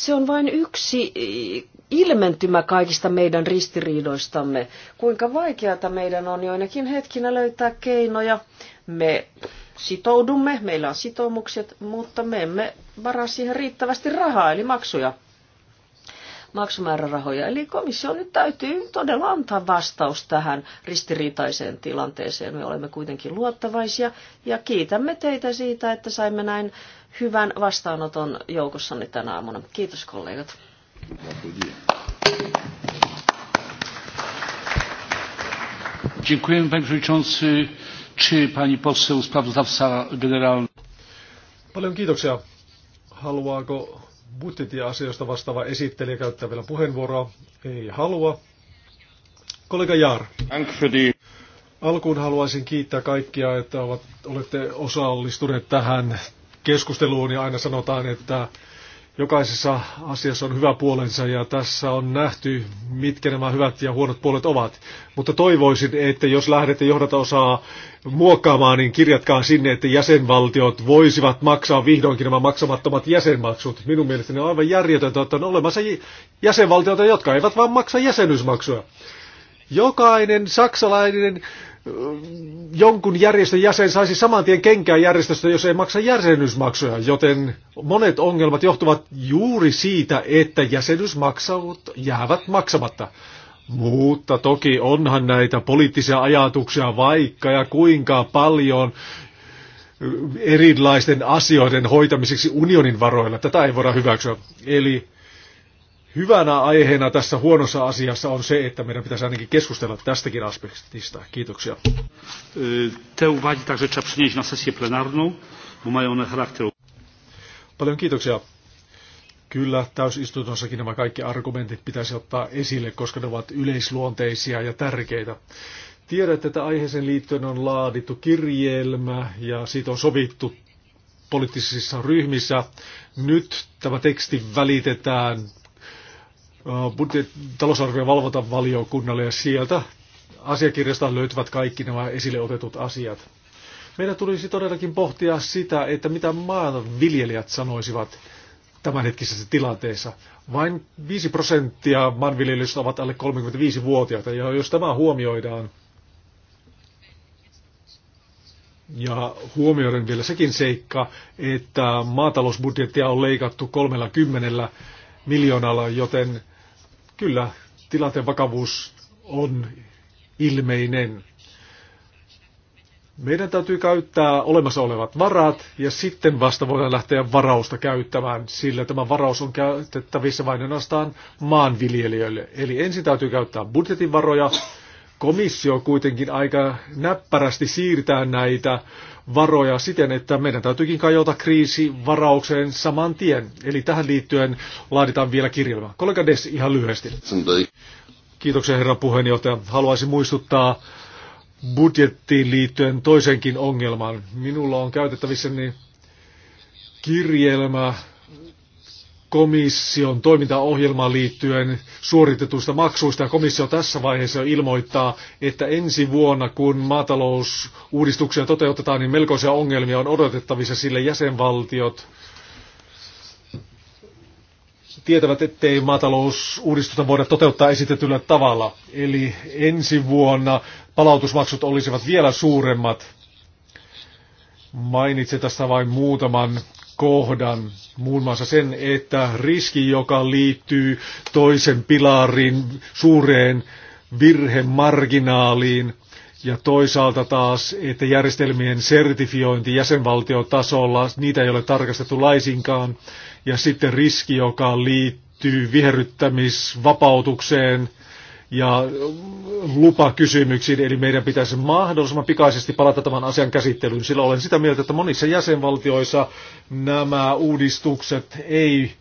se on vain yksi eh, ilmentymä kaikista meidän ristiriidoistamme. Kuinka vaikeata meidän on joinakin niin hetkinä löytää keinoja. Me sitoudumme, meillä on sitoumukset, mutta me emme varaa siihen riittävästi rahaa, eli maksuja maksumäärärahoja. Eli komissio nyt täytyy todella antaa vastaus tähän ristiriitaiseen tilanteeseen. Me olemme kuitenkin luottavaisia ja kiitämme teitä siitä, että saimme näin hyvän vastaanoton joukossani tänä aamuna. Kiitos kollegat. Dziękujemy panie przewodniczący. Czy pani poseł sprawozdawca generalny? Paljon kiitoksia. Haluaako budjettiasioista vastaava esittelijä käyttää vielä puheenvuoroa? Ei halua. Kollega Jaar. Alkuun haluaisin kiittää kaikkia, että olette osallistuneet tähän keskusteluun ja aina sanotaan, että jokaisessa asiassa on hyvä puolensa ja tässä on nähty, mitkä nämä hyvät ja huonot puolet ovat. Mutta toivoisin, että jos lähdette johdata osaa muokkaamaan, niin kirjatkaa sinne, että jäsenvaltiot voisivat maksaa vihdoinkin nämä maksamattomat jäsenmaksut. Minun mielestäni on aivan järjetöntä, että on olemassa jäsenvaltioita, jotka eivät vaan maksa jäsenyysmaksuja. Jokainen saksalainen jonkun järjestön jäsen saisi saman tien kenkää järjestöstä, jos ei maksa jäsenyysmaksuja, joten monet ongelmat johtuvat juuri siitä, että jäsenyysmaksut jäävät maksamatta. Mutta toki onhan näitä poliittisia ajatuksia vaikka ja kuinka paljon erilaisten asioiden hoitamiseksi unionin varoilla. Tätä ei voida hyväksyä. Eli hyvänä aiheena tässä huonossa asiassa on se, että meidän pitäisi ainakin keskustella tästäkin aspektista. Kiitoksia. Te uwagi także trzeba przynieść na sesję plenarną, bo mają one charakter. Paljon kiitoksia. Kyllä, täysistunnossakin nämä kaikki argumentit pitäisi ottaa esille, koska ne ovat yleisluonteisia ja tärkeitä. Tiedät, että aiheeseen liittyen on laadittu kirjelmä ja siitä on sovittu poliittisissa ryhmissä. Nyt tämä teksti välitetään talousarvio- talousarvion valiokunnalle ja sieltä asiakirjasta löytyvät kaikki nämä esille otetut asiat. Meidän tulisi todellakin pohtia sitä, että mitä maanviljelijät sanoisivat tämänhetkisessä tilanteessa. Vain 5 prosenttia maanviljelijöistä ovat alle 35-vuotiaita, ja jos tämä huomioidaan, ja huomioiden vielä sekin seikka, että maatalousbudjettia on leikattu 30 miljoonalla, joten kyllä tilanteen vakavuus on ilmeinen. Meidän täytyy käyttää olemassa olevat varat ja sitten vasta voidaan lähteä varausta käyttämään, sillä tämä varaus on käytettävissä vain ainoastaan maanviljelijöille. Eli ensin täytyy käyttää budjetin varoja. Komissio kuitenkin aika näppärästi siirtää näitä varoja siten, että meidän täytyykin kajota varaukseen saman tien. Eli tähän liittyen laaditaan vielä kirjelmä. Kollega Des, ihan lyhyesti. Kiitoksia herra puheenjohtaja. Haluaisin muistuttaa budjettiin liittyen toisenkin ongelman. Minulla on käytettävissäni kirjelmä komission toimintaohjelmaan liittyen suoritetuista maksuista. Komissio tässä vaiheessa ilmoittaa, että ensi vuonna, kun maatalousuudistuksia toteutetaan, niin melkoisia ongelmia on odotettavissa, sillä jäsenvaltiot tietävät, ettei maatalousuudistusta voida toteuttaa esitetyllä tavalla. Eli ensi vuonna palautusmaksut olisivat vielä suuremmat. Mainitsen tästä vain muutaman kohdan, muun muassa sen, että riski, joka liittyy toisen pilarin suureen virhemarginaaliin, ja toisaalta taas, että järjestelmien sertifiointi jäsenvaltiotasolla, niitä ei ole tarkastettu laisinkaan, ja sitten riski, joka liittyy viherryttämisvapautukseen – ja äh, lupakysymyksiin, eli meidän pitäisi mahdollisimman pikaisesti palata tämän asian käsittelyyn, sillä olen sitä mieltä, että monissa jäsenvaltioissa nämä uudistukset ei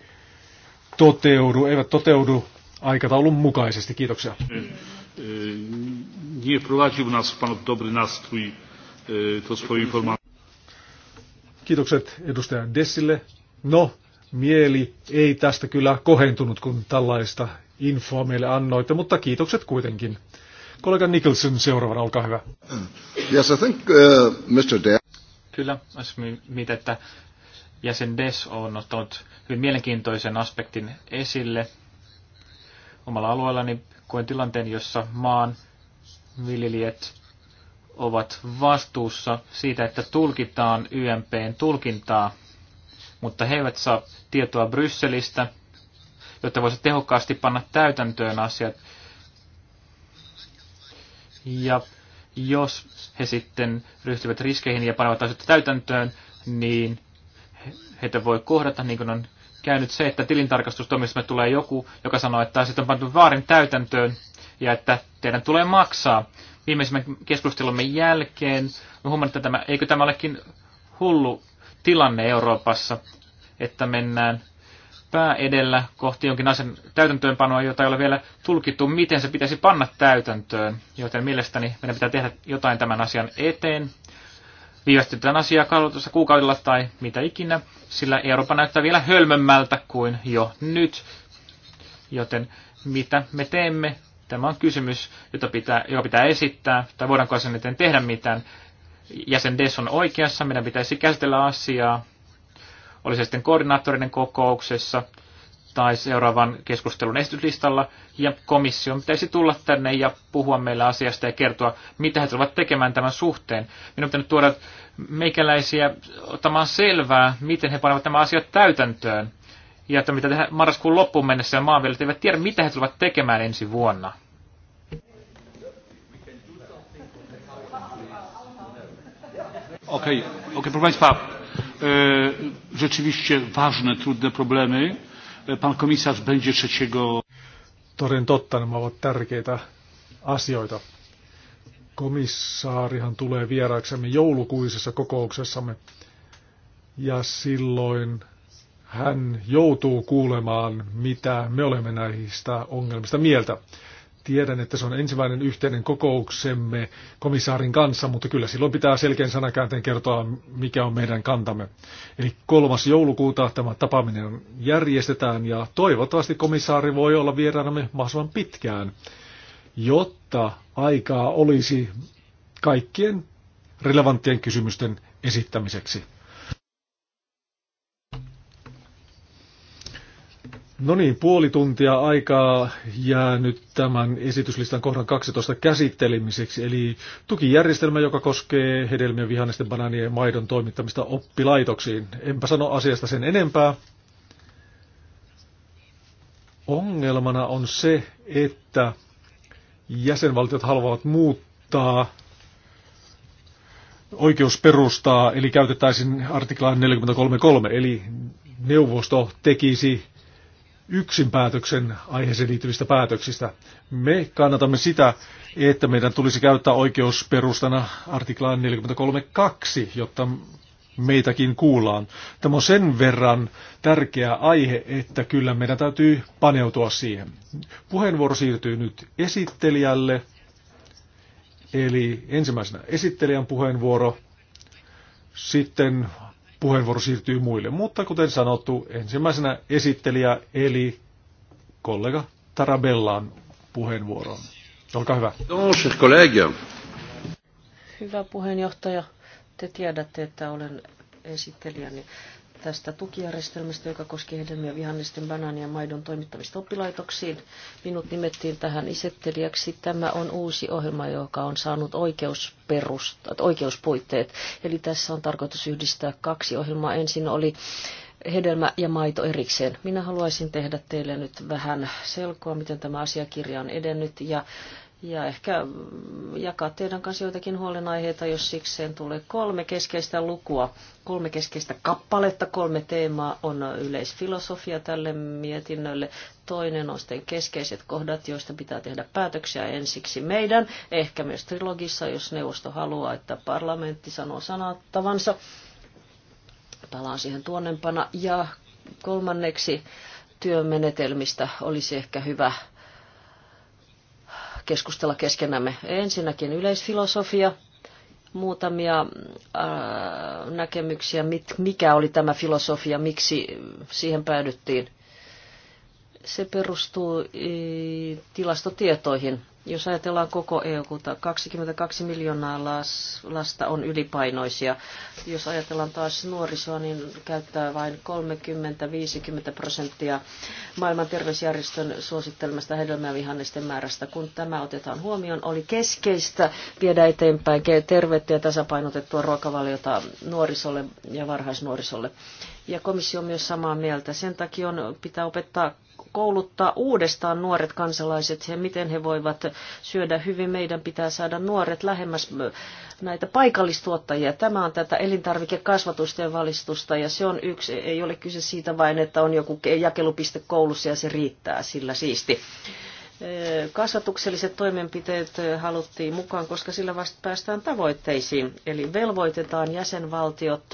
toteudu, eivät toteudu aikataulun mukaisesti. Kiitoksia. Kiitokset edustaja Dessille. No, mieli ei tästä kyllä kohentunut, kun tällaista infoa meille annoitte, mutta kiitokset kuitenkin. Kollega Nicholson seuraavana, olkaa hyvä. Yes, I think, uh, Mr. De- Kyllä, mitä että jäsen Des on ottanut hyvin mielenkiintoisen aspektin esille omalla alueellani koen tilanteen, jossa maan viljelijät ovat vastuussa siitä, että tulkitaan YMPn tulkintaa, mutta he eivät saa tietoa Brysselistä, jotta voisi tehokkaasti panna täytäntöön asiat. Ja jos he sitten ryhtyvät riskeihin ja panevat asiat täytäntöön, niin heitä voi kohdata, niin kuin on käynyt se, että tilintarkastustoimistomme tulee joku, joka sanoo, että asiat on pantu vaarin täytäntöön ja että teidän tulee maksaa. Viimeisimmän keskustelumme jälkeen me huomannut, että tämä, eikö tämä olekin hullu tilanne Euroopassa, että mennään pää edellä kohti jonkin asian täytäntöönpanoa, jota ei ole vielä tulkittu, miten se pitäisi panna täytäntöön. Joten mielestäni meidän pitää tehdä jotain tämän asian eteen. Viivästytään asiaa kalvotussa kuukaudella tai mitä ikinä, sillä Eurooppa näyttää vielä hölmömmältä kuin jo nyt. Joten mitä me teemme? Tämä on kysymys, jota pitää, joka pitää esittää, tai voidaanko sen eteen tehdä mitään. Jäsen Des on oikeassa, meidän pitäisi käsitellä asiaa oli se sitten koordinaattorinen kokouksessa tai seuraavan keskustelun esityslistalla, ja komission pitäisi tulla tänne ja puhua meillä asiasta ja kertoa, mitä he tulevat tekemään tämän suhteen. Minun pitää nyt tuoda meikäläisiä ottamaan selvää, miten he panevat nämä asiat täytäntöön, ja että mitä tehdään marraskuun loppuun mennessä, ja maanviljelijät eivät tiedä, mitä he tulevat tekemään ensi vuonna. Okei, okay. okei, okay, E, rzeczywiście ważne, trudne problemy. E, pan komisarz będzie trzeciego. Toden totta, nämä ovat tärkeitä asioita. Komissaarihan tulee vieraaksemme joulukuisessa kokouksessamme ja silloin hän joutuu kuulemaan, mitä me olemme näistä ongelmista mieltä. Tiedän, että se on ensimmäinen yhteinen kokouksemme komissaarin kanssa, mutta kyllä silloin pitää selkeän sanakäänteen kertoa, mikä on meidän kantamme. Eli kolmas joulukuuta tämä tapaaminen järjestetään ja toivottavasti komissaari voi olla vieraanamme mahdollisimman pitkään, jotta aikaa olisi kaikkien relevanttien kysymysten esittämiseksi. No niin, puoli tuntia aikaa jää nyt tämän esityslistan kohdan 12 käsittelemiseksi, eli tukijärjestelmä, joka koskee hedelmien, vihannesten, banaanien ja maidon toimittamista oppilaitoksiin. Enpä sano asiasta sen enempää. Ongelmana on se, että jäsenvaltiot haluavat muuttaa oikeusperustaa, eli käytettäisiin artiklaa 43.3, eli neuvosto tekisi yksin päätöksen aiheeseen liittyvistä päätöksistä. Me kannatamme sitä, että meidän tulisi käyttää oikeusperustana artiklaa 43.2, jotta meitäkin kuullaan. Tämä on sen verran tärkeä aihe, että kyllä meidän täytyy paneutua siihen. Puheenvuoro siirtyy nyt esittelijälle, eli ensimmäisenä esittelijän puheenvuoro, sitten puheenvuoro siirtyy muille. Mutta kuten sanottu, ensimmäisenä esittelijä eli kollega Tarabellaan puheenvuoroon. Olkaa hyvä. Hyvä puheenjohtaja. Te tiedätte, että olen esittelijäni tästä tukijärjestelmästä, joka koski hedelmiä, vihannesten, banaanien ja maidon toimittamista oppilaitoksiin. Minut nimettiin tähän isettelijäksi. Tämä on uusi ohjelma, joka on saanut oikeusperustat, oikeuspuitteet. Eli tässä on tarkoitus yhdistää kaksi ohjelmaa. Ensin oli hedelmä ja maito erikseen. Minä haluaisin tehdä teille nyt vähän selkoa, miten tämä asiakirja on edennyt ja ja ehkä jakaa teidän kanssa joitakin huolenaiheita, jos sikseen tulee kolme keskeistä lukua, kolme keskeistä kappaletta, kolme teemaa on yleisfilosofia tälle mietinnölle. Toinen on sitten keskeiset kohdat, joista pitää tehdä päätöksiä ensiksi meidän, ehkä myös trilogissa, jos neuvosto haluaa, että parlamentti sanoo sanattavansa. Palaan siihen tuonnempana. Ja kolmanneksi työmenetelmistä olisi ehkä hyvä keskustella keskenämme. Ensinnäkin yleisfilosofia, muutamia äh, näkemyksiä, mikä oli tämä filosofia, miksi siihen päädyttiin se perustuu e, tilastotietoihin. Jos ajatellaan koko eu 22 miljoonaa lasta on ylipainoisia. Jos ajatellaan taas nuorisoa, niin käyttää vain 30-50 prosenttia maailman terveysjärjestön suosittelemasta hedelmävihannesten määrästä. Kun tämä otetaan huomioon, oli keskeistä viedä eteenpäin terveyttä ja tasapainotettua ruokavaliota nuorisolle ja varhaisnuorisolle. Ja komissio on myös samaa mieltä. Sen takia on, pitää opettaa kouluttaa uudestaan nuoret kansalaiset ja miten he voivat syödä hyvin. Meidän pitää saada nuoret lähemmäs näitä paikallistuottajia. Tämä on tätä elintarvikekasvatusta ja valistusta ja se on yksi, ei ole kyse siitä vain, että on joku jakelupiste koulussa ja se riittää sillä siisti kasvatukselliset toimenpiteet haluttiin mukaan, koska sillä vasta päästään tavoitteisiin. Eli velvoitetaan jäsenvaltiot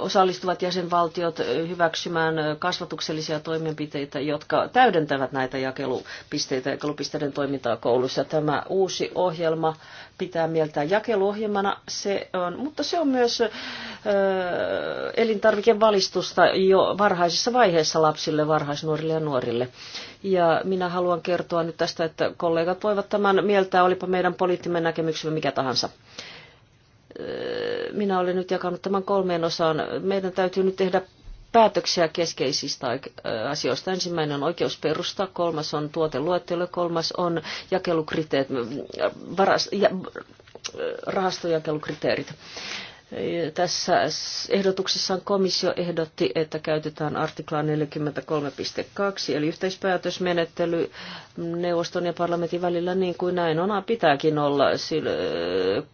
osallistuvat jäsenvaltiot hyväksymään kasvatuksellisia toimenpiteitä, jotka täydentävät näitä jakelupisteitä ja jakelupisteiden toimintaa koulussa. Tämä uusi ohjelma pitää mieltää jakeluohjelmana, se on, mutta se on myös ö, elintarvikevalistusta jo varhaisessa vaiheessa lapsille, varhaisnuorille ja nuorille. Ja minä haluan kertoa nyt tästä, että kollegat voivat tämän mieltää, olipa meidän poliittinen näkemyksemme mikä tahansa minä olen nyt jakanut tämän kolmeen osaan. Meidän täytyy nyt tehdä päätöksiä keskeisistä asioista. Ensimmäinen on oikeusperusta, kolmas on tuoteluettelo, kolmas on jakelukriteet, varas, ja, rahastojakelukriteerit. Tässä ehdotuksessaan komissio ehdotti, että käytetään artiklaa 43.2, eli yhteispäätösmenettely neuvoston ja parlamentin välillä, niin kuin näin on, pitääkin olla.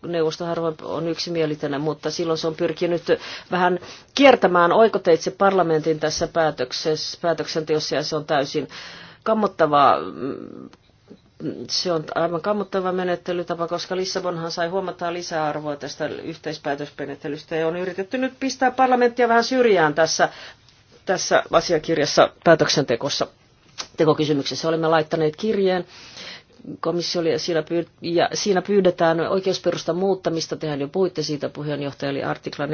Neuvosto harvoin on yksimielinen, mutta silloin se on pyrkinyt vähän kiertämään oikoteitse parlamentin tässä päätöksessä, päätöksenteossa, ja se on täysin kammottavaa se on aivan kammottava menettelytapa, koska Lissabonhan sai huomattaa lisäarvoa tästä yhteispäätösmenettelystä ja on yritetty nyt pistää parlamenttia vähän syrjään tässä, tässä asiakirjassa päätöksentekossa tekokysymyksessä. Olemme laittaneet kirjeen komissio oli siinä, ja siinä pyydetään oikeusperustan muuttamista. Tehän jo puhuitte siitä puheenjohtaja, eli artikla 43,3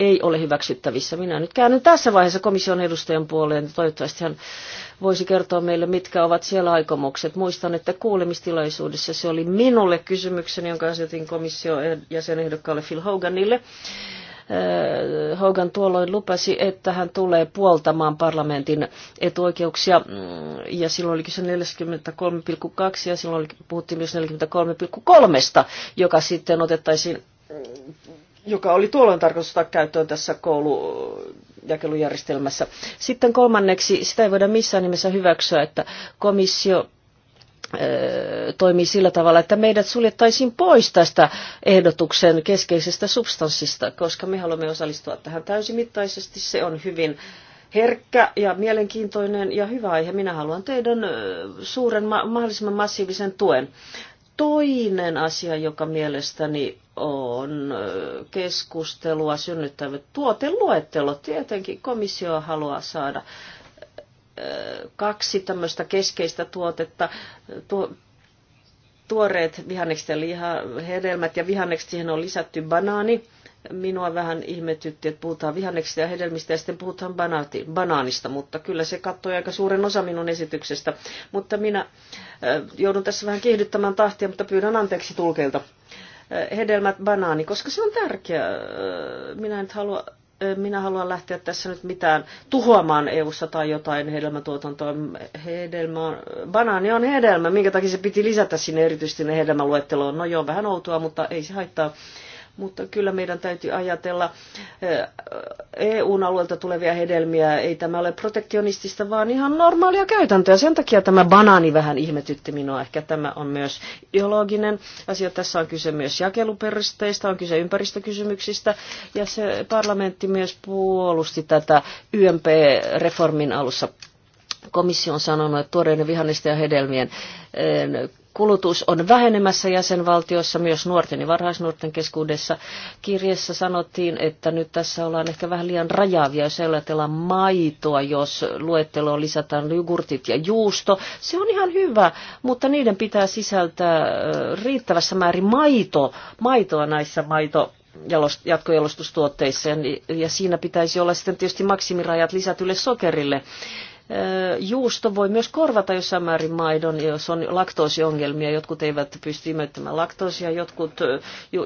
ei ole hyväksyttävissä. Minä nyt käännyn tässä vaiheessa komission edustajan puoleen. Toivottavasti hän voisi kertoa meille, mitkä ovat siellä aikomukset. Muistan, että kuulemistilaisuudessa se oli minulle kysymykseni, jonka asetin komission jäsenehdokkaalle Phil Hoganille. Hogan tuolloin lupasi, että hän tulee puoltamaan parlamentin etuoikeuksia mm, ja silloin olikin se 43,2 ja silloin puhuttiin myös 43,3, joka sitten otettaisiin mm, joka oli tuolloin tarkoitus ottaa käyttöön tässä koulujakelujärjestelmässä. Sitten kolmanneksi, sitä ei voida missään nimessä hyväksyä, että komissio toimii sillä tavalla, että meidät suljettaisiin pois tästä ehdotuksen keskeisestä substanssista, koska me haluamme osallistua tähän täysimittaisesti. Se on hyvin herkkä ja mielenkiintoinen ja hyvä aihe. Minä haluan teidän suuren, mahdollisimman massiivisen tuen. Toinen asia, joka mielestäni on keskustelua synnyttävä tuoteluettelo. Tietenkin komissio haluaa saada kaksi tämmöistä keskeistä tuotetta, tuo, tuoreet vihannekset ja liha, hedelmät ja vihannekset, siihen on lisätty banaani. Minua vähän ihmetytti, että puhutaan vihanneksista ja hedelmistä ja sitten puhutaan banaati, banaanista, mutta kyllä se kattoi aika suuren osa minun esityksestä. Mutta minä äh, joudun tässä vähän kiihdyttämään tahtia, mutta pyydän anteeksi tulkeilta. Äh, hedelmät, banaani, koska se on tärkeä. Äh, minä en halua minä haluan lähteä tässä nyt mitään tuhoamaan EU-ssa tai jotain hedelmätuotantoa. Hedelmä, banaani on hedelmä, minkä takia se piti lisätä sinne erityisesti ne hedelmäluetteloon. No joo, vähän outoa, mutta ei se haittaa mutta kyllä meidän täytyy ajatella eh, EUn alueelta tulevia hedelmiä. Ei tämä ole protektionistista, vaan ihan normaalia käytäntöä. Sen takia tämä banaani vähän ihmetytti minua. Ehkä tämä on myös ideologinen asia. Tässä on kyse myös jakeluperisteistä, on kyse ympäristökysymyksistä ja se parlamentti myös puolusti tätä YMP-reformin alussa Komissio on sanonut, että tuoreiden vihannisten ja hedelmien eh, kulutus on vähenemässä jäsenvaltiossa myös nuorten ja varhaisnuorten keskuudessa. Kirjassa sanottiin, että nyt tässä ollaan ehkä vähän liian rajaavia, jos ajatellaan maitoa, jos luetteloon lisätään jogurtit ja juusto. Se on ihan hyvä, mutta niiden pitää sisältää eh, riittävässä määrin maito, maitoa näissä maito jatkojalostustuotteissa ja siinä pitäisi olla sitten tietysti maksimirajat lisätylle sokerille. Juusto voi myös korvata jossain määrin maidon, jos on laktoosiongelmia. Jotkut eivät pysty imettämään laktoosia, jotkut,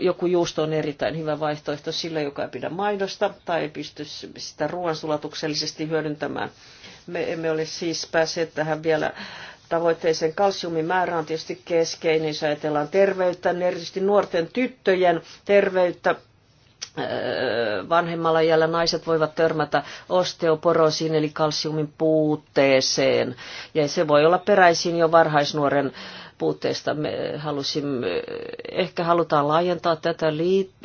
joku juusto on erittäin hyvä vaihtoehto sillä, joka ei pidä maidosta tai ei pysty sitä ruoansulatuksellisesti hyödyntämään. Me emme ole siis päässeet tähän vielä tavoitteeseen. Kalsiumin määrä on tietysti keskeinen, jos ajatellaan terveyttä, erityisesti nuorten tyttöjen terveyttä vanhemmalla iällä naiset voivat törmätä osteoporosiin eli kalsiumin puutteeseen. Ja se voi olla peräisin jo varhaisnuoren puutteista. Me halusimme, ehkä halutaan laajentaa tätä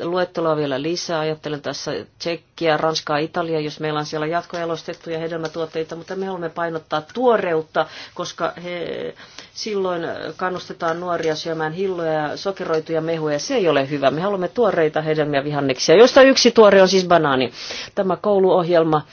luettelua vielä lisää. Ajattelen tässä Tsekkiä, Ranskaa, Italia, jos meillä on siellä jatkojalostettuja hedelmätuotteita, mutta me haluamme painottaa tuoreutta, koska he, silloin kannustetaan nuoria syömään hilloja ja sokeroituja mehuja. Se ei ole hyvä. Me haluamme tuoreita hedelmiä vihanneksia, joista yksi tuore on siis banaani. Tämä kouluohjelma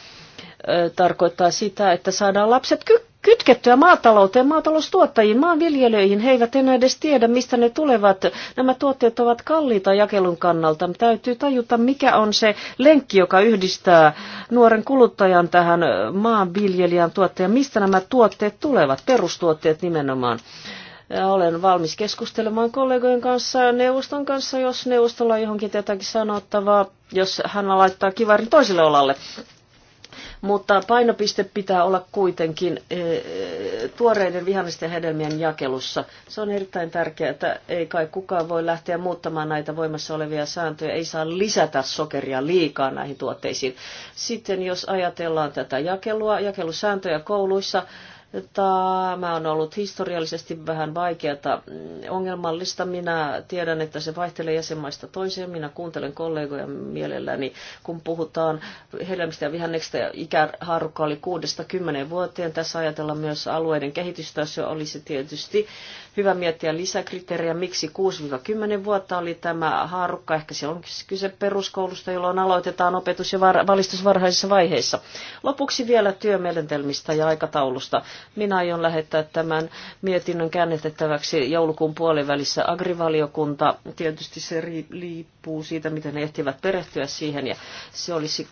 tarkoittaa sitä, että saadaan lapset ky- kytkettyä maatalouteen, maataloustuottajiin, maanviljelijöihin. He eivät enää edes tiedä, mistä ne tulevat. Nämä tuotteet ovat kalliita jakelun kannalta. Täytyy tajuta, mikä on se lenkki, joka yhdistää nuoren kuluttajan tähän maanviljelijän tuottajan. Mistä nämä tuotteet tulevat, perustuotteet nimenomaan. Olen valmis keskustelemaan kollegojen kanssa ja neuvoston kanssa, jos neuvostolla on johonkin jotakin sanottavaa, jos hän laittaa kivarin toiselle olalle mutta painopiste pitää olla kuitenkin eh, eh, tuoreiden vihannisten hedelmien jakelussa. Se on erittäin tärkeää, että ei kai kukaan voi lähteä muuttamaan näitä voimassa olevia sääntöjä, ei saa lisätä sokeria liikaa näihin tuotteisiin. Sitten jos ajatellaan tätä jakelua, jakelusääntöjä kouluissa, Tämä on ollut historiallisesti vähän vaikeata, mm, ongelmallista. Minä tiedän, että se vaihtelee jäsenmaista toiseen. Minä kuuntelen kollegoja mielelläni, kun puhutaan hedelmistä ja vihanneksista. Ikäharukka oli 6-10 vuoteen. Tässä ajatellaan myös alueiden kehitystä. Se olisi tietysti hyvä miettiä lisäkriteerejä, miksi 6-10 vuotta oli tämä haarukka. Ehkä se on kyse peruskoulusta, jolloin aloitetaan opetus ja valistus varhaisissa vaiheissa. Lopuksi vielä työmielentelmistä ja aikataulusta. Minä aion lähettää tämän mietinnön käännetettäväksi joulukuun puolivälissä agrivaliokunta. Tietysti se liippuu siitä, miten ne ehtivät perehtyä siihen. Ja se olisi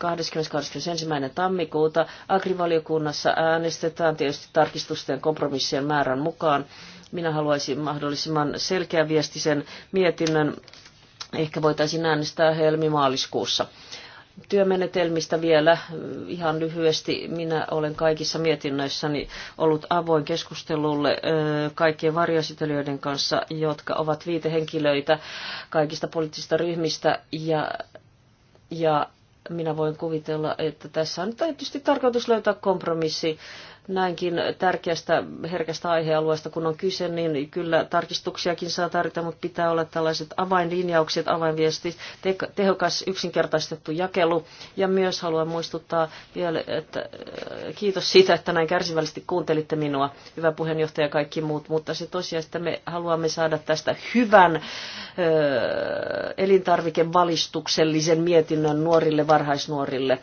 20.21. tammikuuta. Agrivaliokunnassa äänestetään tietysti tarkistusten kompromissien määrän mukaan. Minä haluaisin mahdollisimman selkeä viesti sen mietinnön. Ehkä voitaisiin äänestää helmimaaliskuussa. Työmenetelmistä vielä mm, ihan lyhyesti. Minä olen kaikissa mietinnöissäni ollut avoin keskustelulle kaikkien varjoesitelijöiden kanssa, jotka ovat viitehenkilöitä kaikista poliittisista ryhmistä ja, ja minä voin kuvitella, että tässä on tietysti tarkoitus löytää kompromissi näinkin tärkeästä herkästä aihealueesta, kun on kyse, niin kyllä tarkistuksiakin saa tarvita, mutta pitää olla tällaiset avainlinjaukset, avainviestit, tehokas yksinkertaistettu jakelu. Ja myös haluan muistuttaa vielä, että äh, kiitos siitä, että näin kärsivällisesti kuuntelitte minua, hyvä puheenjohtaja ja kaikki muut, mutta se tosiaan, että me haluamme saada tästä hyvän ö, äh, elintarvikevalistuksellisen mietinnön nuorille varhaisnuorille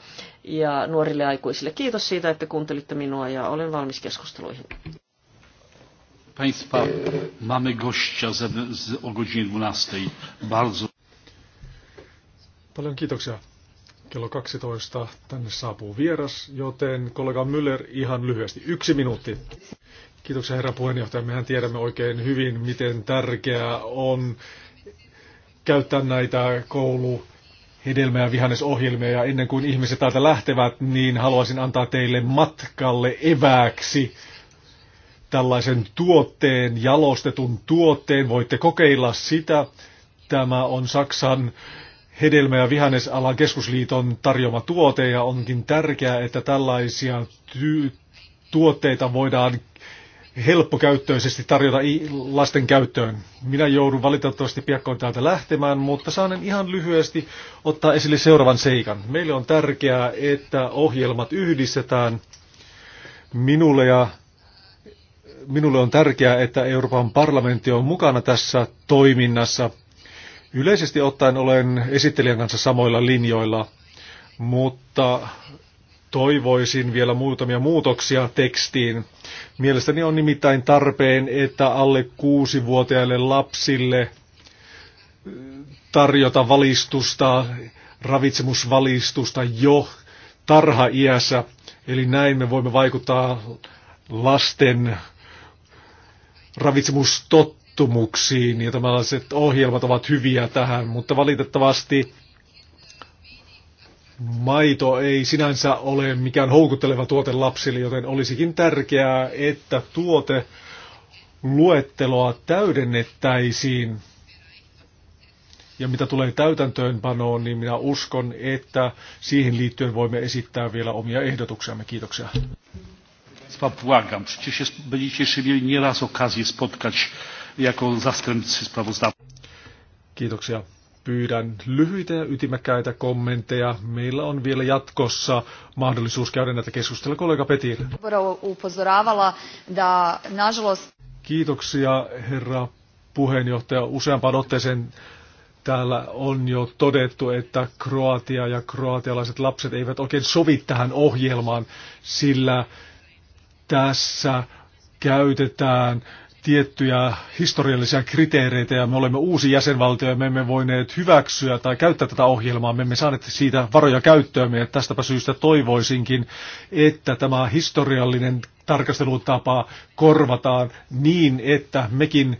ja nuorille aikuisille. Kiitos siitä, että kuuntelitte minua ja olen valmis keskusteluihin. Państwa, mamy gościa z, z, o godzinie 12. Bardzo. Paljon kiitoksia. Kello 12 tänne saapuu vieras, joten kollega Müller ihan lyhyesti. Yksi minuutti. Kiitoksia herra puheenjohtaja. Mehän tiedämme oikein hyvin, miten tärkeää on käyttää näitä koulu hedelmä- ja vihannesohjelmia ja ennen kuin ihmiset täältä lähtevät, niin haluaisin antaa teille matkalle evääksi tällaisen tuotteen, jalostetun tuotteen. Voitte kokeilla sitä. Tämä on Saksan hedelmä- ja vihannesalan keskusliiton tarjoma tuote ja onkin tärkeää, että tällaisia tuotteita voidaan helppokäyttöisesti tarjota lasten käyttöön. Minä joudun valitettavasti piakkoin täältä lähtemään, mutta saanen ihan lyhyesti ottaa esille seuraavan seikan. Meille on tärkeää, että ohjelmat yhdistetään. Minulle ja Minulle on tärkeää, että Euroopan parlamentti on mukana tässä toiminnassa. Yleisesti ottaen olen esittelijän kanssa samoilla linjoilla, mutta toivoisin vielä muutamia muutoksia tekstiin. Mielestäni on nimittäin tarpeen, että alle kuusi lapsille tarjota valistusta, ravitsemusvalistusta jo tarha-iässä. Eli näin me voimme vaikuttaa lasten ravitsemustottumuksiin ja tällaiset ohjelmat ovat hyviä tähän, mutta valitettavasti Maito ei sinänsä ole mikään houkutteleva tuote lapsille, joten olisikin tärkeää, että tuote luetteloa täydennettäisiin. Ja mitä tulee täytäntöönpanoon, niin minä uskon, että siihen liittyen voimme esittää vielä omia ehdotuksiamme. Kiitoksia. Błagam, przecież będziecie jeszcze mieli nieraz okazję spotkać jako zastępcy sprawozdawcy. Kiitoksia. Pyydän lyhyitä ja ytimäkkäitä kommentteja. Meillä on vielä jatkossa mahdollisuus käydä näitä keskustelua Kollega Petir. Kiitoksia, herra puheenjohtaja. Useampaan otteeseen täällä on jo todettu, että Kroatia ja kroatialaiset lapset eivät oikein sovi tähän ohjelmaan, sillä tässä käytetään tiettyjä historiallisia kriteereitä ja me olemme uusi jäsenvaltio ja me emme voineet hyväksyä tai käyttää tätä ohjelmaa, me emme saaneet siitä varoja käyttöömme ja tästäpä syystä toivoisinkin, että tämä historiallinen tarkastelutapa korvataan niin, että mekin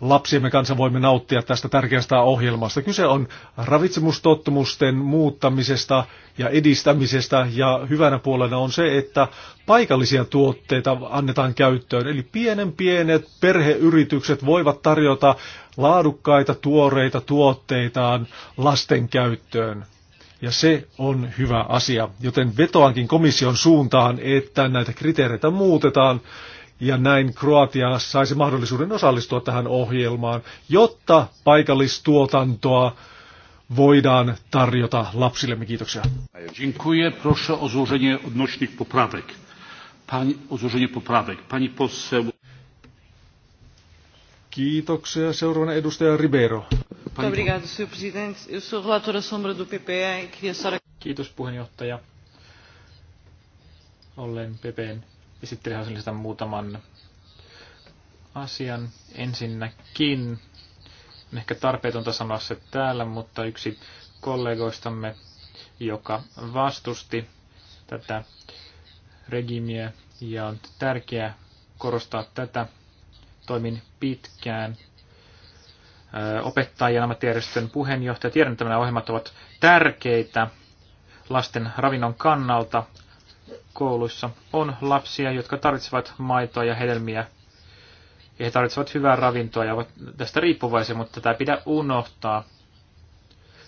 lapsiemme kanssa voimme nauttia tästä tärkeästä ohjelmasta. Kyse on ravitsemustottumusten muuttamisesta ja edistämisestä ja hyvänä puolena on se, että paikallisia tuotteita annetaan käyttöön. Eli pienen pienet perheyritykset voivat tarjota laadukkaita tuoreita tuotteitaan lasten käyttöön. Ja se on hyvä asia, joten vetoankin komission suuntaan, että näitä kriteereitä muutetaan ja näin Kroatia saisi mahdollisuuden osallistua tähän ohjelmaan, jotta paikallistuotantoa voidaan tarjota lapsillemme. Kiitoksia. Dziękuję. Proszę o złożenie odnośnych poprawek. Pani, o złożenie poprawek. Pani poseł. Kiitoksia. Seuraavana edustaja Ribeiro. E e Kiitos puheenjohtaja. Olen Pepeen Esittelen sen lisätä muutaman asian. Ensinnäkin, on ehkä tarpeetonta sanoa se täällä, mutta yksi kollegoistamme, joka vastusti tätä regimiä ja on tärkeää korostaa tätä. Toimin pitkään opettajien ammattijärjestön puheenjohtaja. Tiedän, että nämä ohjelmat ovat tärkeitä lasten ravinnon kannalta, kouluissa on lapsia, jotka tarvitsevat maitoa ja hedelmiä. Ja he tarvitsevat hyvää ravintoa ja ovat tästä riippuvaisia, mutta tämä pitää unohtaa,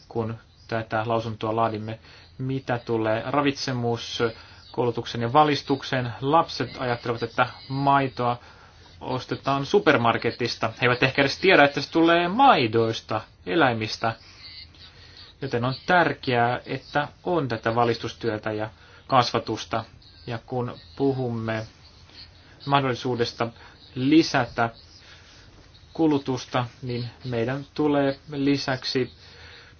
kun tätä lausuntoa laadimme. Mitä tulee ravitsemus, koulutuksen ja valistuksen, lapset ajattelevat, että maitoa ostetaan supermarketista. He eivät ehkä edes tiedä, että se tulee maidoista, eläimistä. Joten on tärkeää, että on tätä valistustyötä ja kasvatusta. Ja kun puhumme mahdollisuudesta lisätä kulutusta, niin meidän tulee lisäksi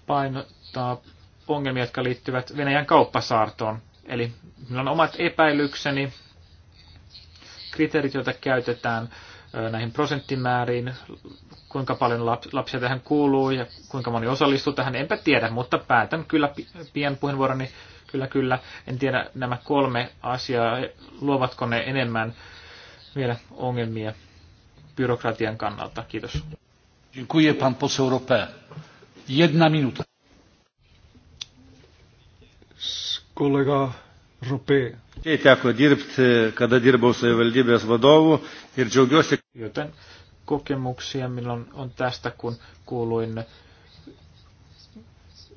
painottaa ongelmia, jotka liittyvät Venäjän kauppasaartoon. Eli minulla on omat epäilykseni, kriteerit, joita käytetään näihin prosenttimääriin, kuinka paljon lapsia tähän kuuluu ja kuinka moni osallistuu tähän, enpä tiedä, mutta päätän kyllä pian puheenvuoroni Kyllä, kyllä. En tiedä nämä kolme asiaa, luovatko ne enemmän vielä ongelmia byrokratian kannalta. Kiitos. Dziękuję pan poseł Europe. Jedna minuta. Kollega Ei Teko dirbti, kada dirbau savivaldybės vadovu ir džiaugiuosi. Joten kokemuksia milloin on tästä, kun kuuluin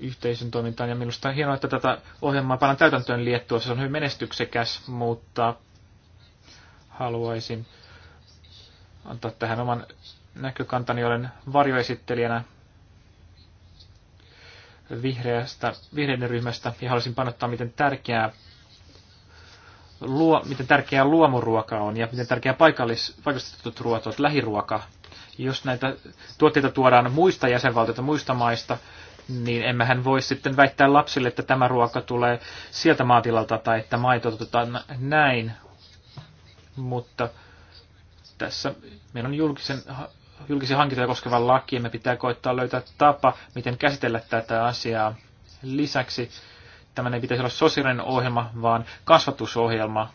yhteisön toimintaan. Ja minusta on hienoa, että tätä ohjelmaa pannaan täytäntöön liettua. Se on hyvin menestyksekäs, mutta haluaisin antaa tähän oman näkökantani. Olen varjoesittelijänä vihreästä, vihreiden ryhmästä ja haluaisin panottaa, miten tärkeää luo, miten tärkeää luomuruoka on ja miten tärkeää paikallis, paikallistetut ruoat ovat, lähiruoka. Jos näitä tuotteita tuodaan muista jäsenvaltioita, muista maista, niin emmehän voi sitten väittää lapsille, että tämä ruoka tulee sieltä maatilalta tai että maito otetaan näin. Mutta tässä meillä on julkisen, julkisen hankintoja koskeva laki ja me pitää koittaa löytää tapa, miten käsitellä tätä asiaa. Lisäksi tämä ei pitäisi olla sosiaalinen ohjelma, vaan kasvatusohjelma.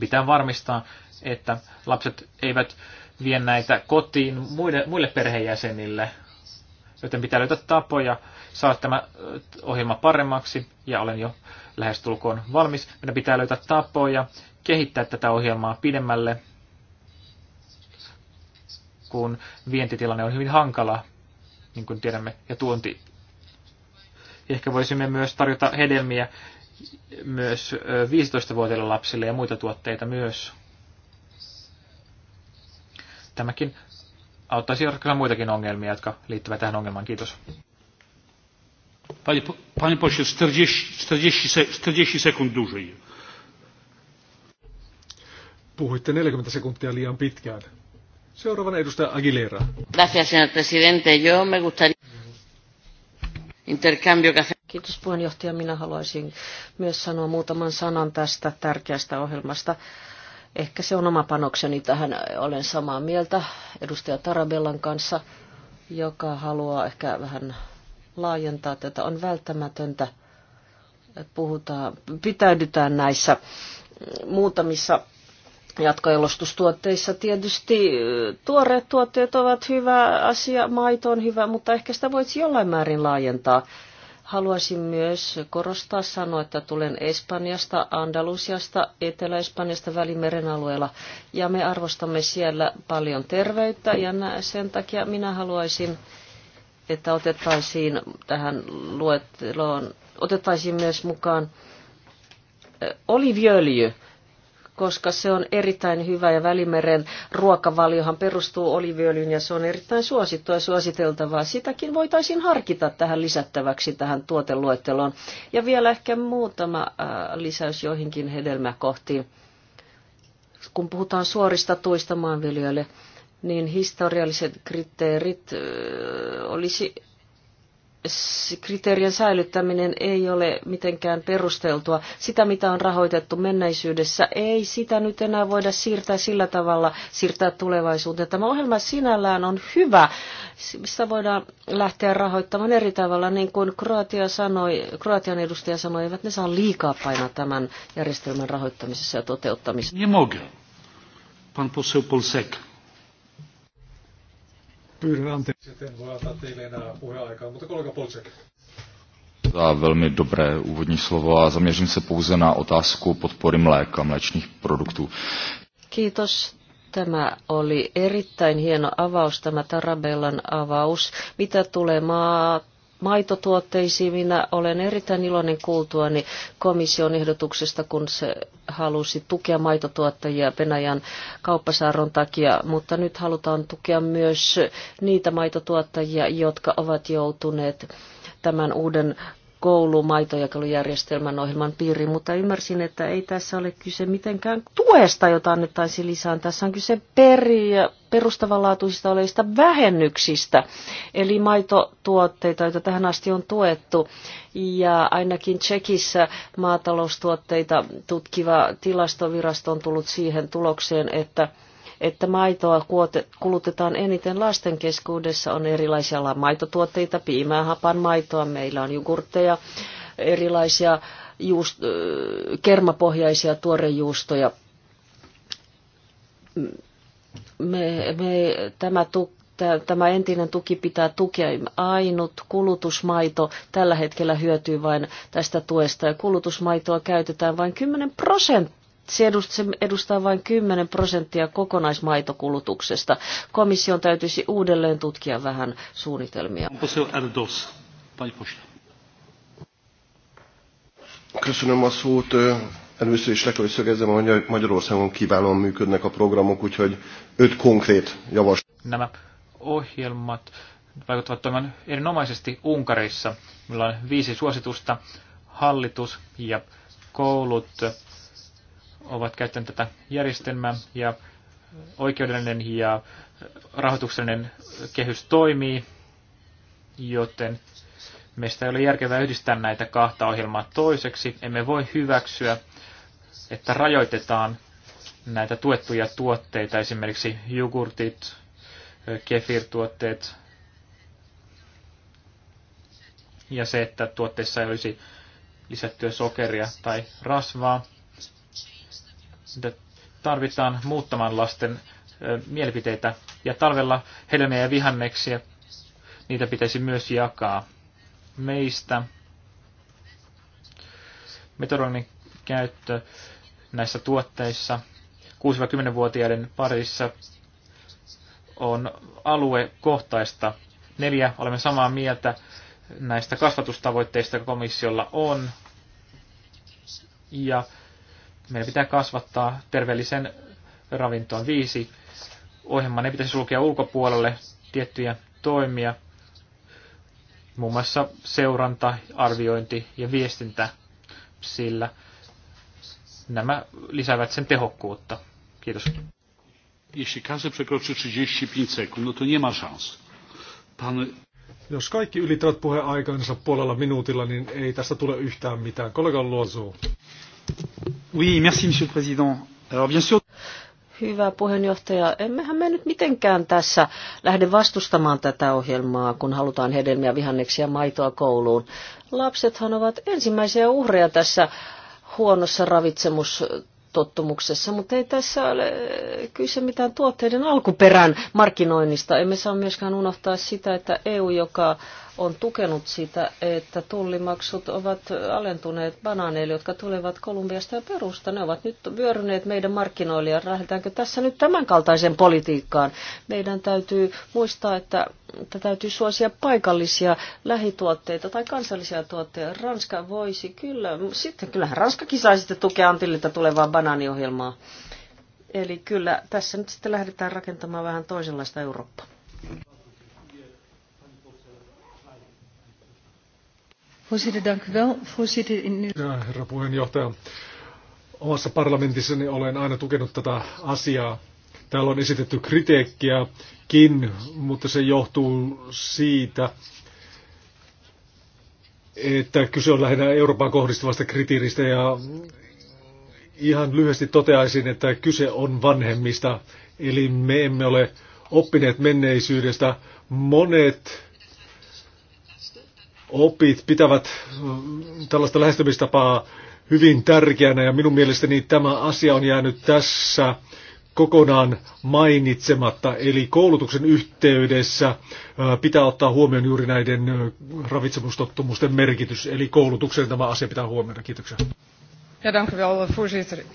Pitää varmistaa, että lapset eivät vie näitä kotiin muille, muille perheenjäsenille – Joten pitää löytää tapoja saada tämä ohjelma paremmaksi, ja olen jo lähestulkoon valmis. Meidän pitää löytää tapoja kehittää tätä ohjelmaa pidemmälle, kun vientitilanne on hyvin hankala, niin kuin tiedämme, ja tuonti. Ehkä voisimme myös tarjota hedelmiä myös 15-vuotiaille lapsille ja muita tuotteita myös. Tämäkin auttaisi ratkaisemaan muitakin ongelmia, jotka liittyvät tähän ongelmaan. Kiitos. Panie, panie pośle, 40, 40, 40 Puhuitte 40 sekuntia liian pitkään. Seuraavana edustaja Aguilera. Gracias, señor presidente. Yo me gustaría intercambio que Kiitos puheenjohtaja. Minä haluaisin myös sanoa muutaman sanan tästä tärkeästä ohjelmasta. Ehkä se on oma panokseni tähän. Olen samaa mieltä edustaja Tarabellan kanssa, joka haluaa ehkä vähän laajentaa tätä. On välttämätöntä, puhutaan, pitäydytään näissä muutamissa jatkojalostustuotteissa tietysti tuoreet tuotteet ovat hyvä asia, maito on hyvä, mutta ehkä sitä voisi jollain määrin laajentaa Haluaisin myös korostaa sanoa, että tulen Espanjasta, Andalusiasta, Etelä-Espanjasta Välimeren alueella ja me arvostamme siellä paljon terveyttä ja sen takia minä haluaisin, että otettaisiin tähän luetteloon, otettaisiin myös mukaan oliviöljy koska se on erittäin hyvä ja Välimeren ruokavaliohan perustuu oliviöljyn ja se on erittäin suosittua ja suositeltavaa. Sitäkin voitaisiin harkita tähän lisättäväksi tähän tuoteluetteloon. Ja vielä ehkä muutama äh, lisäys joihinkin hedelmäkohtiin. Kun puhutaan suorista tuista maanviljelijöille, niin historialliset kriteerit äh, olisi kriteerien säilyttäminen ei ole mitenkään perusteltua. Sitä, mitä on rahoitettu menneisyydessä, ei sitä nyt enää voida siirtää sillä tavalla, siirtää tulevaisuuteen. Tämä ohjelma sinällään on hyvä. mistä voidaan lähteä rahoittamaan eri tavalla, niin kuin Kroatia sanoi, Kroatian edustaja sanoi, että ne saa liikaa painaa tämän järjestelmän rahoittamisessa ja toteuttamisessa. Nie Pan poseł Polsek. Pyydän anteeksi. Sitten voi antaa teille enää puheaikaa, mutta kollega Polček. Za velmi dobré úvodní slovo a zaměřím se pouze na otázku podpory mléka, mléčných produktů. Kiitos Tämä oli erittäin hieno avaus, tämä Tarabellan avaus. Mitä tulee maa, maitotuotteisiin. Minä olen erittäin iloinen kuultuani komission ehdotuksesta, kun se halusi tukea maitotuottajia Venäjän kauppasaaron takia, mutta nyt halutaan tukea myös niitä maitotuottajia, jotka ovat joutuneet tämän uuden maitojakelujärjestelmän ohjelman piiriin, mutta ymmärsin, että ei tässä ole kyse mitenkään tuesta, jota annettaisiin lisää. Tässä on kyse peri- perustavanlaatuisista olevista vähennyksistä, eli maitotuotteita, joita tähän asti on tuettu. Ja ainakin Tsekissä maataloustuotteita tutkiva tilastovirasto on tullut siihen tulokseen, että että maitoa kulutetaan eniten lasten keskuudessa. On erilaisia maitotuotteita, piimää, hapan maitoa, meillä on jogurtteja, erilaisia juust, kermapohjaisia tuorejuustoja. Me, me, tämä tuk, tämä entinen tuki pitää tukea. Ainut kulutusmaito tällä hetkellä hyötyy vain tästä tuesta ja kulutusmaitoa käytetään vain 10 prosenttia se edustaa vain 10 prosenttia kokonaismaitokulutuksesta. Komission täytyisi uudelleen tutkia vähän suunnitelmia. Köszönöm a szót. Először is le kell, hogy szögezzem, hogy Magyarországon kiválóan működnek a programok, úgyhogy öt konkrét javaslat. Nämä ohjelmat vaikuttavat toimivan erinomaisesti Unkarissa. Meillä on viisi suositusta, hallitus ja koulut ovat käyttäneet tätä järjestelmää ja oikeudellinen ja rahoituksellinen kehys toimii, joten meistä ei ole järkevää yhdistää näitä kahta ohjelmaa toiseksi. Emme voi hyväksyä, että rajoitetaan näitä tuettuja tuotteita, esimerkiksi jogurtit, kefirtuotteet, ja se, että tuotteissa ei olisi lisättyä sokeria tai rasvaa. Sitä tarvitaan muuttamaan lasten mielipiteitä. Ja talvella helmiä ja vihanneksia, niitä pitäisi myös jakaa meistä. Meteoronin käyttö näissä tuotteissa 6-10-vuotiaiden parissa on aluekohtaista. Neljä, olemme samaa mieltä näistä kasvatustavoitteista, komissiolla on. Ja meidän pitää kasvattaa terveellisen ravintoon viisi. Ohjelman ei pitäisi sulkea ulkopuolelle tiettyjä toimia, muun muassa seuranta, arviointi ja viestintä, sillä nämä lisäävät sen tehokkuutta. Kiitos. Jeśli każdy przekroczy 35 sekund, no to nie ma szans. Pan... Jos kaikki ylittävät puheaikansa puolella minuutilla, niin ei tästä tule yhtään mitään. Kollega Luosu. Oui, merci, monsieur le président. Alors, bien sûr... Hyvä puheenjohtaja, emmehän me nyt mitenkään tässä lähde vastustamaan tätä ohjelmaa, kun halutaan hedelmiä, vihanneksia ja maitoa kouluun. Lapsethan ovat ensimmäisiä uhreja tässä huonossa tottumuksessa, mutta ei tässä ole kyse mitään tuotteiden alkuperän markkinoinnista. Emme saa myöskään unohtaa sitä, että EU, joka on tukenut sitä, että tullimaksut ovat alentuneet banaaneille, jotka tulevat Kolumbiasta ja Perusta. Ne ovat nyt vyöryneet meidän markkinoille ja lähdetäänkö tässä nyt tämän kaltaisen politiikkaan. Meidän täytyy muistaa, että, että täytyy suosia paikallisia lähituotteita tai kansallisia tuotteita. Ranska voisi kyllä, sitten kyllähän Ranskakin saisi sitten tukea Antillilta tulevaa banaaniohjelmaa. Eli kyllä tässä nyt sitten lähdetään rakentamaan vähän toisenlaista Eurooppaa. Voorzitter, dank u wel. Voorzitter, in... ja, herra puheenjohtaja, omassa parlamentissani olen aina tukenut tätä asiaa. Täällä on esitetty kritiikkiäkin, mutta se johtuu siitä, että kyse on lähinnä Euroopan kohdistuvasta kritiiristä ja ihan lyhyesti toteaisin, että kyse on vanhemmista, eli me emme ole oppineet menneisyydestä. Monet opit pitävät mm, tällaista lähestymistapaa hyvin tärkeänä ja minun mielestäni tämä asia on jäänyt tässä kokonaan mainitsematta. Eli koulutuksen yhteydessä pitää ottaa huomioon juuri näiden ravitsemustottumusten merkitys. Eli koulutukseen tämä asia pitää huomioida. Kiitoksia.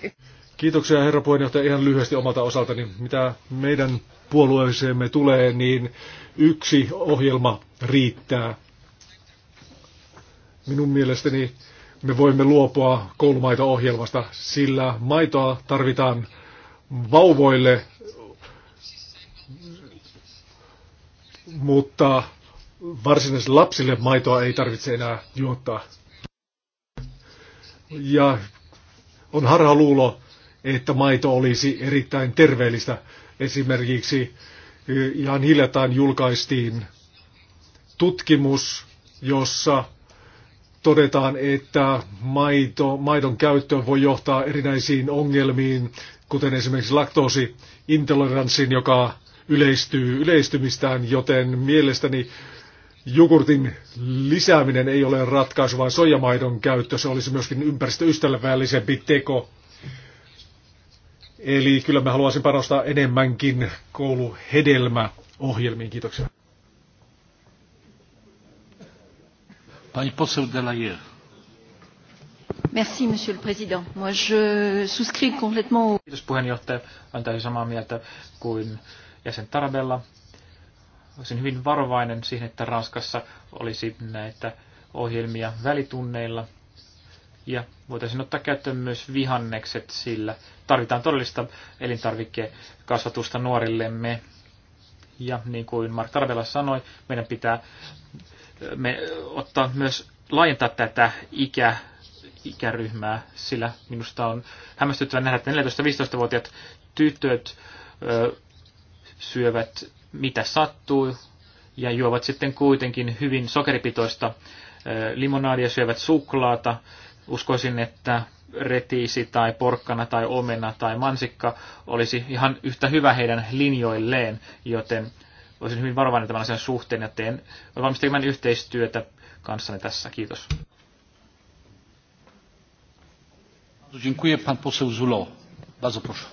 Ja Kiitoksia herra puheenjohtaja ihan lyhyesti omalta osaltani. Mitä meidän puolueeseemme tulee, niin yksi ohjelma riittää. Minun mielestäni me voimme luopua koulumaito-ohjelmasta, sillä maitoa tarvitaan vauvoille, mutta varsinaisille lapsille maitoa ei tarvitse enää juottaa. Ja on harha luulo, että maito olisi erittäin terveellistä. Esimerkiksi eh, ihan hiljattain julkaistiin tutkimus, jossa todetaan, että maito, maidon käyttö voi johtaa erinäisiin ongelmiin, kuten esimerkiksi laktoosiintoleranssiin, joka yleistyy yleistymistään, joten mielestäni jogurtin lisääminen ei ole ratkaisu, vaan soijamaidon käyttö, se olisi myöskin ympäristöystävällisempi teko. Eli kyllä mä haluaisin panostaa enemmänkin kouluhedelmäohjelmiin. Kiitoksia. Monsieur le Président. je souscris complètement... Kiitos puheenjohtaja. Olen täysin samaa mieltä kuin jäsen Tarabella. Olisin hyvin varovainen siihen, että Ranskassa olisi näitä ohjelmia välitunneilla. Ja voitaisiin ottaa käyttöön myös vihannekset, sillä tarvitaan todellista elintarvikekasvatusta nuorillemme. Ja niin kuin Mark Tarvela sanoi, meidän pitää me ottaa myös laajentaa tätä ikä, ikäryhmää, sillä minusta on hämmästyttävää nähdä, että 14-15-vuotiaat tytöt ö, syövät mitä sattuu ja juovat sitten kuitenkin hyvin sokeripitoista ö, limonaadia, syövät suklaata. Uskoisin, että retiisi tai porkkana tai omena tai mansikka olisi ihan yhtä hyvä heidän linjoilleen, joten olisin hyvin varovainen tämän asian suhteen ja teen olen valmis tekemään yhteistyötä kanssani tässä. Kiitos. Dziękuję. Pan poseł Zulo. Bardzo proszę.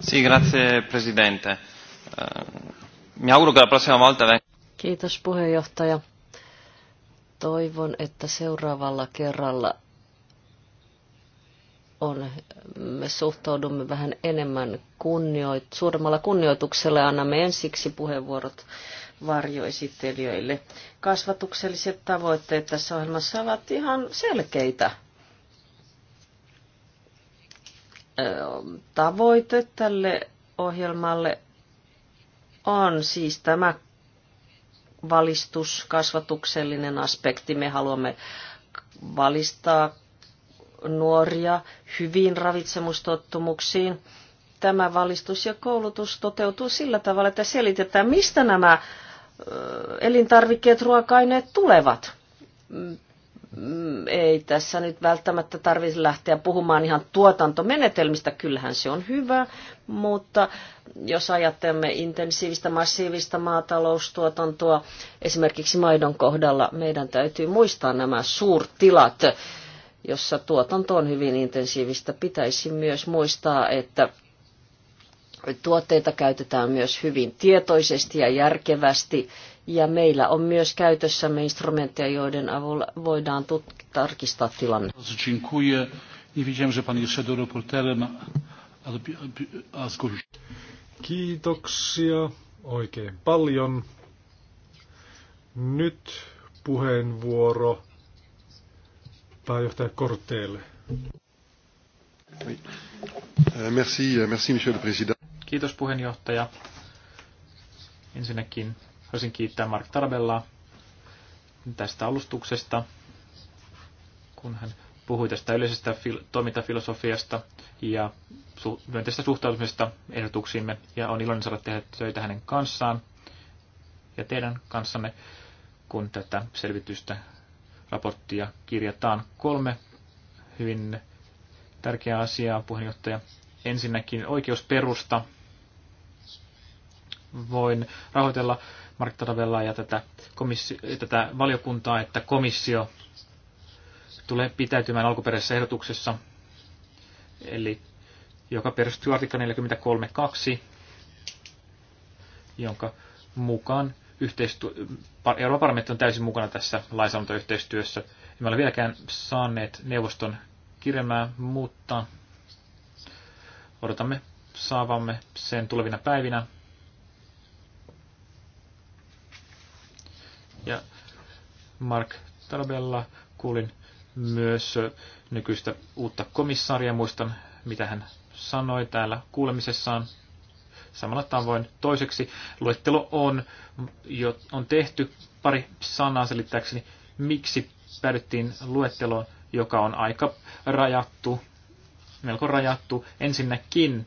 Sì, grazie Presidente. Mi auguro che la prossima volta Kiitos puheenjohtaja. Toivon, että seuraavalla kerralla on, me suhtaudumme vähän enemmän kunnioit, suuremmalla kunnioituksella ja annamme ensiksi puheenvuorot varjoesittelijöille. Kasvatukselliset tavoitteet tässä ohjelmassa ovat ihan selkeitä. Tavoite tälle ohjelmalle on siis tämä valistus, kasvatuksellinen aspekti. Me haluamme valistaa nuoria hyviin ravitsemustottumuksiin. Tämä valistus ja koulutus toteutuu sillä tavalla, että selitetään, mistä nämä elintarvikkeet, ruoka-aineet tulevat mm, ei tässä nyt välttämättä tarvitse lähteä puhumaan ihan tuotantomenetelmistä, kyllähän se on hyvä, mutta jos ajattelemme intensiivistä, massiivista maataloustuotantoa, esimerkiksi maidon kohdalla meidän täytyy muistaa nämä suurtilat, jossa tuotanto on hyvin intensiivistä. Pitäisi myös muistaa, että tuotteita käytetään myös hyvin tietoisesti ja järkevästi, ja meillä on myös käytössämme instrumentteja, joiden avulla voidaan tutk- tarkistaa tilanne. Kiitoksia oikein paljon. Nyt puheenvuoro pääjohtaja Korteelle. Euh, merci, euh, merci, monsieur le président. Kiitos puheenjohtaja. Ensinnäkin haluaisin kiittää Mark Tarbellaa tästä alustuksesta, kun hän puhui tästä yleisestä fil- toimintafilosofiasta ja su- myönteisestä suhtautumisesta ehdotuksiimme, ja on iloinen saada tehdä töitä hänen kanssaan ja teidän kanssanne, kun tätä selvitystä raporttia kirjataan. Kolme hyvin tärkeää asiaa, puheenjohtaja. Ensinnäkin oikeusperusta. Voin rahoitella markkinatavella ja tätä, komissi- tätä valiokuntaa, että komissio tulee pitäytymään alkuperäisessä ehdotuksessa, eli joka perustuu artikla 43.2, jonka mukaan yhteistu- Euroopan parlamentti on täysin mukana tässä lainsäädäntöyhteistyössä. Emme ole vieläkään saaneet neuvoston kirjelmää, mutta odotamme saavamme sen tulevina päivinä. Ja Mark Tarabella kuulin myös nykyistä uutta komissaaria. Muistan, mitä hän sanoi täällä kuulemisessaan samalla tavoin. Toiseksi luettelo on, jo on tehty pari sanaa selittääkseni, miksi päädyttiin luetteloon, joka on aika rajattu, melko rajattu. Ensinnäkin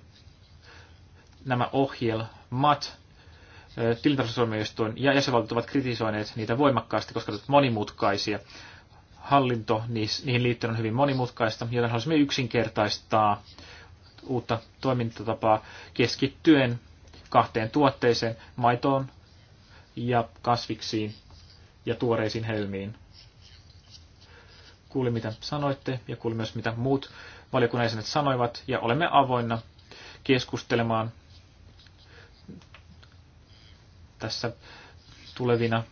nämä ohjelmat, tilintarkastusoimistoon ja jäsenvaltiot ovat kritisoineet niitä voimakkaasti, koska ne ovat monimutkaisia. Hallinto niihin liittyen on hyvin monimutkaista, joten haluaisimme yksinkertaistaa uutta toimintatapaa keskittyen kahteen tuotteeseen, maitoon ja kasviksiin ja tuoreisiin helmiin. Kuulin, mitä sanoitte ja kuulin myös, mitä muut valiokunnan jäsenet sanoivat ja olemme avoinna keskustelemaan tässä tulevina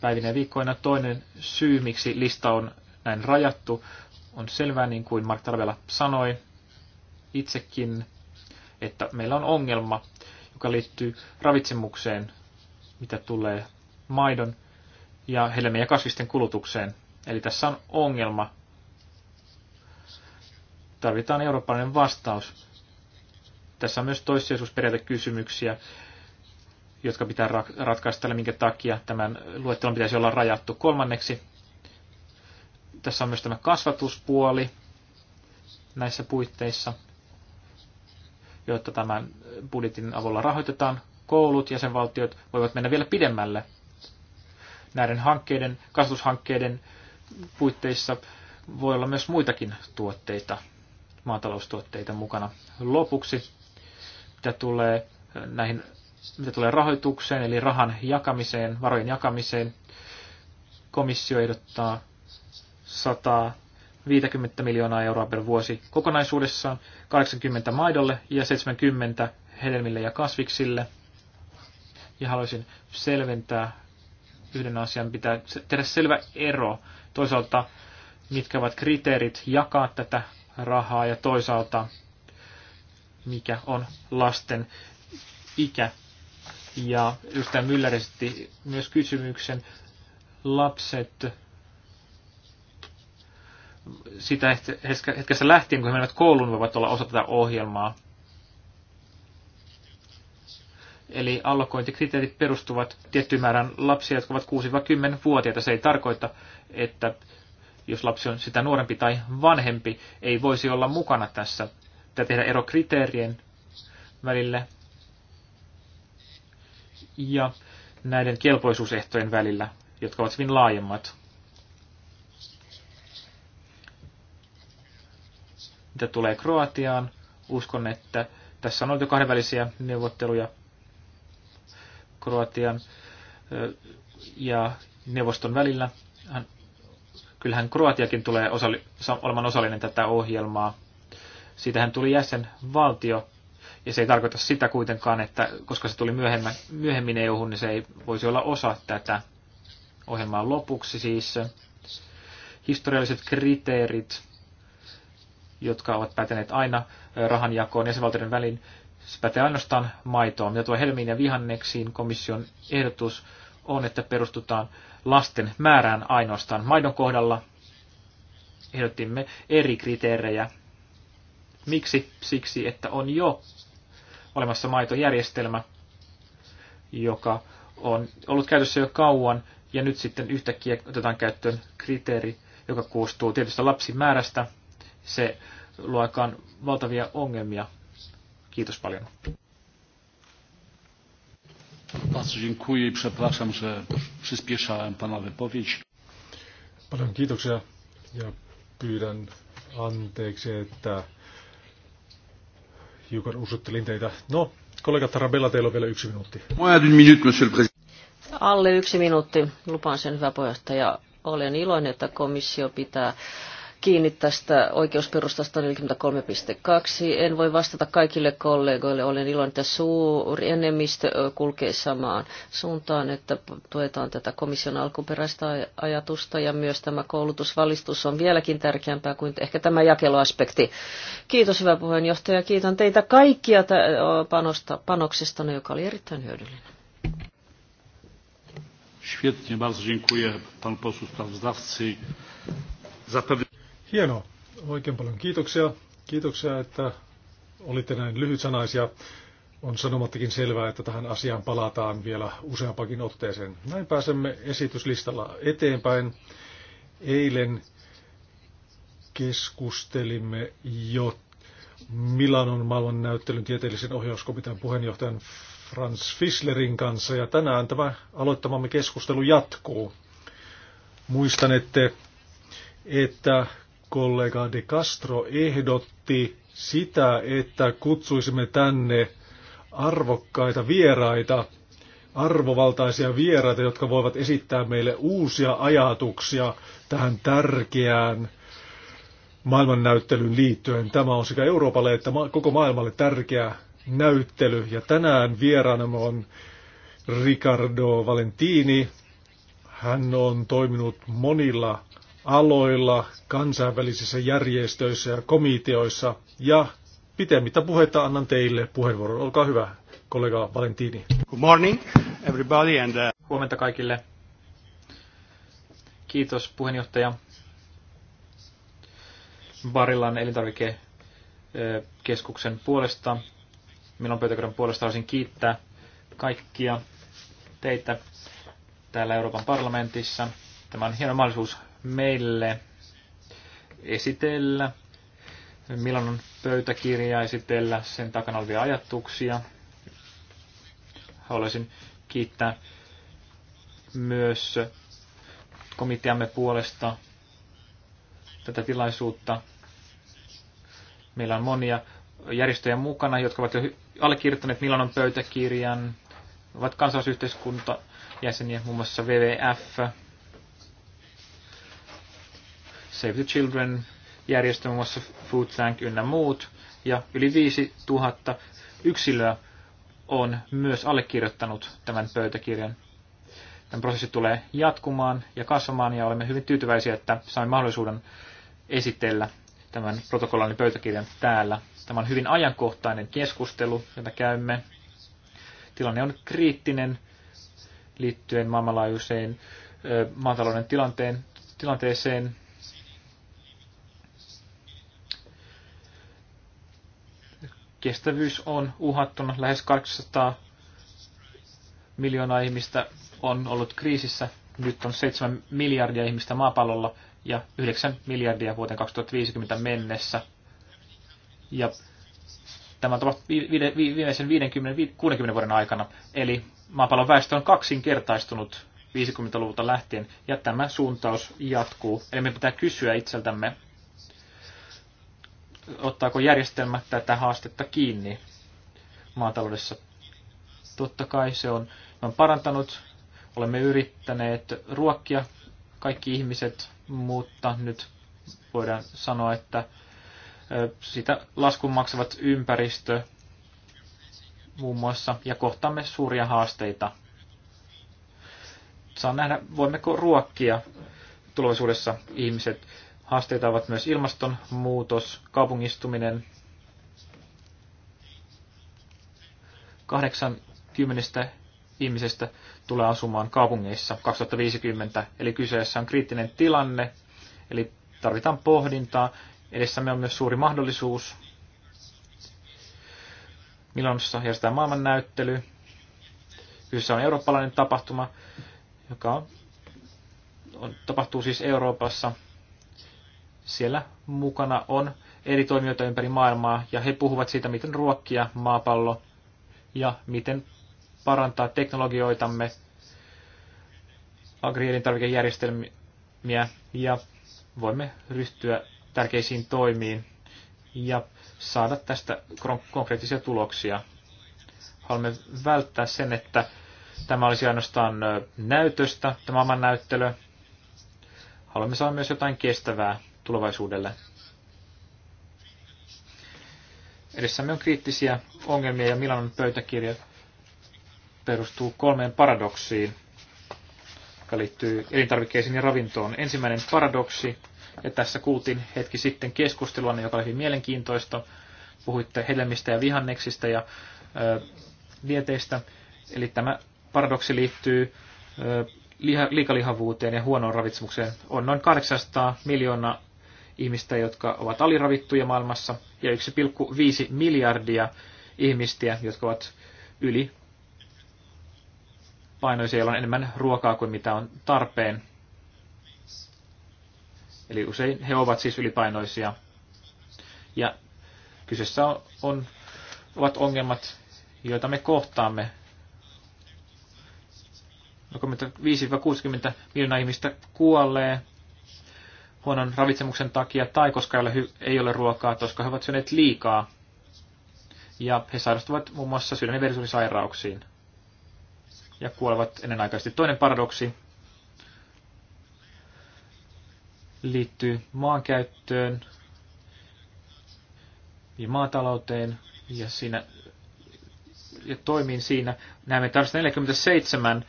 päivinä ja viikkoina. Toinen syy, miksi lista on näin rajattu, on selvää, niin kuin Mark Tarvela sanoi itsekin, että meillä on ongelma, joka liittyy ravitsemukseen, mitä tulee maidon ja helmien ja kasvisten kulutukseen. Eli tässä on ongelma. Tarvitaan eurooppalainen vastaus. Tässä on myös toissijaisuusperiaatekysymyksiä, jotka pitää ratkaista tällä, minkä takia tämän luettelon pitäisi olla rajattu. Kolmanneksi, tässä on myös tämä kasvatuspuoli näissä puitteissa – jotta tämän budjetin avulla rahoitetaan. Koulut, jäsenvaltiot voivat mennä vielä pidemmälle näiden hankkeiden, kasvushankkeiden puitteissa voi olla myös muitakin tuotteita, maataloustuotteita mukana. Lopuksi, mitä tulee äh, näihin mitä tulee rahoitukseen, eli rahan jakamiseen, varojen jakamiseen, komissio ehdottaa 100 50 miljoonaa euroa per vuosi kokonaisuudessaan, 80 maidolle ja 70 hedelmille ja kasviksille. Ja haluaisin selventää yhden asian, pitää tehdä selvä ero. Toisaalta mitkä ovat kriteerit jakaa tätä rahaa ja toisaalta mikä on lasten ikä. Ja edustaja Müller esitti myös kysymyksen, lapset sitä hetkessä lähtien, kun he menevät kouluun, voivat olla osa tätä ohjelmaa. Eli allokointikriteerit perustuvat tiettyyn määrän lapsia, jotka ovat 6-10-vuotiaita. Se ei tarkoita, että jos lapsi on sitä nuorempi tai vanhempi, ei voisi olla mukana tässä. Pitää tehdä ero kriteerien välillä ja näiden kelpoisuusehtojen välillä, jotka ovat hyvin laajemmat. Mitä tulee Kroatiaan, uskon, että tässä on ollut jo kahdenvälisiä neuvotteluja Kroatian ja neuvoston välillä. Kyllähän Kroatiakin tulee osalli, olemaan osallinen tätä ohjelmaa. Siitähän tuli jäsenvaltio, ja se ei tarkoita sitä kuitenkaan, että koska se tuli myöhemmän, myöhemmin eu niin se ei voisi olla osa tätä ohjelmaa lopuksi siis. Historialliset kriteerit jotka ovat päteneet aina rahanjakoon jäsenvaltioiden välin. Se pätee ainoastaan maitoon. Mitä tuo helmiin ja vihanneksiin komission ehdotus on, että perustutaan lasten määrään ainoastaan. Maidon kohdalla ehdottimme eri kriteerejä. Miksi? Siksi, että on jo olemassa maitojärjestelmä, joka on ollut käytössä jo kauan, ja nyt sitten yhtäkkiä otetaan käyttöön kriteeri, joka koostuu tietystä lapsimäärästä, se luo aikaan valtavia ongelmia. Kiitos paljon. Paljon kiitoksia ja pyydän anteeksi, että hiukan usuttelin teitä. No, kollega Tarabella, teillä on vielä yksi minuutti. Alle yksi minuutti, lupaan sen hyvä puheenjohtaja. Olen iloinen, että komissio pitää kiinni tästä oikeusperustasta 43.2. En voi vastata kaikille kollegoille. Olen iloinen, että suuri enemmistö kulkee samaan suuntaan, että tuetaan tätä komission alkuperäistä ajatusta ja myös tämä koulutusvalistus on vieläkin tärkeämpää kuin ehkä tämä jakeluaspekti. Kiitos hyvä puheenjohtaja. Kiitän teitä kaikkia panosta, panoksesta, joka oli erittäin hyödyllinen. Świetnie, bardzo dziękuję panu posłu sprawozdawcy. Zapewne Hienoa. Oikein paljon kiitoksia. Kiitoksia, että olitte näin lyhytsanaisia. On sanomattakin selvää, että tähän asiaan palataan vielä useampakin otteeseen. Näin pääsemme esityslistalla eteenpäin. Eilen keskustelimme jo Milanon maailmannäyttelyn tieteellisen ohjauskomitean puheenjohtajan Franz Fischlerin kanssa ja tänään tämä aloittamamme keskustelu jatkuu. Muistanette, että kollega De Castro ehdotti sitä, että kutsuisimme tänne arvokkaita vieraita, arvovaltaisia vieraita, jotka voivat esittää meille uusia ajatuksia tähän tärkeään maailmannäyttelyyn liittyen. Tämä on sekä Euroopalle että koko maailmalle tärkeä näyttely. Ja tänään vieraana on Ricardo Valentini. Hän on toiminut monilla aloilla, kansainvälisissä järjestöissä ja komiteoissa. Ja pitemmittä puheita annan teille puheenvuoron. Olkaa hyvä, kollega Valentini. Good morning, everybody. And, uh... Huomenta kaikille. Kiitos puheenjohtaja. Barillan elintarvikekeskuksen puolesta. Milon pöytäkirjan puolesta haluaisin kiittää kaikkia teitä täällä Euroopan parlamentissa. Tämä on hieno mahdollisuus meille esitellä milloin on pöytäkirja esitellä sen takana olevia ajatuksia. Haluaisin kiittää myös komiteamme puolesta tätä tilaisuutta. Meillä on monia järjestöjä mukana, jotka ovat jo allekirjoittaneet Milanon pöytäkirjan, ovat jäseniä, muun muassa WWF, Save the Children, järjestö muun muassa Food Tank ynnä muut, ja yli 5000 yksilöä on myös allekirjoittanut tämän pöytäkirjan. Tämä prosessi tulee jatkumaan ja kasvamaan, ja olemme hyvin tyytyväisiä, että saimme mahdollisuuden esitellä tämän protokollani pöytäkirjan täällä. Tämä on hyvin ajankohtainen keskustelu, jota käymme. Tilanne on kriittinen liittyen maailmanlaajuiseen maatalouden tilanteen, tilanteeseen kestävyys on uhattuna. Lähes 200 miljoonaa ihmistä on ollut kriisissä. Nyt on 7 miljardia ihmistä maapallolla ja 9 miljardia vuoteen 2050 mennessä. Ja tämä on viimeisen 50-60 vuoden aikana. Eli maapallon väestö on kaksinkertaistunut 50-luvulta lähtien, ja tämä suuntaus jatkuu. Eli me pitää kysyä itseltämme, ottaako järjestelmä tätä haastetta kiinni maataloudessa. Totta kai se on, on parantanut, olemme yrittäneet ruokkia kaikki ihmiset, mutta nyt voidaan sanoa, että sitä laskun maksavat ympäristö muun muassa, ja kohtaamme suuria haasteita. Saa nähdä, voimmeko ruokkia tulevaisuudessa ihmiset Haasteita ovat myös ilmastonmuutos, kaupungistuminen, Kahdeksan kymmenestä ihmisestä tulee asumaan kaupungeissa 2050, eli kyseessä on kriittinen tilanne, eli tarvitaan pohdintaa. Edessämme on myös suuri mahdollisuus. Milanossa järjestetään maailmannäyttely. Kyseessä on eurooppalainen tapahtuma, joka on, tapahtuu siis Euroopassa siellä mukana on eri toimijoita ympäri maailmaa, ja he puhuvat siitä, miten ruokkia maapallo ja miten parantaa teknologioitamme, agrielintarvikejärjestelmiä, ja voimme ryhtyä tärkeisiin toimiin ja saada tästä konkreettisia tuloksia. Haluamme välttää sen, että tämä olisi ainoastaan näytöstä, tämä maailman näyttely. Haluamme saada myös jotain kestävää tulevaisuudelle. Edessämme on kriittisiä ongelmia ja Milanon pöytäkirja perustuu kolmeen paradoksiin, joka liittyy elintarvikkeisiin ja ravintoon. Ensimmäinen paradoksi, ja tässä kuultiin hetki sitten keskustelua, joka oli hyvin mielenkiintoista. Puhuitte hedelmistä ja vihanneksista ja ö, dieteistä. Eli tämä paradoksi liittyy ö, liha, liikalihavuuteen ja huonoon ravitsemukseen. On noin 800 miljoonaa ihmistä, jotka ovat aliravittuja maailmassa, ja 1,5 miljardia ihmistä, jotka ovat yli painoisia, joilla on enemmän ruokaa kuin mitä on tarpeen. Eli usein he ovat siis ylipainoisia. Ja kyseessä on, on, ovat ongelmat, joita me kohtaamme. 5-60 no, miljoonaa ihmistä kuolee huonon ravitsemuksen takia tai koska ei ole, ei ole ruokaa, koska he ovat syöneet liikaa. Ja he sairastuvat muun muassa sydän- ja verisuonisairauksiin ja kuolevat ennenaikaisesti. Toinen paradoksi liittyy maankäyttöön ja maatalouteen ja, siinä, ja toimiin siinä. Näemme, että 47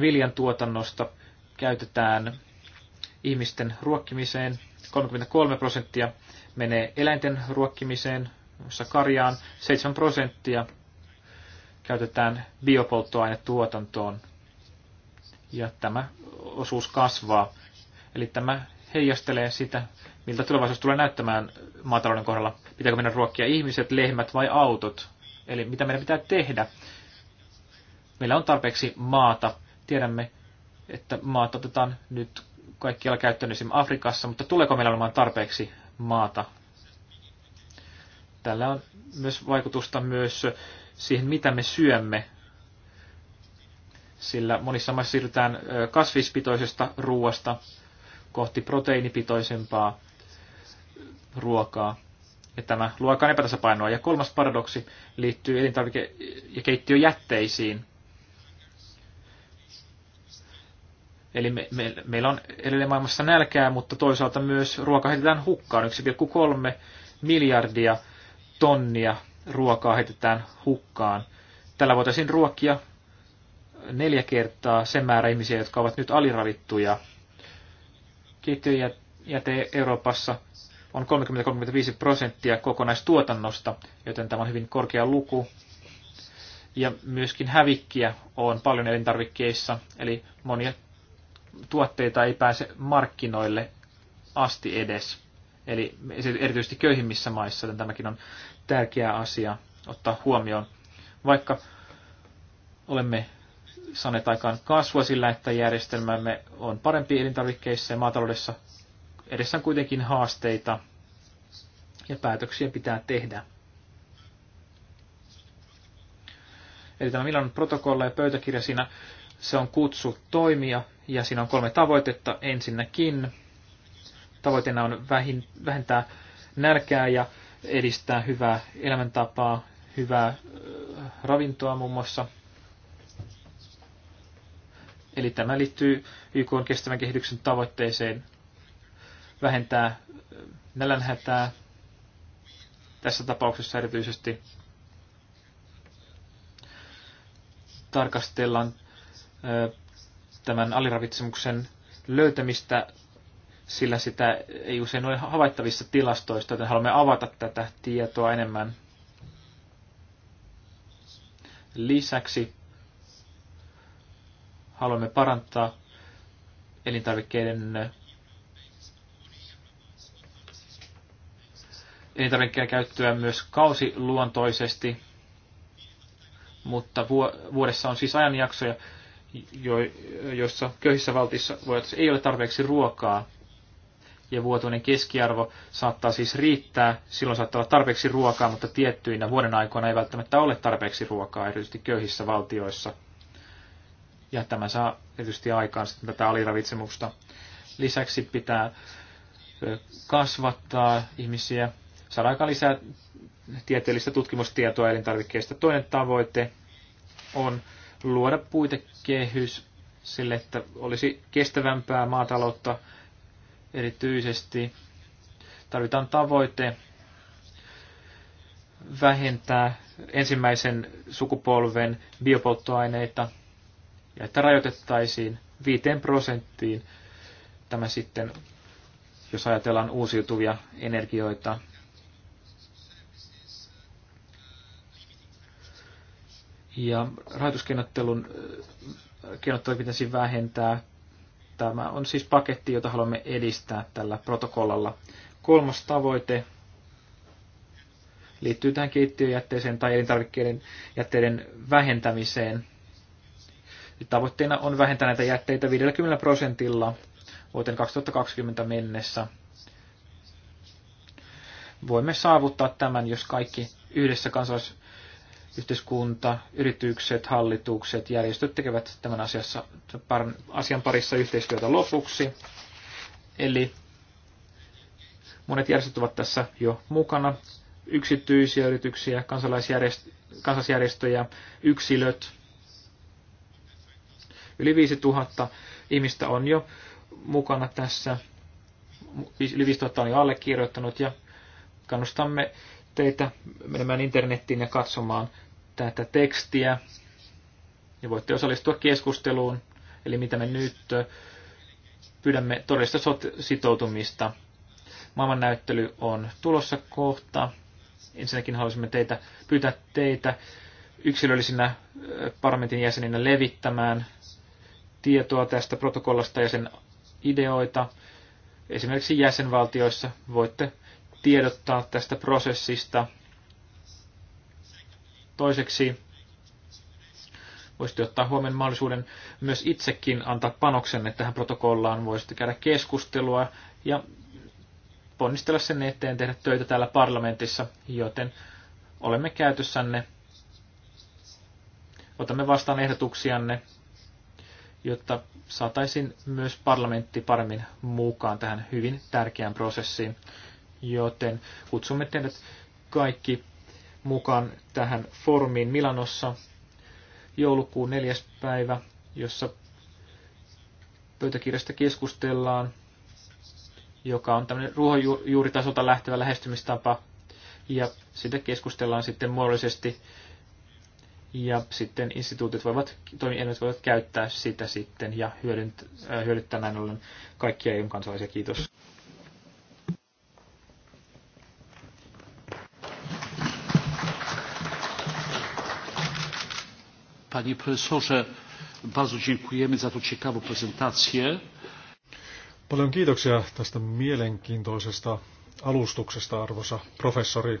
viljan tuotannosta käytetään ihmisten ruokkimiseen, 33 prosenttia menee eläinten ruokkimiseen, jossa karjaan 7 prosenttia käytetään biopolttoainetuotantoon. Ja tämä osuus kasvaa. Eli tämä heijastelee sitä, miltä tulevaisuus tulee näyttämään maatalouden kohdalla. Pitääkö meidän ruokkia ihmiset, lehmät vai autot? Eli mitä meidän pitää tehdä? Meillä on tarpeeksi maata. Tiedämme, että maat otetaan nyt kaikkialla käyttöön esimerkiksi Afrikassa, mutta tuleeko meillä olemaan tarpeeksi maata? Tällä on myös vaikutusta myös siihen, mitä me syömme, sillä monissa maissa siirrytään kasvispitoisesta ruoasta kohti proteiinipitoisempaa ruokaa. Ja tämä luo aikaan epätasapainoa. Ja kolmas paradoksi liittyy elintarvike- ja keittiöjätteisiin. Eli me, me, meillä on edelleen maailmassa nälkää, mutta toisaalta myös ruoka heitetään hukkaan. 1,3 miljardia tonnia ruokaa heitetään hukkaan. Tällä voitaisiin ruokkia neljä kertaa se määrä ihmisiä, jotka ovat nyt aliravittuja. Kiintiöjäte Euroopassa on 30-35 prosenttia kokonaistuotannosta, joten tämä on hyvin korkea luku. Ja myöskin hävikkiä on paljon elintarvikkeissa, eli monia tuotteita ei pääse markkinoille asti edes. Eli erityisesti köyhimmissä maissa tämäkin on tärkeä asia ottaa huomioon. Vaikka olemme saaneet aikaan kasvua sillä, että järjestelmämme on parempi elintarvikkeissa ja maataloudessa, edessä on kuitenkin haasteita ja päätöksiä pitää tehdä. Eli tämä Milan protokolla ja pöytäkirja siinä se on kutsu toimia ja siinä on kolme tavoitetta. Ensinnäkin tavoitteena on vähentää nälkää ja edistää hyvää elämäntapaa, hyvää äh, ravintoa muun muassa. Eli tämä liittyy YK on kestävän kehityksen tavoitteeseen vähentää äh, nälänhätää, tässä tapauksessa erityisesti tarkastellaan tämän aliravitsemuksen löytämistä, sillä sitä ei usein ole havaittavissa tilastoista, joten haluamme avata tätä tietoa enemmän. Lisäksi haluamme parantaa elintarvikkeiden elintarvikkeiden käyttöä myös kausiluontoisesti, mutta vuodessa on siis ajanjaksoja, jo, joissa köyhissä valtissa ei ole tarpeeksi ruokaa, ja vuotuinen keskiarvo saattaa siis riittää. Silloin saattaa olla tarpeeksi ruokaa, mutta tiettyinä vuoden aikoina ei välttämättä ole tarpeeksi ruokaa, erityisesti köyhissä valtioissa. Ja tämä saa erityisesti aikaan sitten tätä aliravitsemusta. Lisäksi pitää kasvattaa ihmisiä, saada aika lisää tieteellistä tutkimustietoa elintarvikkeista. Toinen tavoite on luoda puitekehys sille, että olisi kestävämpää maataloutta erityisesti. Tarvitaan tavoite vähentää ensimmäisen sukupolven biopolttoaineita ja että rajoitettaisiin 5 prosenttiin tämä sitten, jos ajatellaan uusiutuvia energioita. Ja rahoituskeinottelun äh, keinottelua pitäisi vähentää. Tämä on siis paketti, jota haluamme edistää tällä protokollalla. Kolmas tavoite liittyy tähän keittiöjätteeseen tai elintarvikkeiden jätteiden vähentämiseen. Tavoitteena on vähentää näitä jätteitä 50 prosentilla vuoteen 2020 mennessä. Voimme saavuttaa tämän, jos kaikki yhdessä kansalais- yhteiskunta, yritykset, hallitukset, järjestöt tekevät tämän asiassa, asian parissa yhteistyötä lopuksi. Eli monet järjestöt ovat tässä jo mukana. Yksityisiä yrityksiä, kansalaisjärjest- kansalaisjärjestöjä, yksilöt. Yli 5000 ihmistä on jo mukana tässä. Yli 5000 on jo allekirjoittanut ja kannustamme teitä menemään internettiin ja katsomaan tätä tekstiä ja voitte osallistua keskusteluun. Eli mitä me nyt pyydämme todellista sitoutumista. Maailmannäyttely on tulossa kohta. Ensinnäkin haluaisimme teitä, pyytää teitä yksilöllisinä parlamentin jäseninä levittämään tietoa tästä protokollasta ja sen ideoita. Esimerkiksi jäsenvaltioissa voitte tiedottaa tästä prosessista Toiseksi voisitte ottaa huomenna mahdollisuuden myös itsekin antaa panoksenne tähän protokollaan. Voisitte käydä keskustelua ja ponnistella sen eteen tehdä töitä täällä parlamentissa, joten olemme käytössänne. Otamme vastaan ehdotuksianne, jotta saataisiin myös parlamentti paremmin mukaan tähän hyvin tärkeään prosessiin. Joten kutsumme teidät kaikki mukaan tähän foorumiin Milanossa joulukuun neljäs päivä, jossa pöytäkirjasta keskustellaan, joka on tämmöinen ruohonjuuritasolta lähtevä lähestymistapa, ja sitä keskustellaan sitten muodollisesti, ja sitten instituutit voivat, toimielimet voivat käyttää sitä sitten ja hyödyntää, äh, hyödyttää näin ollen kaikkia eu kansalaisia. Kiitos. Panie profesorze, bardzo dziękujemy za tą ciekawą prezentację. Paljon kiitoksia tästä mielenkiintoisesta alustuksesta, arvoisa professori.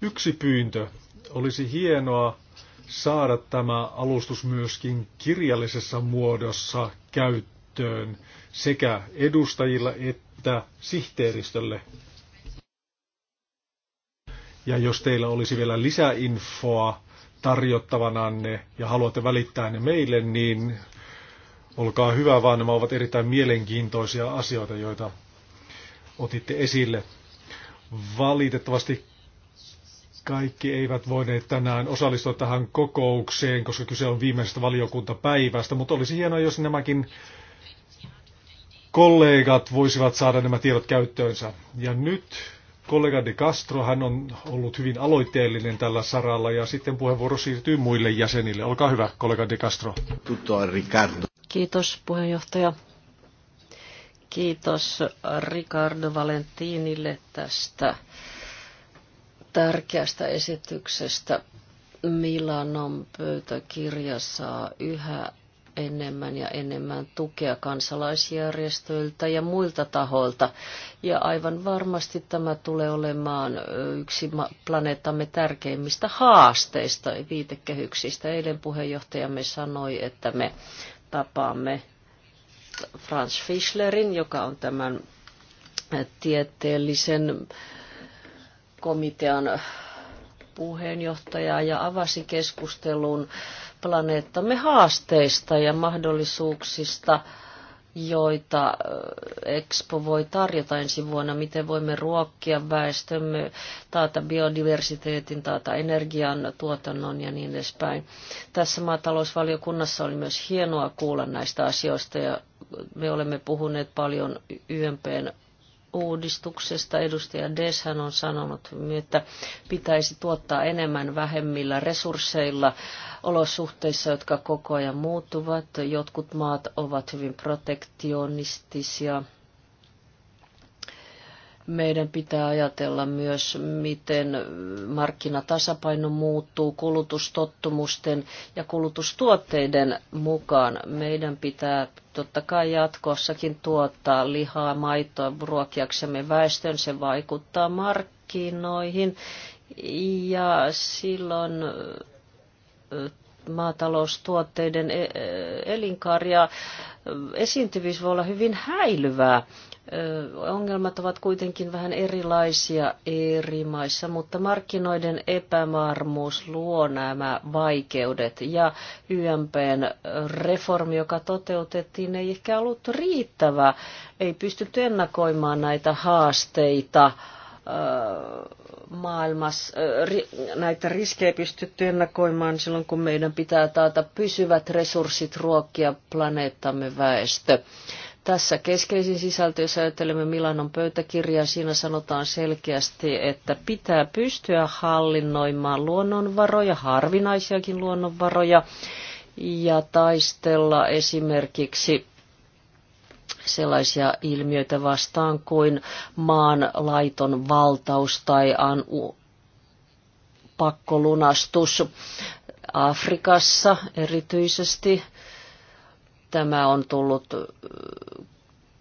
Yksi pyyntö. Olisi hienoa saada tämä alustus myöskin kirjallisessa muodossa käyttöön sekä edustajilla että sihteeristölle. Ja jos teillä olisi vielä lisäinfoa tarjottavananne ja haluatte välittää ne meille, niin olkaa hyvä, vaan nämä ovat erittäin mielenkiintoisia asioita, joita otitte esille. Valitettavasti kaikki eivät voineet tänään osallistua tähän kokoukseen, koska kyse on viimeisestä valiokuntapäivästä, mutta olisi hienoa, jos nämäkin kollegat voisivat saada nämä tiedot käyttöönsä. Ja nyt kollega De Castro, hän on ollut hyvin aloitteellinen tällä saralla ja sitten puheenvuoro siirtyy muille jäsenille. Olkaa hyvä, kollega De Castro. Ricardo. Kiitos puheenjohtaja. Kiitos Ricardo Valentinille tästä tärkeästä esityksestä. Milanon pöytäkirja saa yhä enemmän ja enemmän tukea kansalaisjärjestöiltä ja muilta tahoilta. Ja aivan varmasti tämä tulee olemaan yksi planeettamme tärkeimmistä haasteista ja viitekehyksistä. Eilen puheenjohtajamme sanoi, että me tapaamme Franz Fischlerin, joka on tämän tieteellisen komitean puheenjohtaja ja avasi keskustelun planeettamme haasteista ja mahdollisuuksista, joita Expo voi tarjota ensi vuonna, miten voimme ruokkia väestömme, taata biodiversiteetin, taata energian, tuotannon ja niin edespäin. Tässä maatalousvaliokunnassa oli myös hienoa kuulla näistä asioista ja me olemme puhuneet paljon YMPn uudistuksesta. Edustaja Deshän on sanonut, että pitäisi tuottaa enemmän vähemmillä resursseilla olosuhteissa, jotka koko ajan muuttuvat. Jotkut maat ovat hyvin protektionistisia meidän pitää ajatella myös, miten markkinatasapaino muuttuu kulutustottumusten ja kulutustuotteiden mukaan. Meidän pitää totta kai jatkossakin tuottaa lihaa, maitoa ruokiaksemme väestön. Se vaikuttaa markkinoihin ja silloin maataloustuotteiden e-, e-, elinkaaria esiintyvyys voi olla hyvin häilyvää. Ongelmat ovat kuitenkin vähän erilaisia eri maissa, mutta markkinoiden epävarmuus luo nämä vaikeudet ja YMPn reformi, joka toteutettiin, ei ehkä ollut riittävä. Ei pystytty ennakoimaan näitä haasteita maailmassa, näitä riskejä pystytty ennakoimaan silloin, kun meidän pitää taata pysyvät resurssit ruokkia planeettamme väestö. Tässä keskeisin sisältö, jos ajattelemme Milanon pöytäkirjaa, siinä sanotaan selkeästi, että pitää pystyä hallinnoimaan luonnonvaroja, harvinaisiakin luonnonvaroja, ja taistella esimerkiksi sellaisia ilmiöitä vastaan kuin maan laiton valtaus tai anu, pakkolunastus. Afrikassa erityisesti Tämä on tullut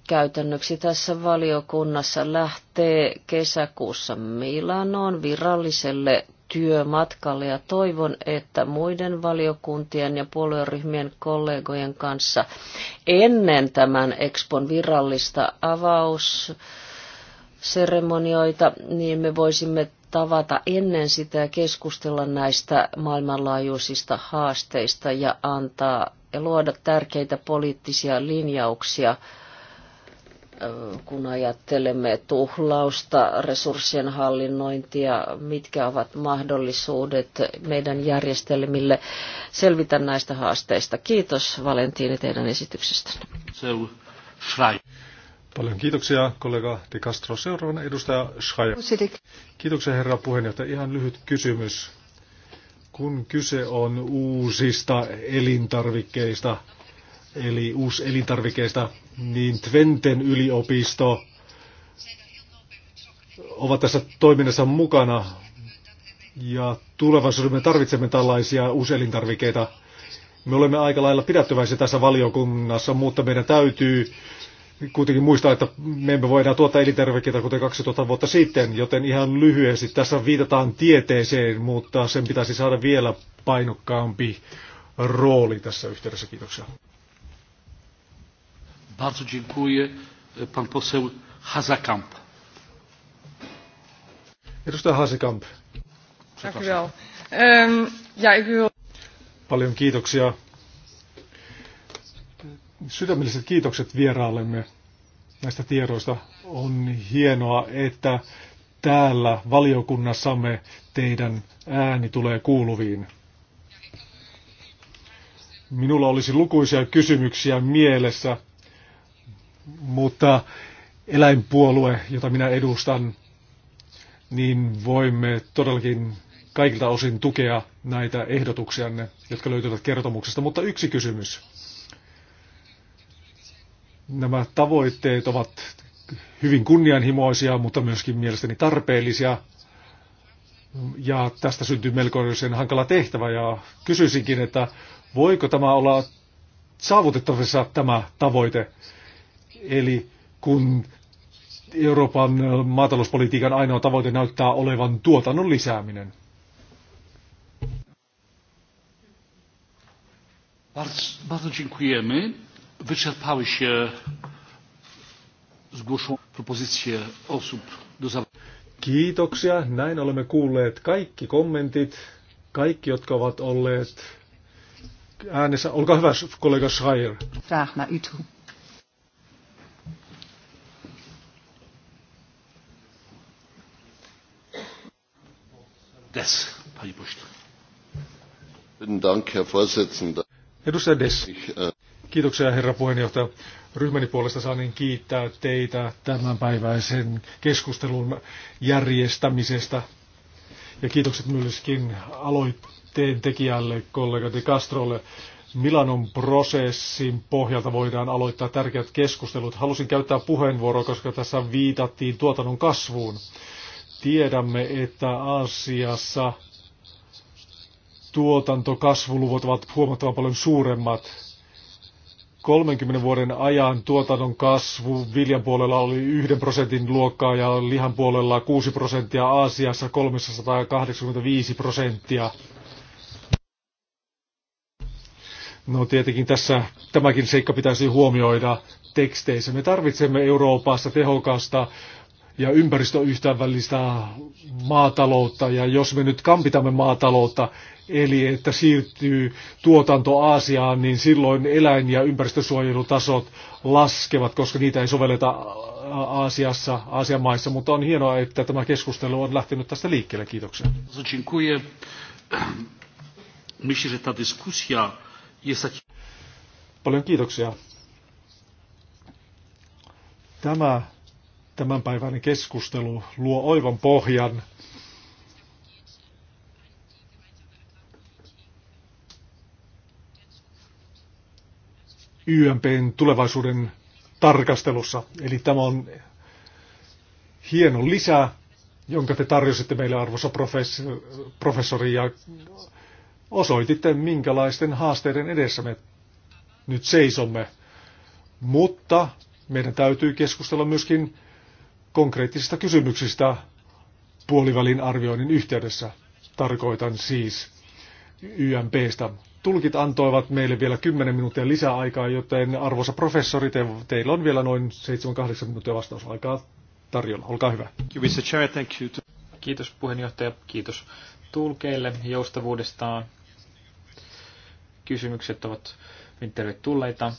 käytännöksi tässä valiokunnassa lähtee kesäkuussa Milanoon viralliselle työmatkalle ja toivon, että muiden valiokuntien ja puolueryhmien kollegojen kanssa ennen tämän Expon virallista avausseremonioita, niin me voisimme tavata ennen sitä ja keskustella näistä maailmanlaajuisista haasteista ja antaa ja luoda tärkeitä poliittisia linjauksia, kun ajattelemme tuhlausta, resurssien hallinnointia, mitkä ovat mahdollisuudet meidän järjestelmille selvitä näistä haasteista. Kiitos Valentiini teidän esityksestänne. Paljon kiitoksia kollega De Castro. Seuraavana edustaja Schreier. Kiitoksia herra puheenjohtaja. Ihan lyhyt kysymys kun kyse on uusista elintarvikkeista, eli uuselintarvikkeista, niin Twenten yliopisto ovat tässä toiminnassa mukana. Ja tulevaisuudessa me tarvitsemme tällaisia uuselintarvikkeita. Me olemme aika lailla pidättyväisiä tässä valiokunnassa, mutta meidän täytyy kuitenkin muistaa, että me emme voida tuottaa elintarvikkeita kuten 2000 vuotta sitten, joten ihan lyhyesti tässä viitataan tieteeseen, mutta sen pitäisi saada vielä painokkaampi rooli tässä yhteydessä. Kiitoksia. Bardzo dziękuję. Pan poseł Hazakamp. Edustaja Hazekamp. Ehm, Paljon kiitoksia. Sydämelliset kiitokset vieraallemme näistä tiedoista. On hienoa, että täällä valiokunnassamme teidän ääni tulee kuuluviin. Minulla olisi lukuisia kysymyksiä mielessä, mutta eläinpuolue, jota minä edustan, niin voimme todellakin kaikilta osin tukea näitä ehdotuksianne, jotka löytyvät kertomuksesta. Mutta yksi kysymys. Nämä tavoitteet ovat hyvin kunnianhimoisia, mutta myöskin mielestäni tarpeellisia. Ja tästä syntyy melkoisen hankala tehtävä ja kysyisinkin, että voiko tämä olla saavutettavissa tämä tavoite? Eli kun Euroopan maatalouspolitiikan ainoa tavoite näyttää olevan tuotannon lisääminen. Bardzo dziękujemy wyczerpały się zgłoszone propozycje osób do Kiitoksia. Näin olemme kuulleet kaikki kommentit, kaikki, jotka ovat olleet äänessä. Olkaa hyvä, kollega Schreier. Vraag Des. u toe. Des, Herr Vorsitzender. Edustaja Des. Ich, äh... Kiitoksia herra puheenjohtaja. Ryhmäni puolesta niin kiittää teitä tämänpäiväisen keskustelun järjestämisestä. Ja kiitokset myöskin aloitteen tekijälle, kollega De Castrolle. Milanon prosessin pohjalta voidaan aloittaa tärkeät keskustelut. Halusin käyttää puheenvuoroa, koska tässä viitattiin tuotannon kasvuun. Tiedämme, että Aasiassa tuotantokasvuluvut ovat huomattavan paljon suuremmat 30 vuoden ajan tuotannon kasvu viljan puolella oli 1 prosentin luokkaa ja lihan puolella 6 prosenttia, Aasiassa 385 prosenttia. No tietenkin tässä tämäkin seikka pitäisi huomioida teksteissä. Me tarvitsemme Euroopassa tehokasta ja ympäristöystävällistä maataloutta. Ja jos me nyt kampitamme maataloutta, eli että siirtyy tuotanto Aasiaan, niin silloin eläin- ja ympäristösuojelutasot laskevat, koska niitä ei sovelleta Aasiassa, Aasian maissa. Mutta on hienoa, että tämä keskustelu on lähtenyt tästä liikkeelle. Kiitoksia. Paljon kiitoksia. Tämä tämänpäiväinen keskustelu luo oivan pohjan YMPn tulevaisuuden tarkastelussa. Eli tämä on hieno lisä, jonka te tarjositte meille arvoisa professori ja osoititte, minkälaisten haasteiden edessä me nyt seisomme. Mutta meidän täytyy keskustella myöskin konkreettisista kysymyksistä puolivälin arvioinnin yhteydessä. Tarkoitan siis YMPstä. Tulkit antoivat meille vielä 10 minuuttia lisäaikaa, joten arvoisa professori, te, teillä on vielä noin 7-8 minuuttia vastausaikaa tarjolla. Olkaa hyvä. Kiitos puheenjohtaja, kiitos tulkeille joustavuudestaan. Kysymykset ovat hyvin tervetulleita.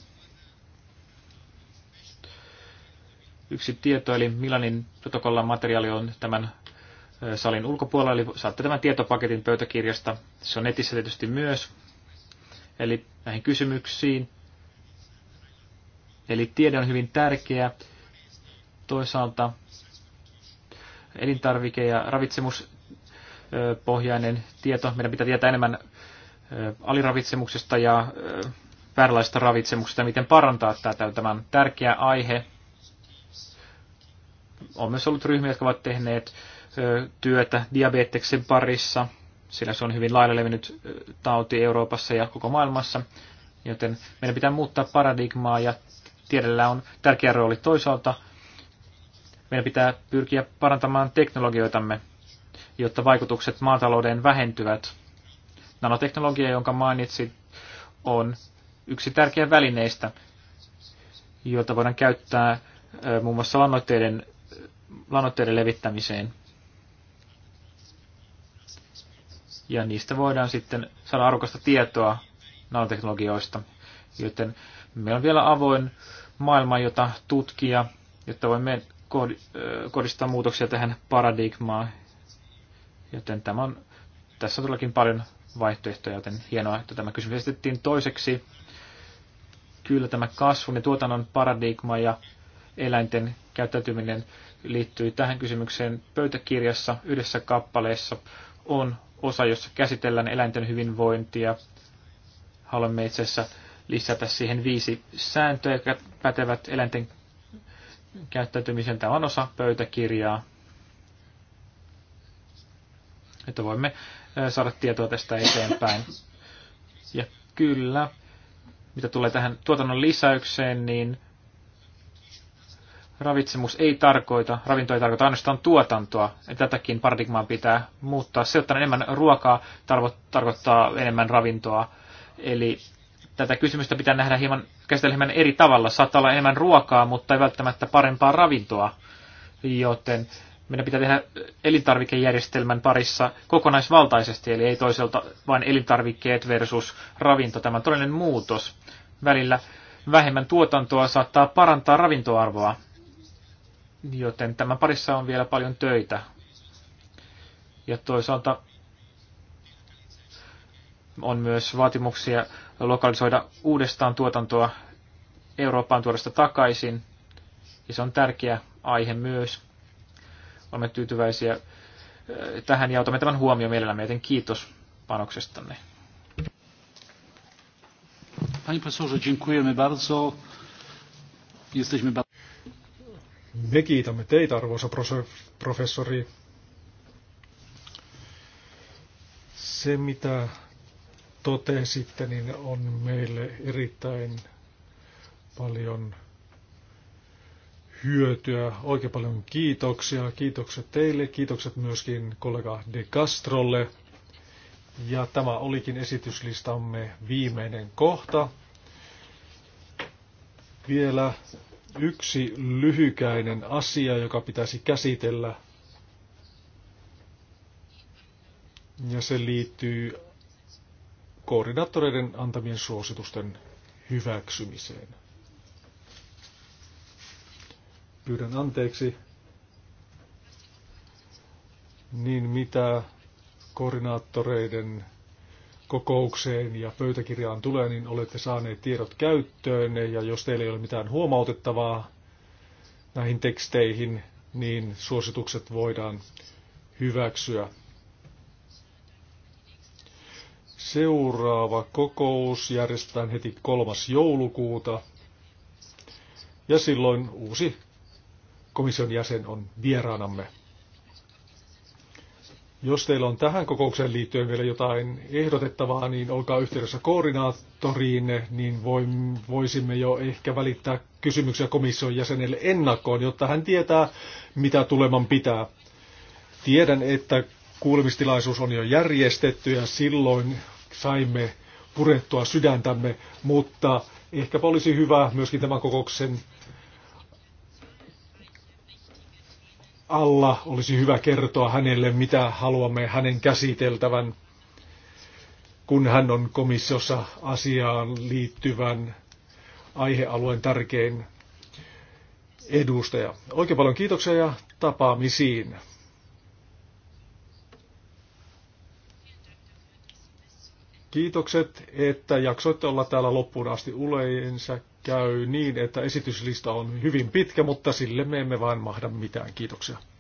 yksi tieto, eli Milanin protokollan materiaali on tämän salin ulkopuolella, eli saatte tämän tietopaketin pöytäkirjasta. Se on netissä tietysti myös. Eli näihin kysymyksiin. Eli tiede on hyvin tärkeä. Toisaalta elintarvike- ja ravitsemuspohjainen tieto. Meidän pitää tietää enemmän aliravitsemuksesta ja vääränlaista ravitsemuksesta, miten parantaa tätä. Tämä tärkeä aihe on myös ollut ryhmiä, jotka ovat tehneet työtä diabeteksen parissa, sillä se on hyvin lailla levinnyt tauti Euroopassa ja koko maailmassa. Joten meidän pitää muuttaa paradigmaa ja tiedellä on tärkeä rooli toisaalta. Meidän pitää pyrkiä parantamaan teknologioitamme, jotta vaikutukset maatalouden vähentyvät. Nanoteknologia, jonka mainitsit, on yksi tärkeä välineistä, jota voidaan käyttää muun mm. muassa lannoitteiden lannoitteiden levittämiseen. Ja niistä voidaan sitten saada arvokasta tietoa nanoteknologioista, joten meillä on vielä avoin maailma, jota tutkia, jotta voimme kohdistaa muutoksia tähän paradigmaan. Joten tämä on, tässä on todellakin paljon vaihtoehtoja, joten hienoa, että tämä kysymys esitettiin toiseksi. Kyllä tämä kasvun ja tuotannon paradigma ja eläinten käyttäytyminen liittyy tähän kysymykseen. Pöytäkirjassa yhdessä kappaleessa on osa, jossa käsitellään eläinten hyvinvointia. Haluamme itse asiassa lisätä siihen viisi sääntöä, jotka pätevät eläinten käyttäytymisen. Tämä on osa pöytäkirjaa, että voimme saada tietoa tästä eteenpäin. Ja kyllä, mitä tulee tähän tuotannon lisäykseen, niin ravitsemus ei tarkoita, ravinto ei tarkoita ainoastaan tuotantoa. Tätäkin paradigmaa pitää muuttaa. Se, että enemmän ruokaa tarvo, tarkoittaa enemmän ravintoa. Eli tätä kysymystä pitää nähdä hieman, käsitellä hieman eri tavalla. Saattaa olla enemmän ruokaa, mutta ei välttämättä parempaa ravintoa. Joten meidän pitää tehdä elintarvikejärjestelmän parissa kokonaisvaltaisesti, eli ei toiselta vain elintarvikkeet versus ravinto. Tämä on todellinen muutos. Välillä vähemmän tuotantoa saattaa parantaa ravintoarvoa. Joten tämän parissa on vielä paljon töitä. Ja toisaalta on myös vaatimuksia lokalisoida uudestaan tuotantoa Eurooppaan tuodesta takaisin. Ja se on tärkeä aihe myös. Olemme tyytyväisiä äh, tähän ja otamme tämän huomioon mielellämme, joten kiitos panoksestanne. Panie profesorze, dziękujemy bardzo. Jesteśmy bardzo... Me kiitämme teitä, arvoisa professori. Se, mitä totesitte, niin on meille erittäin paljon hyötyä. Oikein paljon kiitoksia. Kiitokset teille. Kiitokset myöskin kollega De Castrolle. Ja tämä olikin esityslistamme viimeinen kohta. Vielä yksi lyhykäinen asia, joka pitäisi käsitellä. Ja se liittyy koordinaattoreiden antamien suositusten hyväksymiseen. Pyydän anteeksi. Niin mitä koordinaattoreiden kokoukseen ja pöytäkirjaan tulee, niin olette saaneet tiedot käyttöön. Ja jos teillä ei ole mitään huomautettavaa näihin teksteihin, niin suositukset voidaan hyväksyä. Seuraava kokous järjestetään heti 3. joulukuuta. Ja silloin uusi komission jäsen on vieraanamme. Jos teillä on tähän kokoukseen liittyen vielä jotain ehdotettavaa, niin olkaa yhteydessä koordinaattoriin, niin voisimme jo ehkä välittää kysymyksiä komission jäsenelle ennakkoon, jotta hän tietää, mitä tuleman pitää. Tiedän, että kuulemistilaisuus on jo järjestetty ja silloin saimme purettua sydäntämme, mutta ehkä olisi hyvä myöskin tämän kokouksen alla olisi hyvä kertoa hänelle, mitä haluamme hänen käsiteltävän, kun hän on komissiossa asiaan liittyvän aihealueen tärkein edustaja. Oikein paljon kiitoksia ja tapaamisiin. Kiitokset, että jaksoitte olla täällä loppuun asti uleensa käy niin, että esityslista on hyvin pitkä, mutta sille me emme vain mahda mitään. Kiitoksia.